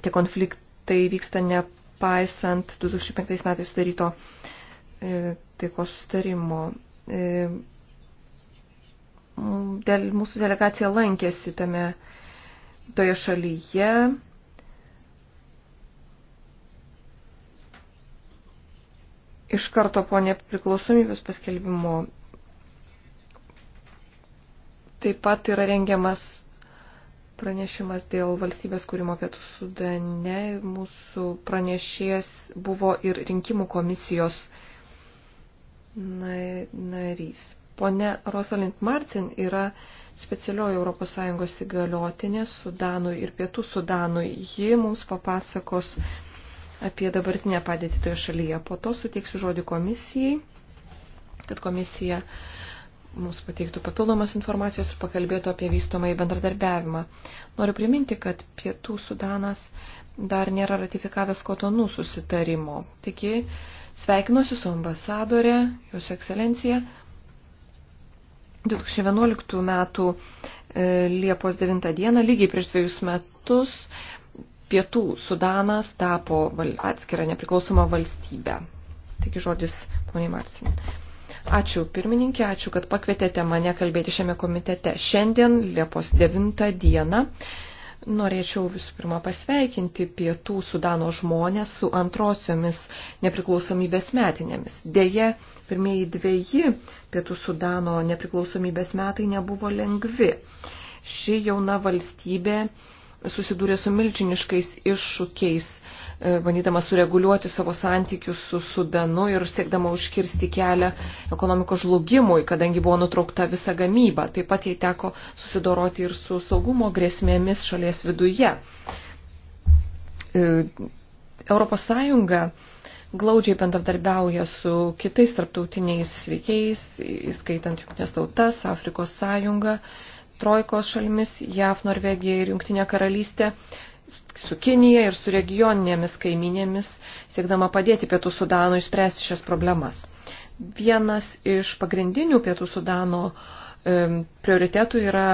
tie konfliktai vyksta nepaisant 2005 metais sudaryto e, taikos sustarimo. E, del, mūsų delegacija lankėsi tame toje šalyje. Iš karto po nepriklausomybės paskelbimo taip pat yra rengiamas pranešimas dėl valstybės kūrimo pietų sudane. Mūsų pranešėjas buvo ir rinkimų komisijos narys. Pone Rosalind Martin yra specialioji ES įgaliotinė Sudanui ir Pietų Sudanui. Ji mums papasakos apie dabartinę padėtį toje šalyje. Po to suteiksiu žodį komisijai, kad komisija mums pateiktų papildomas informacijos ir pakalbėtų apie vystomą į bendradarbiavimą. Noriu priminti, kad Pietų Sudanas dar nėra ratifikavęs kotonų susitarimo. Taigi, sveikinuosi su ambasadorė, Jūs ekscelencija, 2011 m. E, Liepos 9 d. lygiai prieš dviejus metus Pietų Sudanas tapo atskirą nepriklausomą valstybę. Taigi žodis, poniai Marcin. Ačiū pirmininkė, ačiū, kad pakvietėte mane kalbėti šiame komitete. Šiandien, Liepos 9 dieną, Norėčiau visų pirma pasveikinti pietų Sudano žmonės su antrosiomis nepriklausomybės metinėmis. Deja, pirmieji dviejį pietų Sudano nepriklausomybės metai nebuvo lengvi. Ši jauna valstybė susidūrė su milžiniškais iššūkiais E, bandydama sureguliuoti savo santykius su Sudanu ir siekdama užkirsti kelią ekonomikos žlugimui, kadangi buvo nutraukta visa gamyba. Taip pat jai teko susidoroti ir su saugumo grėsmėmis šalies viduje. E, Europos Sąjunga glaudžiai bendradarbiauja su kitais tarptautiniais veikėjais, įskaitant Junktinės tautas, Afrikos Sąjungą, Trojkos šalmis, JAV, Norvegija ir Junktinė karalystė, su Kinija ir su regioninėmis kaiminėmis, siekdama padėti Pietų Sudano išspręsti šias problemas. Vienas iš pagrindinių Pietų Sudano prioritetų yra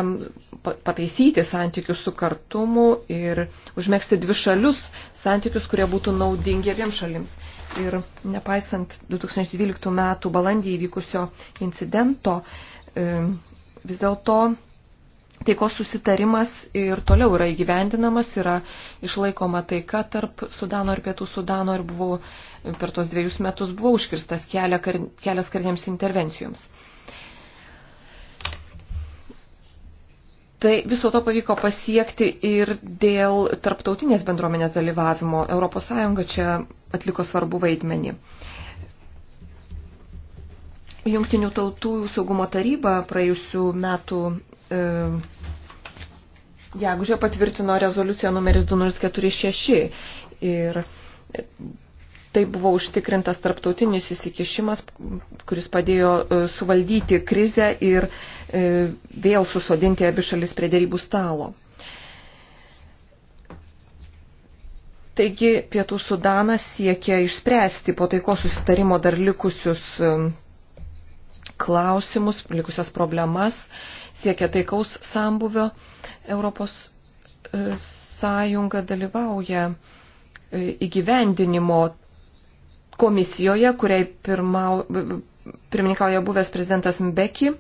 pataisyti santykius su kartumu ir užmėgsti dvi šalius santykius, kurie būtų naudingi abiems šalims. Ir nepaisant 2012 metų balandį įvykusio incidento, vis dėlto taikos susitarimas ir toliau yra įgyvendinamas, yra išlaikoma taika tarp Sudano ir Pietų Sudano ir buvo, per tuos dviejus metus buvo užkirstas kelia, kar, kelias karinėms intervencijoms. Tai viso to pavyko pasiekti ir dėl tarptautinės bendruomenės dalyvavimo. ES čia atliko svarbu vaidmenį. Jungtinių tautų saugumo taryba praėjusių metų e, gegužė patvirtino rezoliuciją numeris 2046 ir tai buvo užtikrintas tarptautinis įsikišimas, kuris padėjo e, suvaldyti krizę ir e, vėl susodinti abi šalis prie dėrybų stalo. Taigi Pietų Sudanas siekia išspręsti po taiko susitarimo dar likusius e, klausimus, likusias problemas, siekia taikaus sambuvio Europos e, Sąjunga dalyvauja e, įgyvendinimo komisijoje, kuriai pirmau, pirmininkauja buvęs prezidentas Mbeki.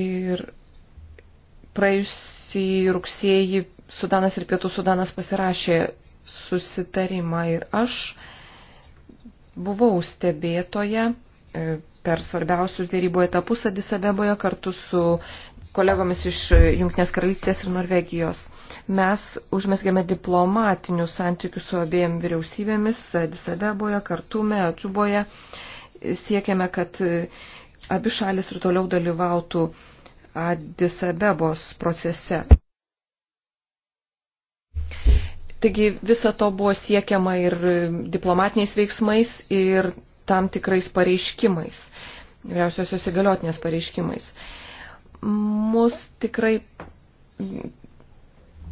Ir praėjusį rugsėjį Sudanas ir Pietų Sudanas pasirašė susitarimą ir aš buvau stebėtoje per svarbiausius dėrybų etapus Adisabeboje kartu su kolegomis iš Junktinės karalystės ir Norvegijos. Mes užmesgėme diplomatinių santykių su abiem vyriausybėmis, Disabeboje, Kartume, Atsuboje. Siekėme, kad abi šalis ir toliau dalyvautų Adisabebos procese. Taigi visa to buvo siekiama ir diplomatiniais veiksmais, ir tam tikrais pareiškimais, vyriausiosios įgaliotinės pareiškimais. Uh, mus tikrai,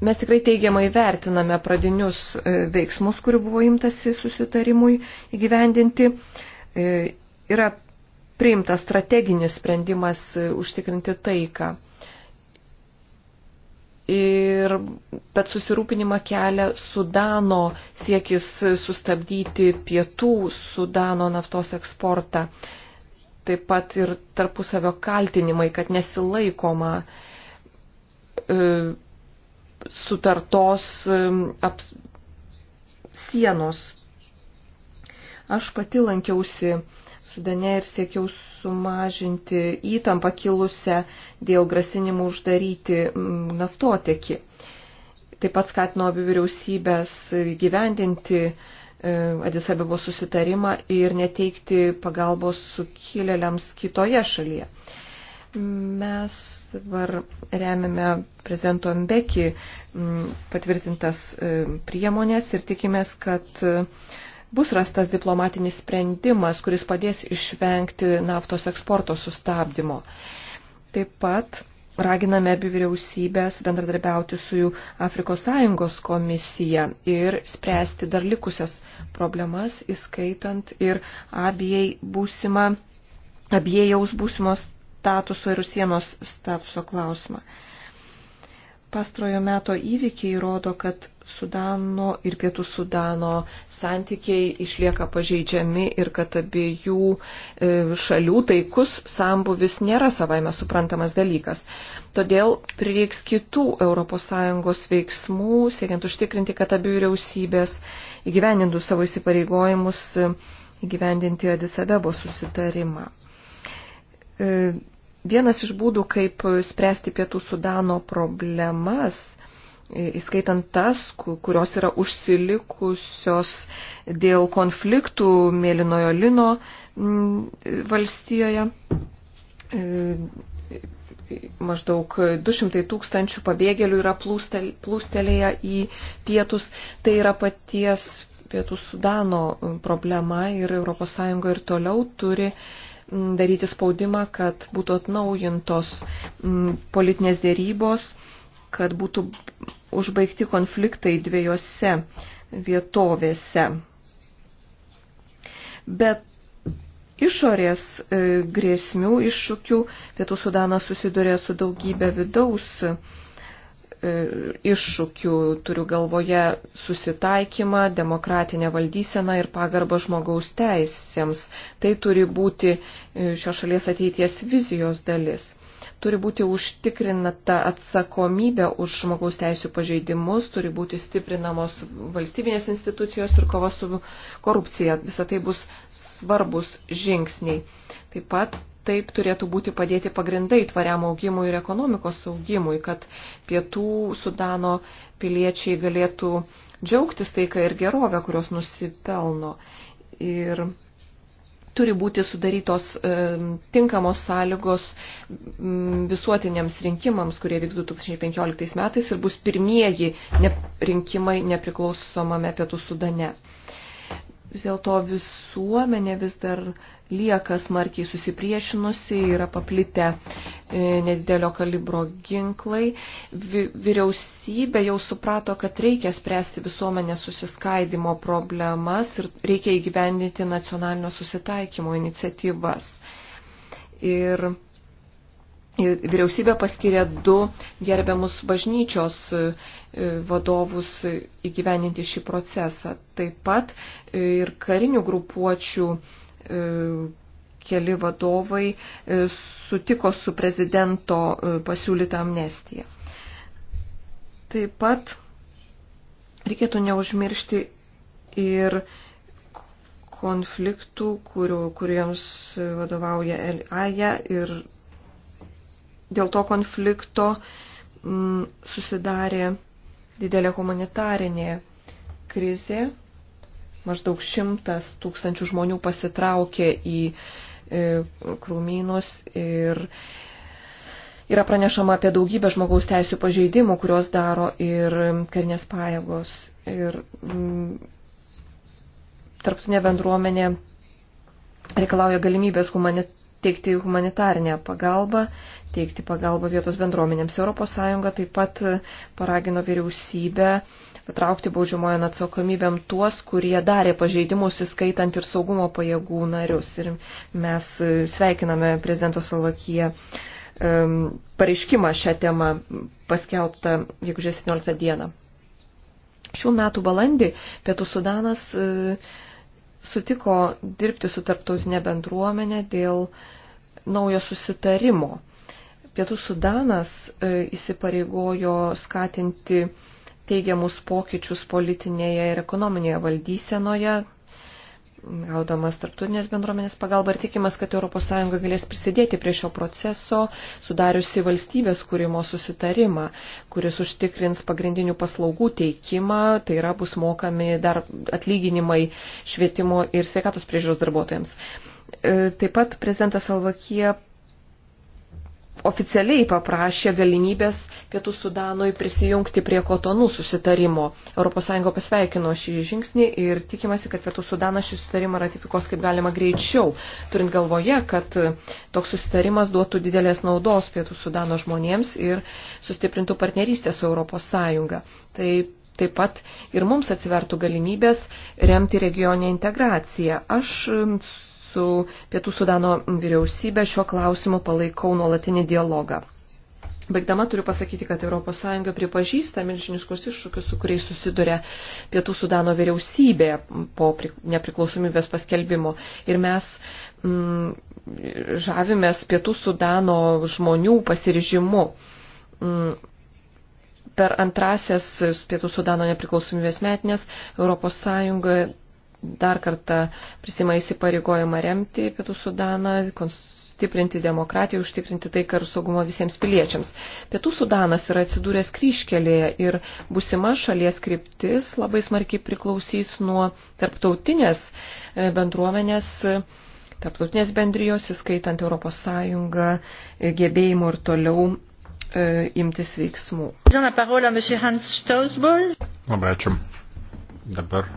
mes tikrai teigiamai vertiname pradinius e, veiksmus, kurių buvo imtasi susitarimui įgyvendinti. E, yra priimtas strateginis sprendimas e, užtikrinti taiką. Ir, bet susirūpinimą kelia Sudano siekis sustabdyti pietų Sudano naftos eksportą taip pat ir tarpusavio kaltinimai, kad nesilaikoma e, sutartos e, aps, sienos. Aš pati lankiausi Sudane ir siekiau sumažinti įtampą kilusią dėl grasinimų uždaryti mm, naftotekį. Taip pat skatino abi vyriausybės gyvendinti uh, E, Adisabebo susitarimą ir neteikti pagalbos sukilėliams kitoje šalyje. Mes dabar remiame prezidento Mbeki patvirtintas e, priemonės ir tikimės, kad e, bus rastas diplomatinis sprendimas, kuris padės išvengti naftos eksporto sustabdymo. Taip pat raginame abi vyriausybės bendradarbiauti su jų Afrikos Sąjungos komisija ir spręsti dar likusias problemas, įskaitant ir abiejai būsimą, abiejaus būsimos statuso ir sienos statuso klausimą. Pastrojo meto įvykiai rodo, kad Sudano ir Pietų Sudano santykiai išlieka pažeidžiami ir kad abiejų e, šalių taikus sambuvis nėra savaime suprantamas dalykas. Todėl prireiks kitų ES veiksmų, siekiant užtikrinti, kad abi vyriausybės įgyvendintų savo įsipareigojimus e, įgyvendinti Adisabebo susitarimą e, Vienas iš būdų, kaip spręsti pietų Sudano problemas, įskaitant tas, kurios yra užsilikusios dėl konfliktų Mėlynojo Lino mm, valstijoje. E, maždaug 200 tūkstančių pabėgėlių yra plūstelėje į pietus. Tai yra paties pietų Sudano problema ir ES ir toliau turi uh, daryti spaudimą, kad būtų atnaujintos politinės dėrybos, kad būtų užbaigti konfliktai dviejose vietovėse. Bet išorės e, grėsmių iššūkių Pietų Sudanas susiduria su daugybė vidaus E, iššūkių, turiu galvoje susitaikymą, demokratinę valdyseną ir pagarbą žmogaus teisėms. Tai turi būti e, šios šalies ateities vizijos dalis. Turi būti užtikrinata atsakomybė už žmogaus teisų pažeidimus, turi būti stiprinamos valstybinės institucijos ir kova su korupcija. Visą tai bus svarbus žingsniai. Taip pat taip turėtų būti padėti pagrindai tvariam augimui ir ekonomikos augimui, kad pietų Sudano piliečiai galėtų džiaugtis taiką ir gerovę, kurios nusipelno. Ir turi būti sudarytos e, tinkamos sąlygos m, visuotiniams rinkimams, kurie vyks 2015 metais ir bus pirmieji ne, rinkimai nepriklausomame pietų Sudane. E, Vis dėlto visuomenė vis dar lieka smarkiai susipriešinusi, yra paplitę e, nedidelio kalibro ginklai. Vyriausybė jau suprato, kad reikia spręsti visuomenės susiskaidimo problemas ir reikia įgyvendinti nacionalinio susitaikymo iniciatyvas. Ir Vyriausybė paskiria du gerbiamus bažnyčios e, vadovus įgyveninti šį procesą. Taip pat e, ir karinių grupuočių e, keli vadovai sutiko su prezidento pasiūlyta amnestija. Taip pat reikėtų neužmiršti ir konfliktų, kuriu, kuriems vadovauja Elija ir dėl to konflikto m, mm, susidarė didelė humanitarinė krizė. Maždaug šimtas tūkstančių žmonių pasitraukė į e, krūmynus ir yra pranešama apie daugybę žmogaus teisų pažeidimų, kurios daro ir karinės pajėgos. Ir m, mm, tarptautinė bendruomenė reikalauja galimybės humanit, teikti humanitarinę pagalbą teikti pagalbą vietos bendruomenėms. ES taip pat paragino vyriausybę patraukti baudžiamojo atsakomybėm tuos, kurie darė pažeidimus, įskaitant ir saugumo pajėgų narius. Ir mes sveikiname prezidento Salakiją pareiškimą šią temą paskelbtą, jeigu žiūrės 17 dieną. Šių metų balandį Pietų Sudanas e, sutiko dirbti su tarptautinė bendruomenė dėl naujo susitarimo Pietų Sudanas e, įsipareigojo skatinti teigiamus pokyčius politinėje ir ekonominėje valdysenoje, gaudamas tarptautinės bendruomenės pagalbą ir tikimas, kad ES galės prisidėti prie šio proceso, sudariusi valstybės kūrimo susitarimą, kuris užtikrins pagrindinių paslaugų teikimą, tai yra bus mokami dar atlyginimai švietimo ir sveikatos priežiūros darbuotojams. E, taip pat prezidentas Alvakija oficialiai paprašė galimybės Pietų Sudanui prisijungti prie kotonų susitarimo. ES pasveikino šį žingsnį ir tikimasi, kad Pietų Sudanas šį susitarimą ratifikuos kaip galima greičiau, turint galvoje, kad toks susitarimas duotų didelės naudos Pietų Sudano žmonėms ir sustiprintų partnerystę su ES. Tai taip pat ir mums atsivertų galimybės remti regionę integraciją. Aš su Pietų Sudano vyriausybė šiuo klausimu palaikau nuolatinį dialogą. Baigdama turiu pasakyti, kad ES pripažįsta milžiniškus iššūkius, su kuriais susiduria Pietų Sudano vyriausybė po nepriklausomybės paskelbimo. Ir mes mm, žavimės Pietų Sudano žmonių pasirižimu. Mm, per antrasias Pietų Sudano nepriklausomybės metinės ES dar kartą prisima įsipareigojimą remti Pietų Sudaną, stiprinti demokratiją, užtikrinti taiką ir saugumą visiems piliečiams. Pietų Sudanas yra atsidūręs kryškelėje ir busima šalies kryptis labai smarkiai priklausys nuo tarptautinės e, bendruomenės, e, tarptautinės bendrijos, įskaitant Europos Sąjungą, e, gebėjimų ir toliau e, imtis veiksmų. Labai ačiū. Dabar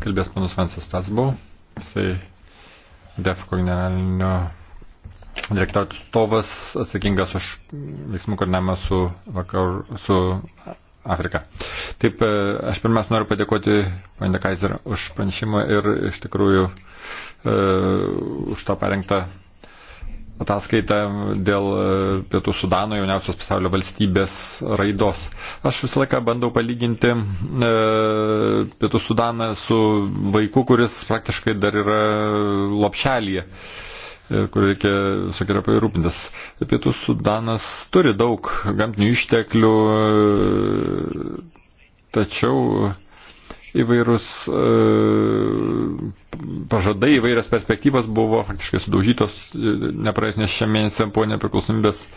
Kalbės panas Vansas Tasbau, jisai DEFCO generalinio direktorio atstovas atsakingas už veiksmų koordinavimą su, vakar, su Afrika. Taip, e, aš pirmiausia noriu padėkoti Vanda Kaiser už pranešimą ir iš tikrųjų e, už tą parengtą ataskaitą dėl e, Pietų Sudano jauniausios pasaulio valstybės raidos. Aš visą laiką bandau palyginti e, Pietų Sudaną su vaiku, kuris praktiškai dar yra lopšelėje, e, kur reikia sakirapai rūpintis. Pietų Sudanas turi daug gamtinių išteklių, e, tačiau e, įvairūs e, pažadai, įvairios perspektyvos buvo faktiškai sudaužytos e, nepraėjus nes šiam mėnesiam po nepriklausomybės e,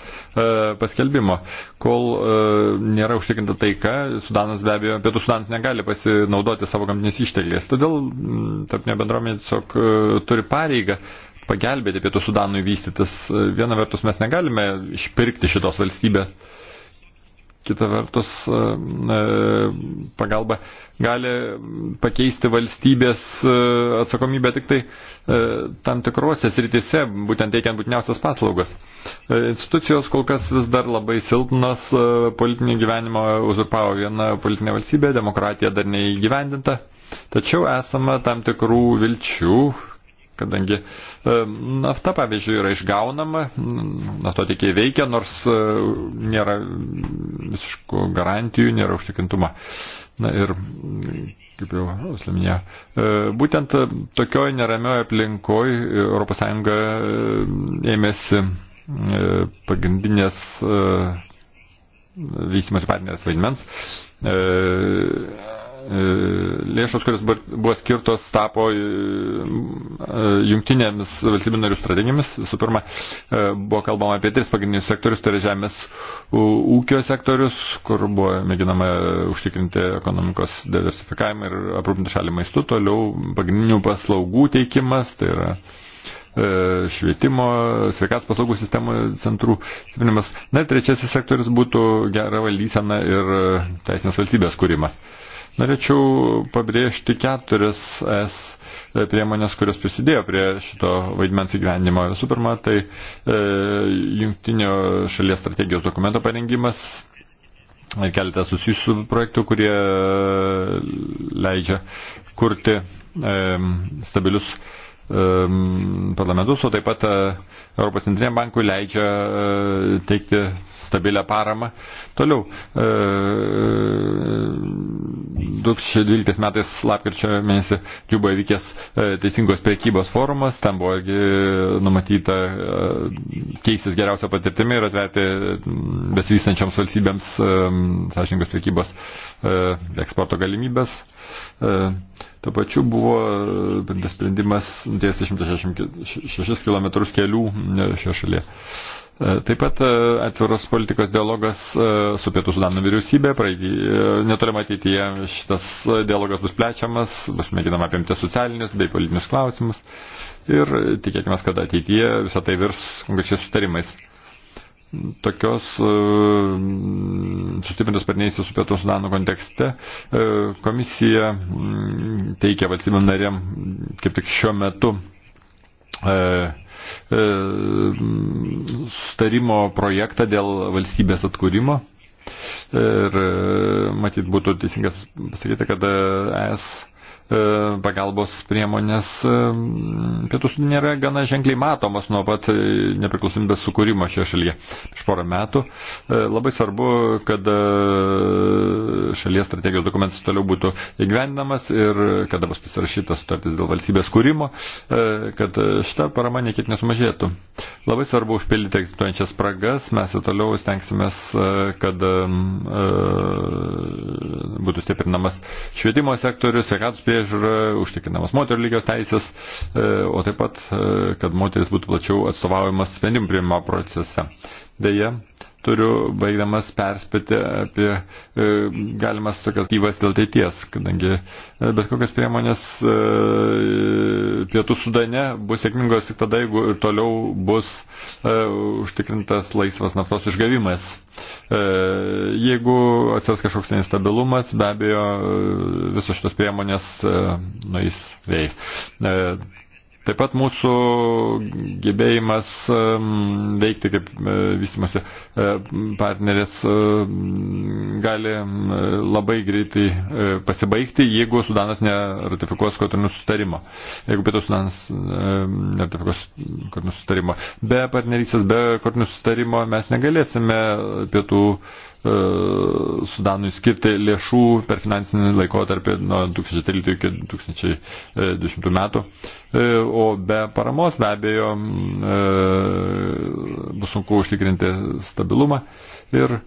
paskelbimo. Kol e, nėra užtikrinta taika, Sudanas be abejo, pietų Sudanas negali pasinaudoti savo gamtinės ištekliais. Todėl tarpinė bendruomenė tiesiog e, turi pareigą pagelbėti pietų Sudanui vystytis. E, viena vertus mes negalime išpirkti šitos valstybės kita vertus e, e, pagalba gali pakeisti valstybės e, atsakomybę tik tai tam tikrose srityse, būtent teikiant būtiniausias paslaugas. Institucijos kol kas vis dar labai silpnas, politinį gyvenimą uzurpavo viena politinė valstybė, demokratija dar neįgyvendinta, tačiau esama tam tikrų vilčių, kadangi e, nafta, pavyzdžiui, yra išgaunama, naftotiekiai veikia, nors e, nėra visiškų garantijų, nėra užtikrintumo. Na ir, kaip jau Sleminė, e, būtent tokioj neramioje aplinkoje ES ėmėsi pagrindinės vystimosi partnerės vaidmens E, lėšos, kurios buvo skirtos, tapo e, e, jungtinėmis valstybių narių strategijomis. Visų pirma, buvo kalbama apie tris pagrindinius sektorius, tai yra žemės ūkio sektorius, kur buvo mėginama užtikrinti ekonomikos diversifikavimą ir aprūpinti šalį maistu. Toliau pagrindinių paslaugų teikimas, tai yra švietimo, sveikatos paslaugų sistemų centrų stiprinimas. Na ir trečiasis sektorius būtų gera valdysena ir teisinės valstybės kūrimas. Uh, Norėčiau pabrėžti keturias S priemonės, kurios prisidėjo prie šito vaidmens įgyvendimo. Visų pirma, tai e, jungtinio šalies strategijos dokumento parengimas ir e, keletas susijusių projektų, kurie e, leidžia kurti e, stabilius e, parlamentus, o taip pat Europos centriniam bankui leidžia teikti stabilę paramą. Toliau, 2012 e, metais lapkirčio mėnesį Džiuboje vykęs e, Teisingos priekybos forumas, ten buvo numatyta e, keistis geriausią patirtimį ir atverti besivystančioms valstybėms sąžininkos priekybos eksporto galimybės. Tuo pačiu buvo sprendimas tiesiai 166 km kelių šioje šalyje. E, taip pat e, atviros politikos dialogas e, su Pietų Sudano vyriausybė, netolima ateityje šitas dialogas bus plečiamas, bus mėginama apimti socialinius bei politinius klausimus ir tikėkime, kad ateityje visą tai virs konkrečiais sutarimais. Tokios sustiprintos partnerystės su Pietų Sudano kontekste komisija teikia valstybėm narėm kaip tik šiuo metu E, starimo projektą dėl valstybės atkūrimo. Ir e, matyt būtų teisingas pasakyti, kad es E, pagalbos priemonės e, pietų sudane yra gana ženkliai matomos nuo pat e, nepriklausomybės sukūrimo šioje šalyje. Prieš porą metų labai svarbu, kad šalies strategijos dokumentas toliau būtų įgyvendinamas ir kada bus pasirašytas sutartis dėl valstybės kūrimo, kad šita parama niekiek nesumažėtų. Labai svarbu užpildyti egzistuojančias spragas, mes ir toliau stengsimės, kad būtų stiprinamas švietimo sektorius, sveikatos priemonės, priežiūra, užtikrinamos moterų lygios teisės, e, o taip pat, e, kad moteris būtų plačiau atstovaujamas sprendimų priimimo procese. Deja, turiu baigdamas perspėti apie e, galimas tokias gyvas dėl teities, kadangi e, bet kokias priemonės e, pietų sudane bus sėkmingos tik tada, jeigu ir toliau bus užtikrintas laisvas naftos išgavimas. Jeigu atsiras kažkoks nestabilumas, be abejo, visos šitos priemonės nueis vėjais. Taip pat mūsų gebėjimas ehm, veikti kaip e, vystimasi e, partneris ehm, gali labai greitai e, pasibaigti, jeigu Sudanas neratifikuos kotonų sustarimo. Jeigu pietų Sudanas neratifikuos kotonų sustarimo. Be partnerysės, be kotonų sustarimo mes negalėsime pietų Sudanui skirti lėšų per finansinį laikotarpį nuo 2013 iki 2010 metų o be paramos be abejo e, bus sunku užtikrinti stabilumą ir e,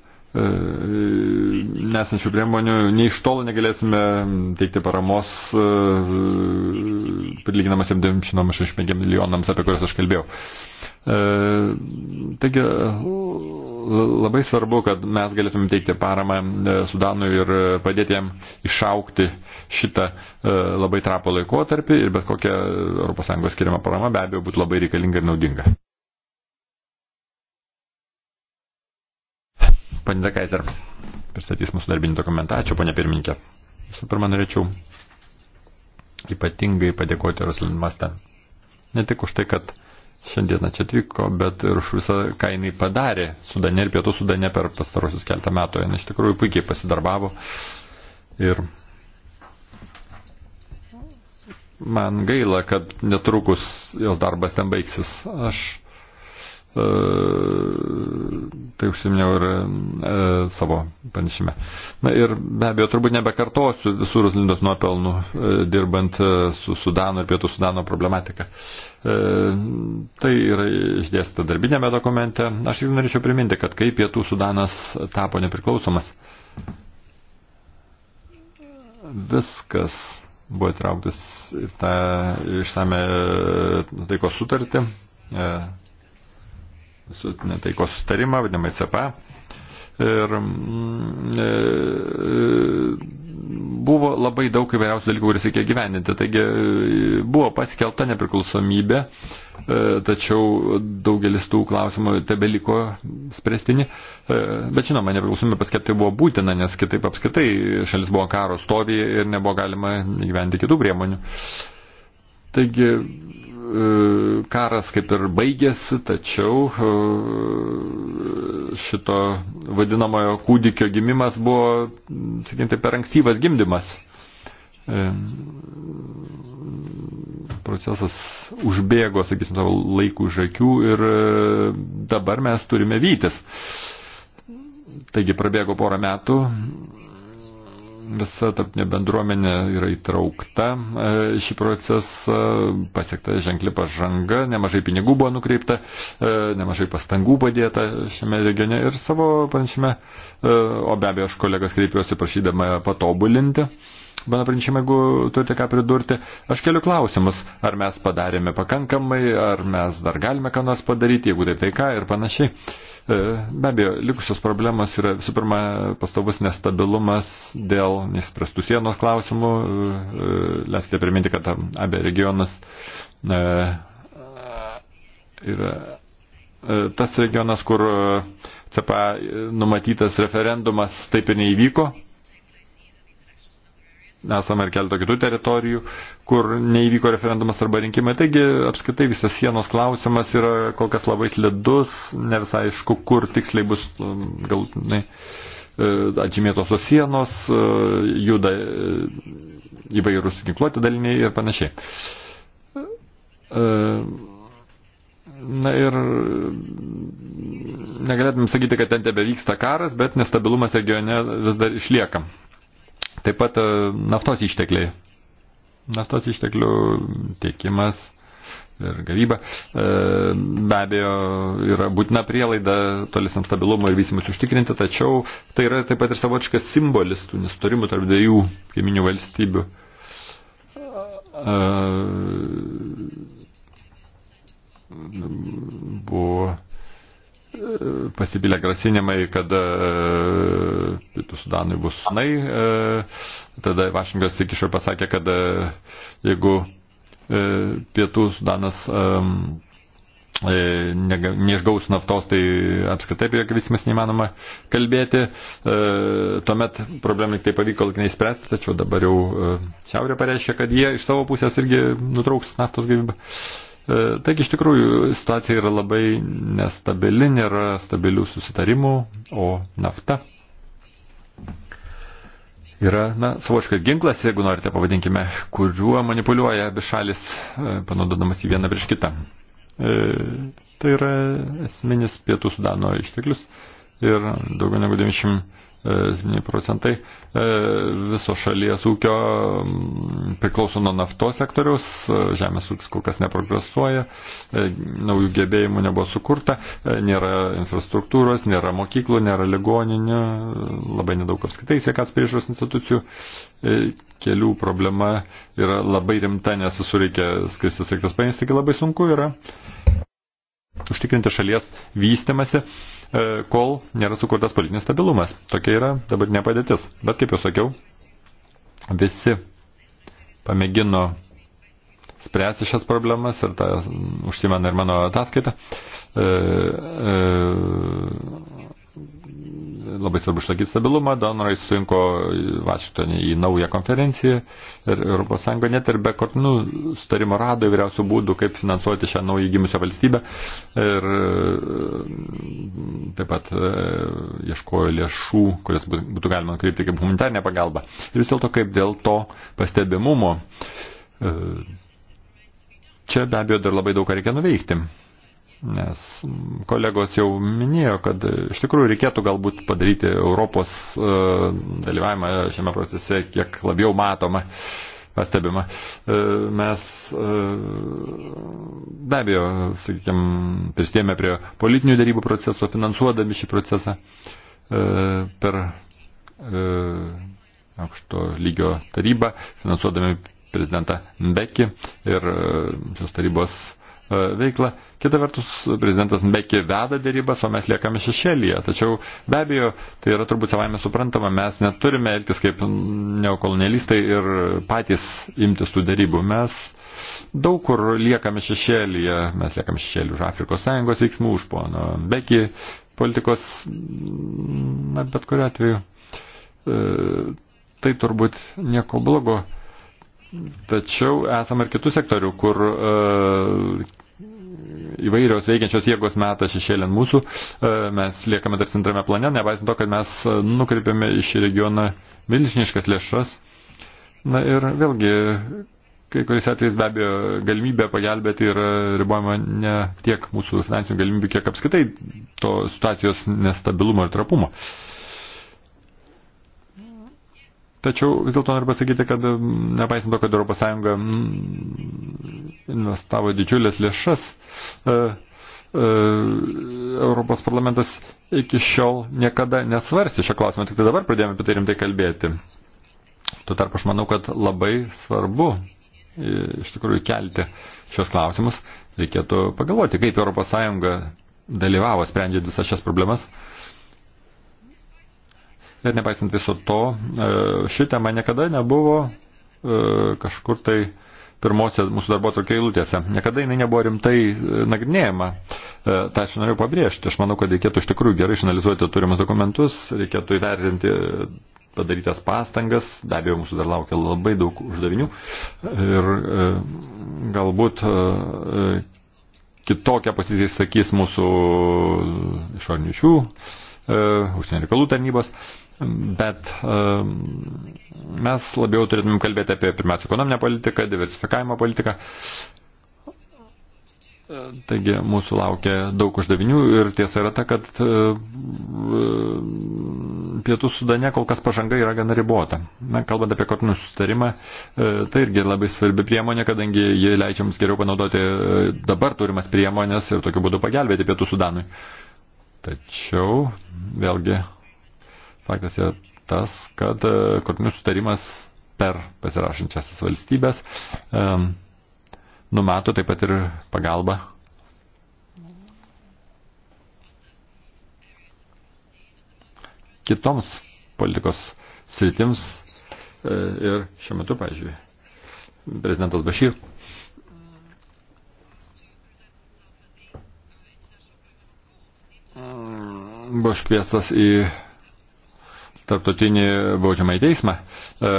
nesančių priemonių nei iš tolo negalėsime teikti paramos e, prilyginamas 765 milijonams, apie kurias aš kalbėjau. E, taigi labai svarbu, kad mes galėtume teikti paramą e, Sudanui ir padėti jam išaukti šitą e, labai trapo laikotarpį ir bet kokia ES skiriama parama be abejo būtų labai reikalinga ir naudinga. Pane Dekaiser, pristatys mūsų darbinį dokumentą. Ačiū, pane pirmininkė. Visų pirma, norėčiau ypatingai padėkoti Rosalind Masten. Ne tik už tai, kad šiandieną čia atvyko, bet ir už visą kainą padarė Sudane ir Pietų Sudane per pastarosius keltą metų. Jis iš tikrųjų puikiai pasidarbavo ir man gaila, kad netrukus jos darbas ten baigsis. Aš E, tai užsiminiau ir e, savo panešime. Na ir be abejo, turbūt nebekartosiu visų Ruslindos nuopelnų e, dirbant e, su Sudano ir Pietų Sudano problematika. E, tai yra išdėsta darbinėme dokumente. Aš jau norėčiau priminti, kad kai Pietų Sudanas tapo nepriklausomas, viskas buvo įtrauktas į tą išsame e, taikos sutartį. E, visuotinę taikos sustarimą, vadinamą ICP. Ir mm, e, e, buvo labai daug įvairiausių dalykų, kuris reikėjo gyveninti. Taigi e, buvo paskelbta nepriklausomybė, e, tačiau daugelis tų klausimų tebeliko spręstini. E, bet žinoma, nepriklausomybė paskelbti buvo būtina, nes kitaip apskritai šalis buvo karo stovyje ir nebuvo galima gyventi kitų priemonių. Taigi E, karas kaip ir baigėsi, tačiau e, šito vadinamojo kūdikio gimimas buvo, sakinti, per ankstyvas gimdymas. E, procesas užbėgo, sakysim, savo laikų už akių ir dabar mes turime vytis. Taigi prabėgo porą metų visa tarpinė bendruomenė yra įtraukta į e, šį procesą, pasiekta ženkli pažanga, nemažai pinigų buvo nukreipta, e, nemažai pastangų padėta šiame regione ir savo pranešime, e, o be abejo aš kolegas kreipiuosi prašydama patobulinti mano pranešimą, jeigu turite ką pridurti. Aš keliu klausimus, ar mes padarėme pakankamai, ar mes dar galime ką nors padaryti, jeigu taip tai ką ir panašiai. E, be abejo, likusios problemas yra visų pirma pastovus nestabilumas dėl nespręstų sienos klausimų. E, e, leiskite priminti, kad abie regionas yra tas regionas, kur CPA numatytas referendumas taip ir neįvyko esame ir keletą kitų teritorijų, kur neįvyko referendumas arba rinkimai. Taigi apskritai visas sienos klausimas yra kol kas labai slidus, ne visai aišku, kur tiksliai bus um, galutinai e, atžymėtos tos sienos, e, juda e, įvairūs ginkluoti daliniai ir panašiai. Na ir negalėtum sakyti, kad ten tebe vyksta karas, bet nestabilumas regione vis dar išlieka. Taip pat e, naftos ištekliai. Naftos išteklių tiekimas ir gavyba e, be abejo yra būtina prielaida tolisam stabilumui ir vysimus užtikrinti, tačiau tai yra taip pat ir savotiškas simbolis tų nesutarimų tarp dviejų kaiminių valstybių. E, buvo pasipylė grasinimai, kad e, Pietų Sudanui bus nai. E, tada Vašingas iki šiol pasakė, kad e, jeigu Pietų Sudanas neišgaus naftos, tai apskritai apie jokį visimas neįmanoma kalbėti. Tuomet problemai tai pavyko neįspręsti, tačiau dabar jau Šiaurė pareiškia, kad jie iš savo pusės irgi nutrauks naftos gavybą. E, taigi iš tikrųjų situacija yra labai nestabili, nėra stabilių susitarimų, o nafta yra na, savoškas ginklas, jeigu norite pavadinkime, kuriuo manipuliuoja abi šalis, e, panaudodamas į vieną prieš kitą. E, tai yra esminis pietų sudano išteklius ir daugiau negu 90 7 procentai e, viso šalies ūkio priklauso nuo naftos sektoriaus, e, žemės ūkis kol kas neprogresuoja, e, naujų gebėjimų nebuvo sukurta, nėra infrastruktūros, nėra mokyklų, nėra ligoninių, labai nedaug apskaitai sveikatos priežiūros institucijų. Kelių problema yra labai rimta, nes visur reikia skristi sveiktas paėmės, taigi labai sunku yra užtikrinti šalies vystimasi, e, kol nėra sukurtas politinis stabilumas. Tokia yra dabar nepadėtis. Bet kaip jau sakiau, visi pamėgino spręsti šias problemas ir tą užsimena ir mano ataskaita. E, e, labai svarbu išlaikyti stabilumą. Donorai suinko Vašingtonį į naują konferenciją ir ES net ir be kortinų nu, starimo rado įvairiausių būdų, kaip finansuoti šią naują gimusią valstybę. Ir e, taip pat e, ieškojo lėšų, kurias būtų galima nukreipti kaip humanitarinę pagalbą. Ir vis dėlto kaip dėl to pastebimumo. E, čia be abejo dar labai daug ką reikia nuveikti. Nes kolegos jau minėjo, kad iš tikrųjų reikėtų galbūt padaryti Europos e, dalyvavimą šiame procese kiek labiau matomą, pastebimą. E, mes e, be abejo, sakykime, pristėmė prie politinių darybų proceso, finansuodami šį procesą per aukšto lygio tarybą, finansuodami prezidentą Beki ir šios tarybos E, veiklą. Kita vertus, prezidentas Bekė veda dėrybas, o mes liekame šešėlyje. Tačiau be abejo, tai yra turbūt savaime suprantama, mes neturime elgtis kaip neokolonialistai ir patys imtis tų dėrybų. Mes daug kur liekame šešėlyje, mes liekame šešėlį už Afrikos Sąjungos veiksmų, už pono Bekį politikos, na bet kuriu atveju. E, tai turbūt nieko blogo Tačiau esame ir kitų sektorių, kur e, įvairios veikiančios jėgos meta šešėlin mūsų, e, mes liekame tarsi antrame plane, nepaisant to, kad mes nukreipiame iš regioną milžiniškas lėšas. Na ir vėlgi, kai kuris atvejais be abejo galimybė pagelbėti yra ribojama ne tiek mūsų finansinių galimybių, kiek apskaitai to situacijos nestabilumo ir trapumo. Uh, Tačiau vis dėlto noriu pasakyti, kad nepaisant to, kad ES investavo didžiulės lėšas, e, e, Europos parlamentas iki šiol niekada nesvarstė šio klausimo, tik tai dabar pradėjome apie tai rimtai kalbėti. Tuo tarpu aš manau, kad labai svarbu e, iš tikrųjų kelti šios klausimus. Reikėtų pagalvoti, kaip ES dalyvavo sprendžiant visas šias problemas. Ir nepaisant viso to, e, ši tema niekada nebuvo e, kažkur tai pirmose mūsų darbo tokio eilutėse. Niekada jinai nebuvo rimtai e, nagrinėjama. Ta aš noriu pabrėžti. Aš manau, kad reikėtų iš tikrųjų gerai išanalizuoti turimus dokumentus, reikėtų įvertinti padarytas pastangas, be abejo, mūsų dar laukia labai daug uždavinių ir galbūt kitokią poziciją sakys mūsų išorinių šių, užsienio reikalų tarnybos. Bet ehm, mes labiau turėtumėm kalbėti apie pirmiausia ekonominę politiką, diversifikavimo politiką. Taigi mūsų laukia daug uždavinių ir tiesa yra ta, kad ehm, pietų sudane kol kas pažanga yra gana ribota. Na, kalbant apie kortinų sustarimą, e, tai irgi labai svarbi priemonė, kadangi jie leidžia mums geriau panaudoti e, dabar turimas priemonės ir tokiu būdu pagelbėti pietų sudanui. Tačiau vėlgi Faktas yra tas, kad e, kortinių sutarimas per pasirašančiasias valstybės um, numato taip pat ir pagalbą. kitoms politikos sritims e, ir šiuo metu, pavyzdžiui, prezidentas Bashir buvo iškviestas į tarptautinį baudžiamą į teismą, e,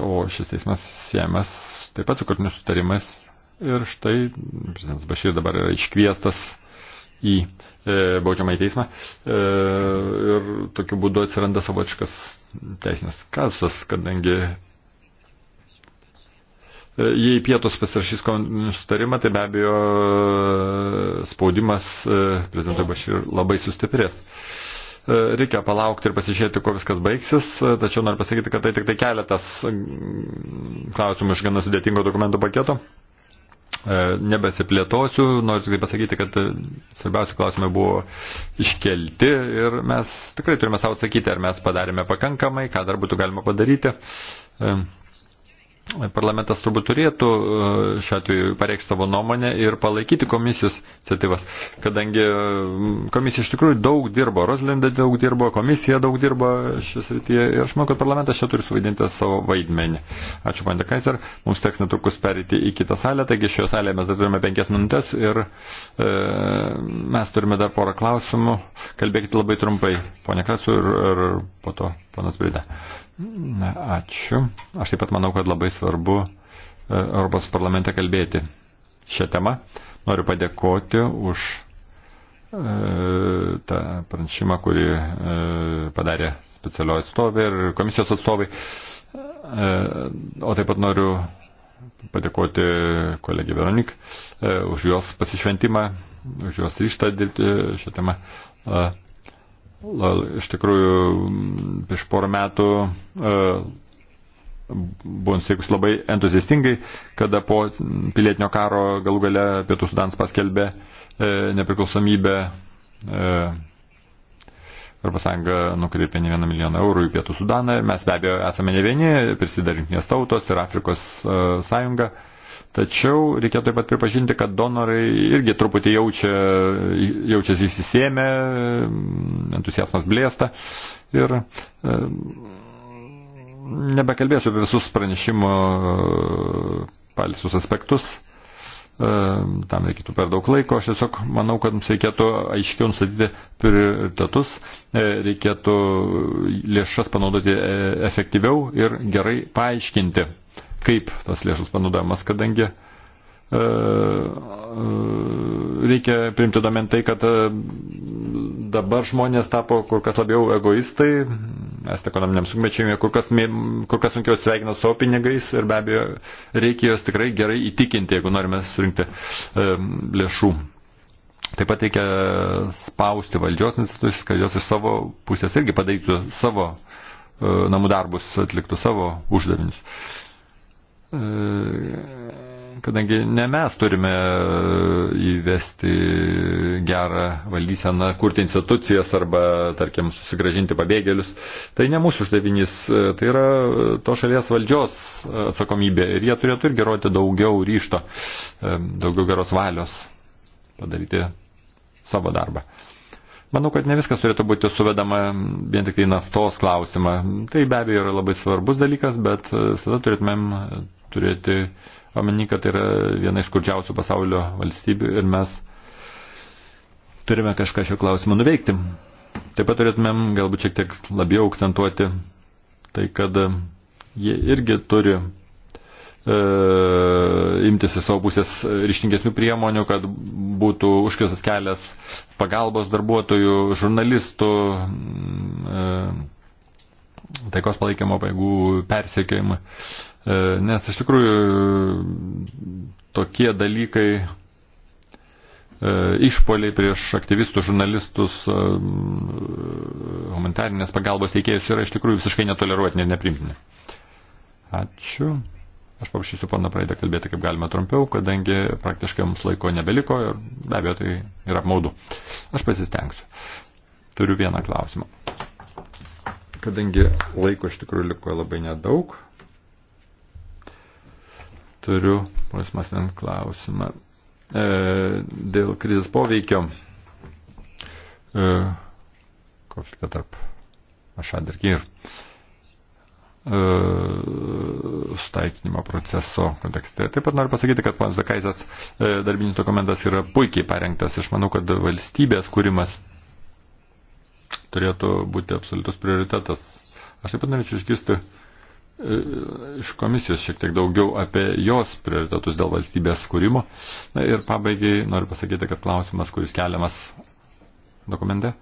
o šis teismas siemas taip pat su kartiniu sutarimais ir štai prezidentas Bašir dabar yra iškviestas į e, baudžiamą į teismą e, ir tokiu būdu atsiranda savotiškas teisinės kasus, kadangi jei pietus pasirašys sutarimą, tai be abejo spaudimas prezidentui Bašir labai sustiprės. E, reikia palaukti ir pasižiūrėti, kuo viskas baigsis, e, tačiau noriu pasakyti, kad tai tik tai keletas klausimų iš gana sudėtingo dokumentų paketo. E, nebesiplėtosiu, noriu tik tai pasakyti, kad svarbiausi klausimai buvo iškelti ir mes tikrai turime savo atsakyti, ar mes padarėme pakankamai, ką dar būtų galima padaryti. E, parlamentas turbūt turėtų e, šiuo atveju pareikšti savo nuomonę ir palaikyti komisijos iniciatyvas, kadangi komisija iš tikrųjų daug dirbo, Roslinde daug dirbo, komisija daug dirbo šis rytyje ir aš manau, kad parlamentas čia turi suvaidinti savo vaidmenį. Ačiū, pandė Kaiser, mums teks netrukus perėti į kitą salę, taigi šioje salėje mes dar turime penkias minutės ir e, mes turime dar porą klausimų, kalbėkite labai trumpai, ponė Krasu ir, ir po to, panas Brida. Na, ačiū. Aš taip pat manau, kad labai svarbu e, Europos parlamente kalbėti šią temą. Noriu padėkoti už e, tą pranešimą, kurį e, padarė specialioji atstovė ir komisijos atstovai. O taip pat noriu padėkoti kolegė Veronik už jos pasišventimą, už jos ryštą dirbti šią temą. Iš tikrųjų, prieš porą metų e, buvo nusiteikus labai entuziastingai, kada po pilietinio karo galų gale Pietų Sudanas paskelbė e, nepriklausomybę. E, Europos Sąjunga nukreipė ne vieną milijoną eurų į Pietų Sudaną. Mes be abejo esame ne vieni, prisidarinknės tautos ir Afrikos e, sąjunga. E, Tačiau reikėtų taip pat pripažinti, kad donorai irgi truputį jaučia, jaučiasi įsisėmę, entuziasmas blėsta. Ir e, nebekalbėsiu apie visus pranešimo e, palisus aspektus, e, tam reikėtų per daug laiko, aš tiesiog manau, kad mums reikėtų aiškiau nustatyti prioritetus, reikėtų lėšas panaudoti efektyviau ir gerai paaiškinti kaip tas lėšus panaudojamas, kadangi e, e, reikia priimti domen tai, kad e, dabar žmonės tapo kur kas labiau egoistai, mes ekonominiam sunkmečiai kur, kas, kur kas sunkiau atsveikina savo pinigais ir be abejo reikia juos tikrai gerai įtikinti, jeigu norime surinkti e, lėšų. Taip pat reikia spausti valdžios institucijas, kad jos iš savo pusės irgi padarytų savo e, namų darbus, atliktų savo uždavinius kadangi ne mes turime e, įvesti gerą valdyseną, kurti institucijas arba, tarkim, susigražinti pabėgėlius, tai ne mūsų uždavinys, e, tai yra e, to šalies valdžios atsakomybė ir jie turėtų irgi rodyti daugiau ryšto, daugiau geros valios padaryti savo darbą. Manau, kad ne viskas turėtų būti suvedama vien tik tai naftos klausimą. Tai be abejo yra labai svarbus dalykas, bet visada turėtumėm turėti omeny, kad tai yra viena iš skurdžiausių pasaulio valstybių ir mes turime kažką šio klausimo nuveikti. Taip pat turėtumėm galbūt šiek tiek labiau akcentuoti tai, kad jie irgi turi e, imtis į savo pusės ryštingesnių priemonių, kad būtų užkirstas kelias pagalbos darbuotojų, žurnalistų. E, taikos palaikymo paėgų persiekėjimą. E, nes iš tikrųjų tokie dalykai, e, išpoliai prieš aktyvistus, žurnalistus, e, humanitarinės pagalbos teikėjus yra iš tikrųjų visiškai netoleruotini ir neprimtini. Ačiū. Aš paprašysiu pana Praidą kalbėti kaip galima trumpiau, kadangi praktiškai mums laiko nebeliko ir be abejo tai yra apmaudu. Aš pasistengsiu. Turiu vieną klausimą. Kadangi laiko iš tikrųjų liko labai nedaug, turiu, ponas Masnen, klausimą e, dėl krizės poveikio e, konfliktą tarp Ašad ir Kyr e, staikinimo proceso kontekste. Taip pat noriu pasakyti, kad panas Zakaisas e, darbinis dokumentas yra puikiai parengtas. Aš manau, kad valstybės kūrimas turėtų būti absoliutus prioritetas. Aš taip pat norėčiau išgirsti e, iš komisijos šiek tiek daugiau apie jos prioritetus dėl valstybės skūrimo. Na ir pabaigai noriu pasakyti, kad klausimas, kuris keliamas dokumente,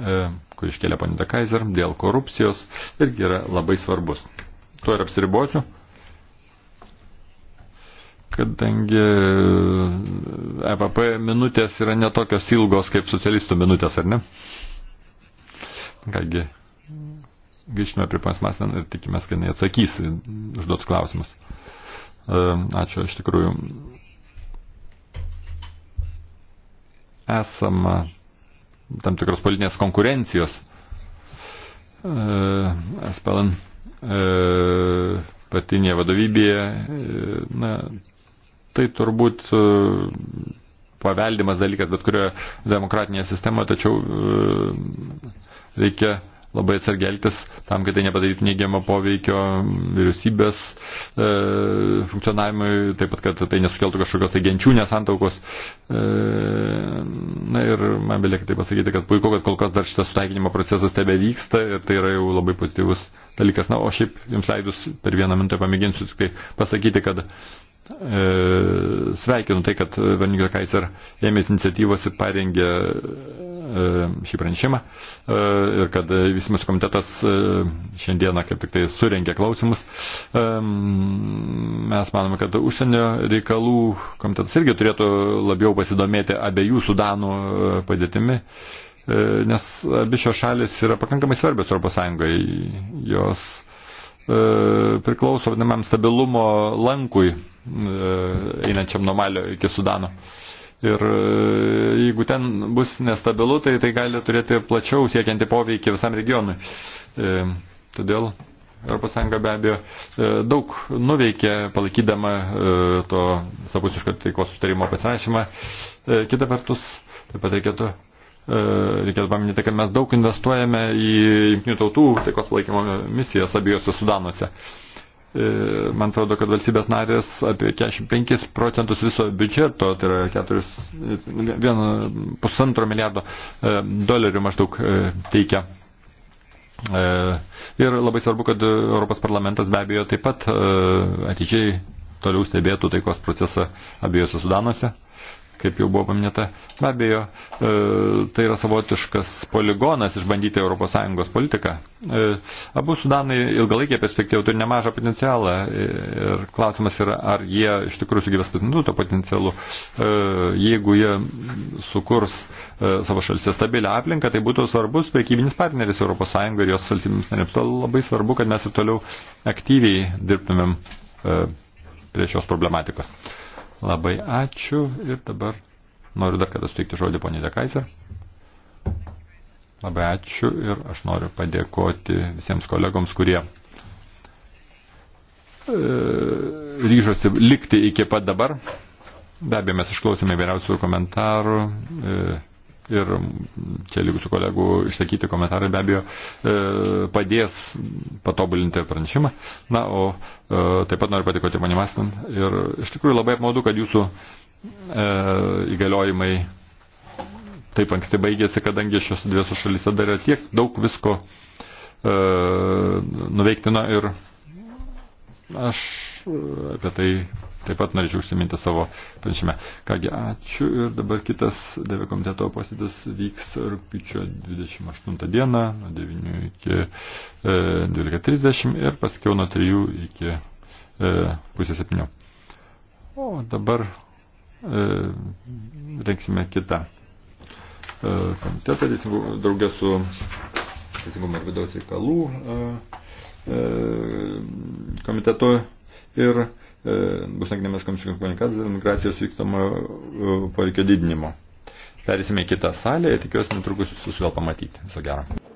e, kurį iškėlė ponita Kaiser dėl korupcijos, irgi yra labai svarbus. Tuo ir apsiribosiu, kadangi EPP minutės yra netokios ilgos kaip socialistų minutės, ar ne? Uh, Kągi, grįžtume prie panas Maslen ir tikimės, kad jis atsakys užduotus klausimus. E, ačiū, iš tikrųjų. Esama tam tikros politinės konkurencijos. Aspelan e, patinė vadovybėje, na, tai turbūt e, paveldimas dalykas bet kurioje demokratinėje sistemoje, tačiau reikia labai atsargiai elgtis tam, kad tai nepadarytų neigiamą poveikio vyriausybės e, funkcionavimui, taip pat, kad tai nesukeltų kažkokios tai genčių nesantaukos. E, na ir man belieka tai pasakyti, kad puiku, kad kol kas dar šitas sutaikinimo procesas tebe vyksta ir tai yra jau labai pozityvus dalykas. Na, o šiaip jums leidus per vieną minutę pamėginsiu tik tai pasakyti, kad e, sveikinu tai, kad Vernigra Kaiser ėmėsi iniciatyvos ir parengė E, šį pranešimą e, ir kad visimas komitetas e, šiandieną kaip tik tai surengė klausimus. Mes manome, kad užsienio reikalų komitetas irgi turėtų labiau pasidomėti abiejų Sudanų padėtimi nes abi šios šalis yra pakankamai svarbios Europos Sąjungai. Jos e, priklauso vadinamam stabilumo lankui e, einančiam nuo Malio iki Sudano. E, Ir e, jeigu ten bus nestabilu, tai tai gali turėti plačiau siekianti poveikį visam regionui. E, todėl ES be abejo e, daug nuveikė palaikydama e, to sapusiško taikos sutarimo pasirašymą. E, kita vertus, taip pat reikėtų reikėtų paminėti, kad mes daug investuojame į jungtinių tautų taikos palaikymo misijas abiejose Sudanuose. E, E, man atrodo, kad valstybės narės apie 45 procentus viso biudžeto, tai yra 4, 1,5 milijardo e, dolerių maždaug e, teikia. Ir labai svarbu, kad Europos parlamentas be abejo taip pat atidžiai toliau stebėtų taikos procesą abiejose Sudanuose kaip jau buvo paminėta. Be abejo, e, tai yra savotiškas poligonas išbandyti ES politiką. E, abu Sudanai ilgalaikė perspektyva turi nemažą potencialą e, ir klausimas yra, ar jie iš tikrųjų sugyvės pasinaudoti to potencialu. E, jeigu jie sukurs e, savo šalise stabilią aplinką, tai būtų svarbus prekybinis partneris ES ir jos valstybėms narėms. Todėl labai svarbu, kad mes ir toliau aktyviai dirbtumėm e, prie šios problematikos. Labai ačiū ir dabar noriu dar kada suteikti žodį poniai Dekaiser. Labai ačiū ir aš noriu padėkoti visiems kolegoms, kurie e, ryžosi likti iki pat dabar. Be abejo, mes išklausėme įvairiausių komentarų, e, ir čia lygusių kolegų išsakyti komentarai be abejo e, padės patobulinti pranešimą. Na, o e, taip pat noriu patikoti Manimastin ir iš tikrųjų labai apmaudu, kad jūsų e, įgaliojimai taip anksti baigėsi, kadangi šios dviesų šalyse dar yra tiek daug visko nuveiktina ir aš apie tai Taip pat norėčiau užsiminti savo pranešime. Kągi, ačiū ir dabar kitas DV komiteto posėdis vyks rūpiučio 28 dieną nuo 9 iki e, 12.30 ir paskiau nuo 3 iki e, pusės 7. O dabar e, reiksime kitą e, komitetą, draugę su teisingumo ir vidaus reikalų e, e, komitetu ir E, bus nagrinėjamas komisijos komunikacija dėl migracijos vykstamo e, poreikio didinimo. Perėsime į kitą salę ir tikiuosi netrukus visus vėl pamatyti. Viso gero.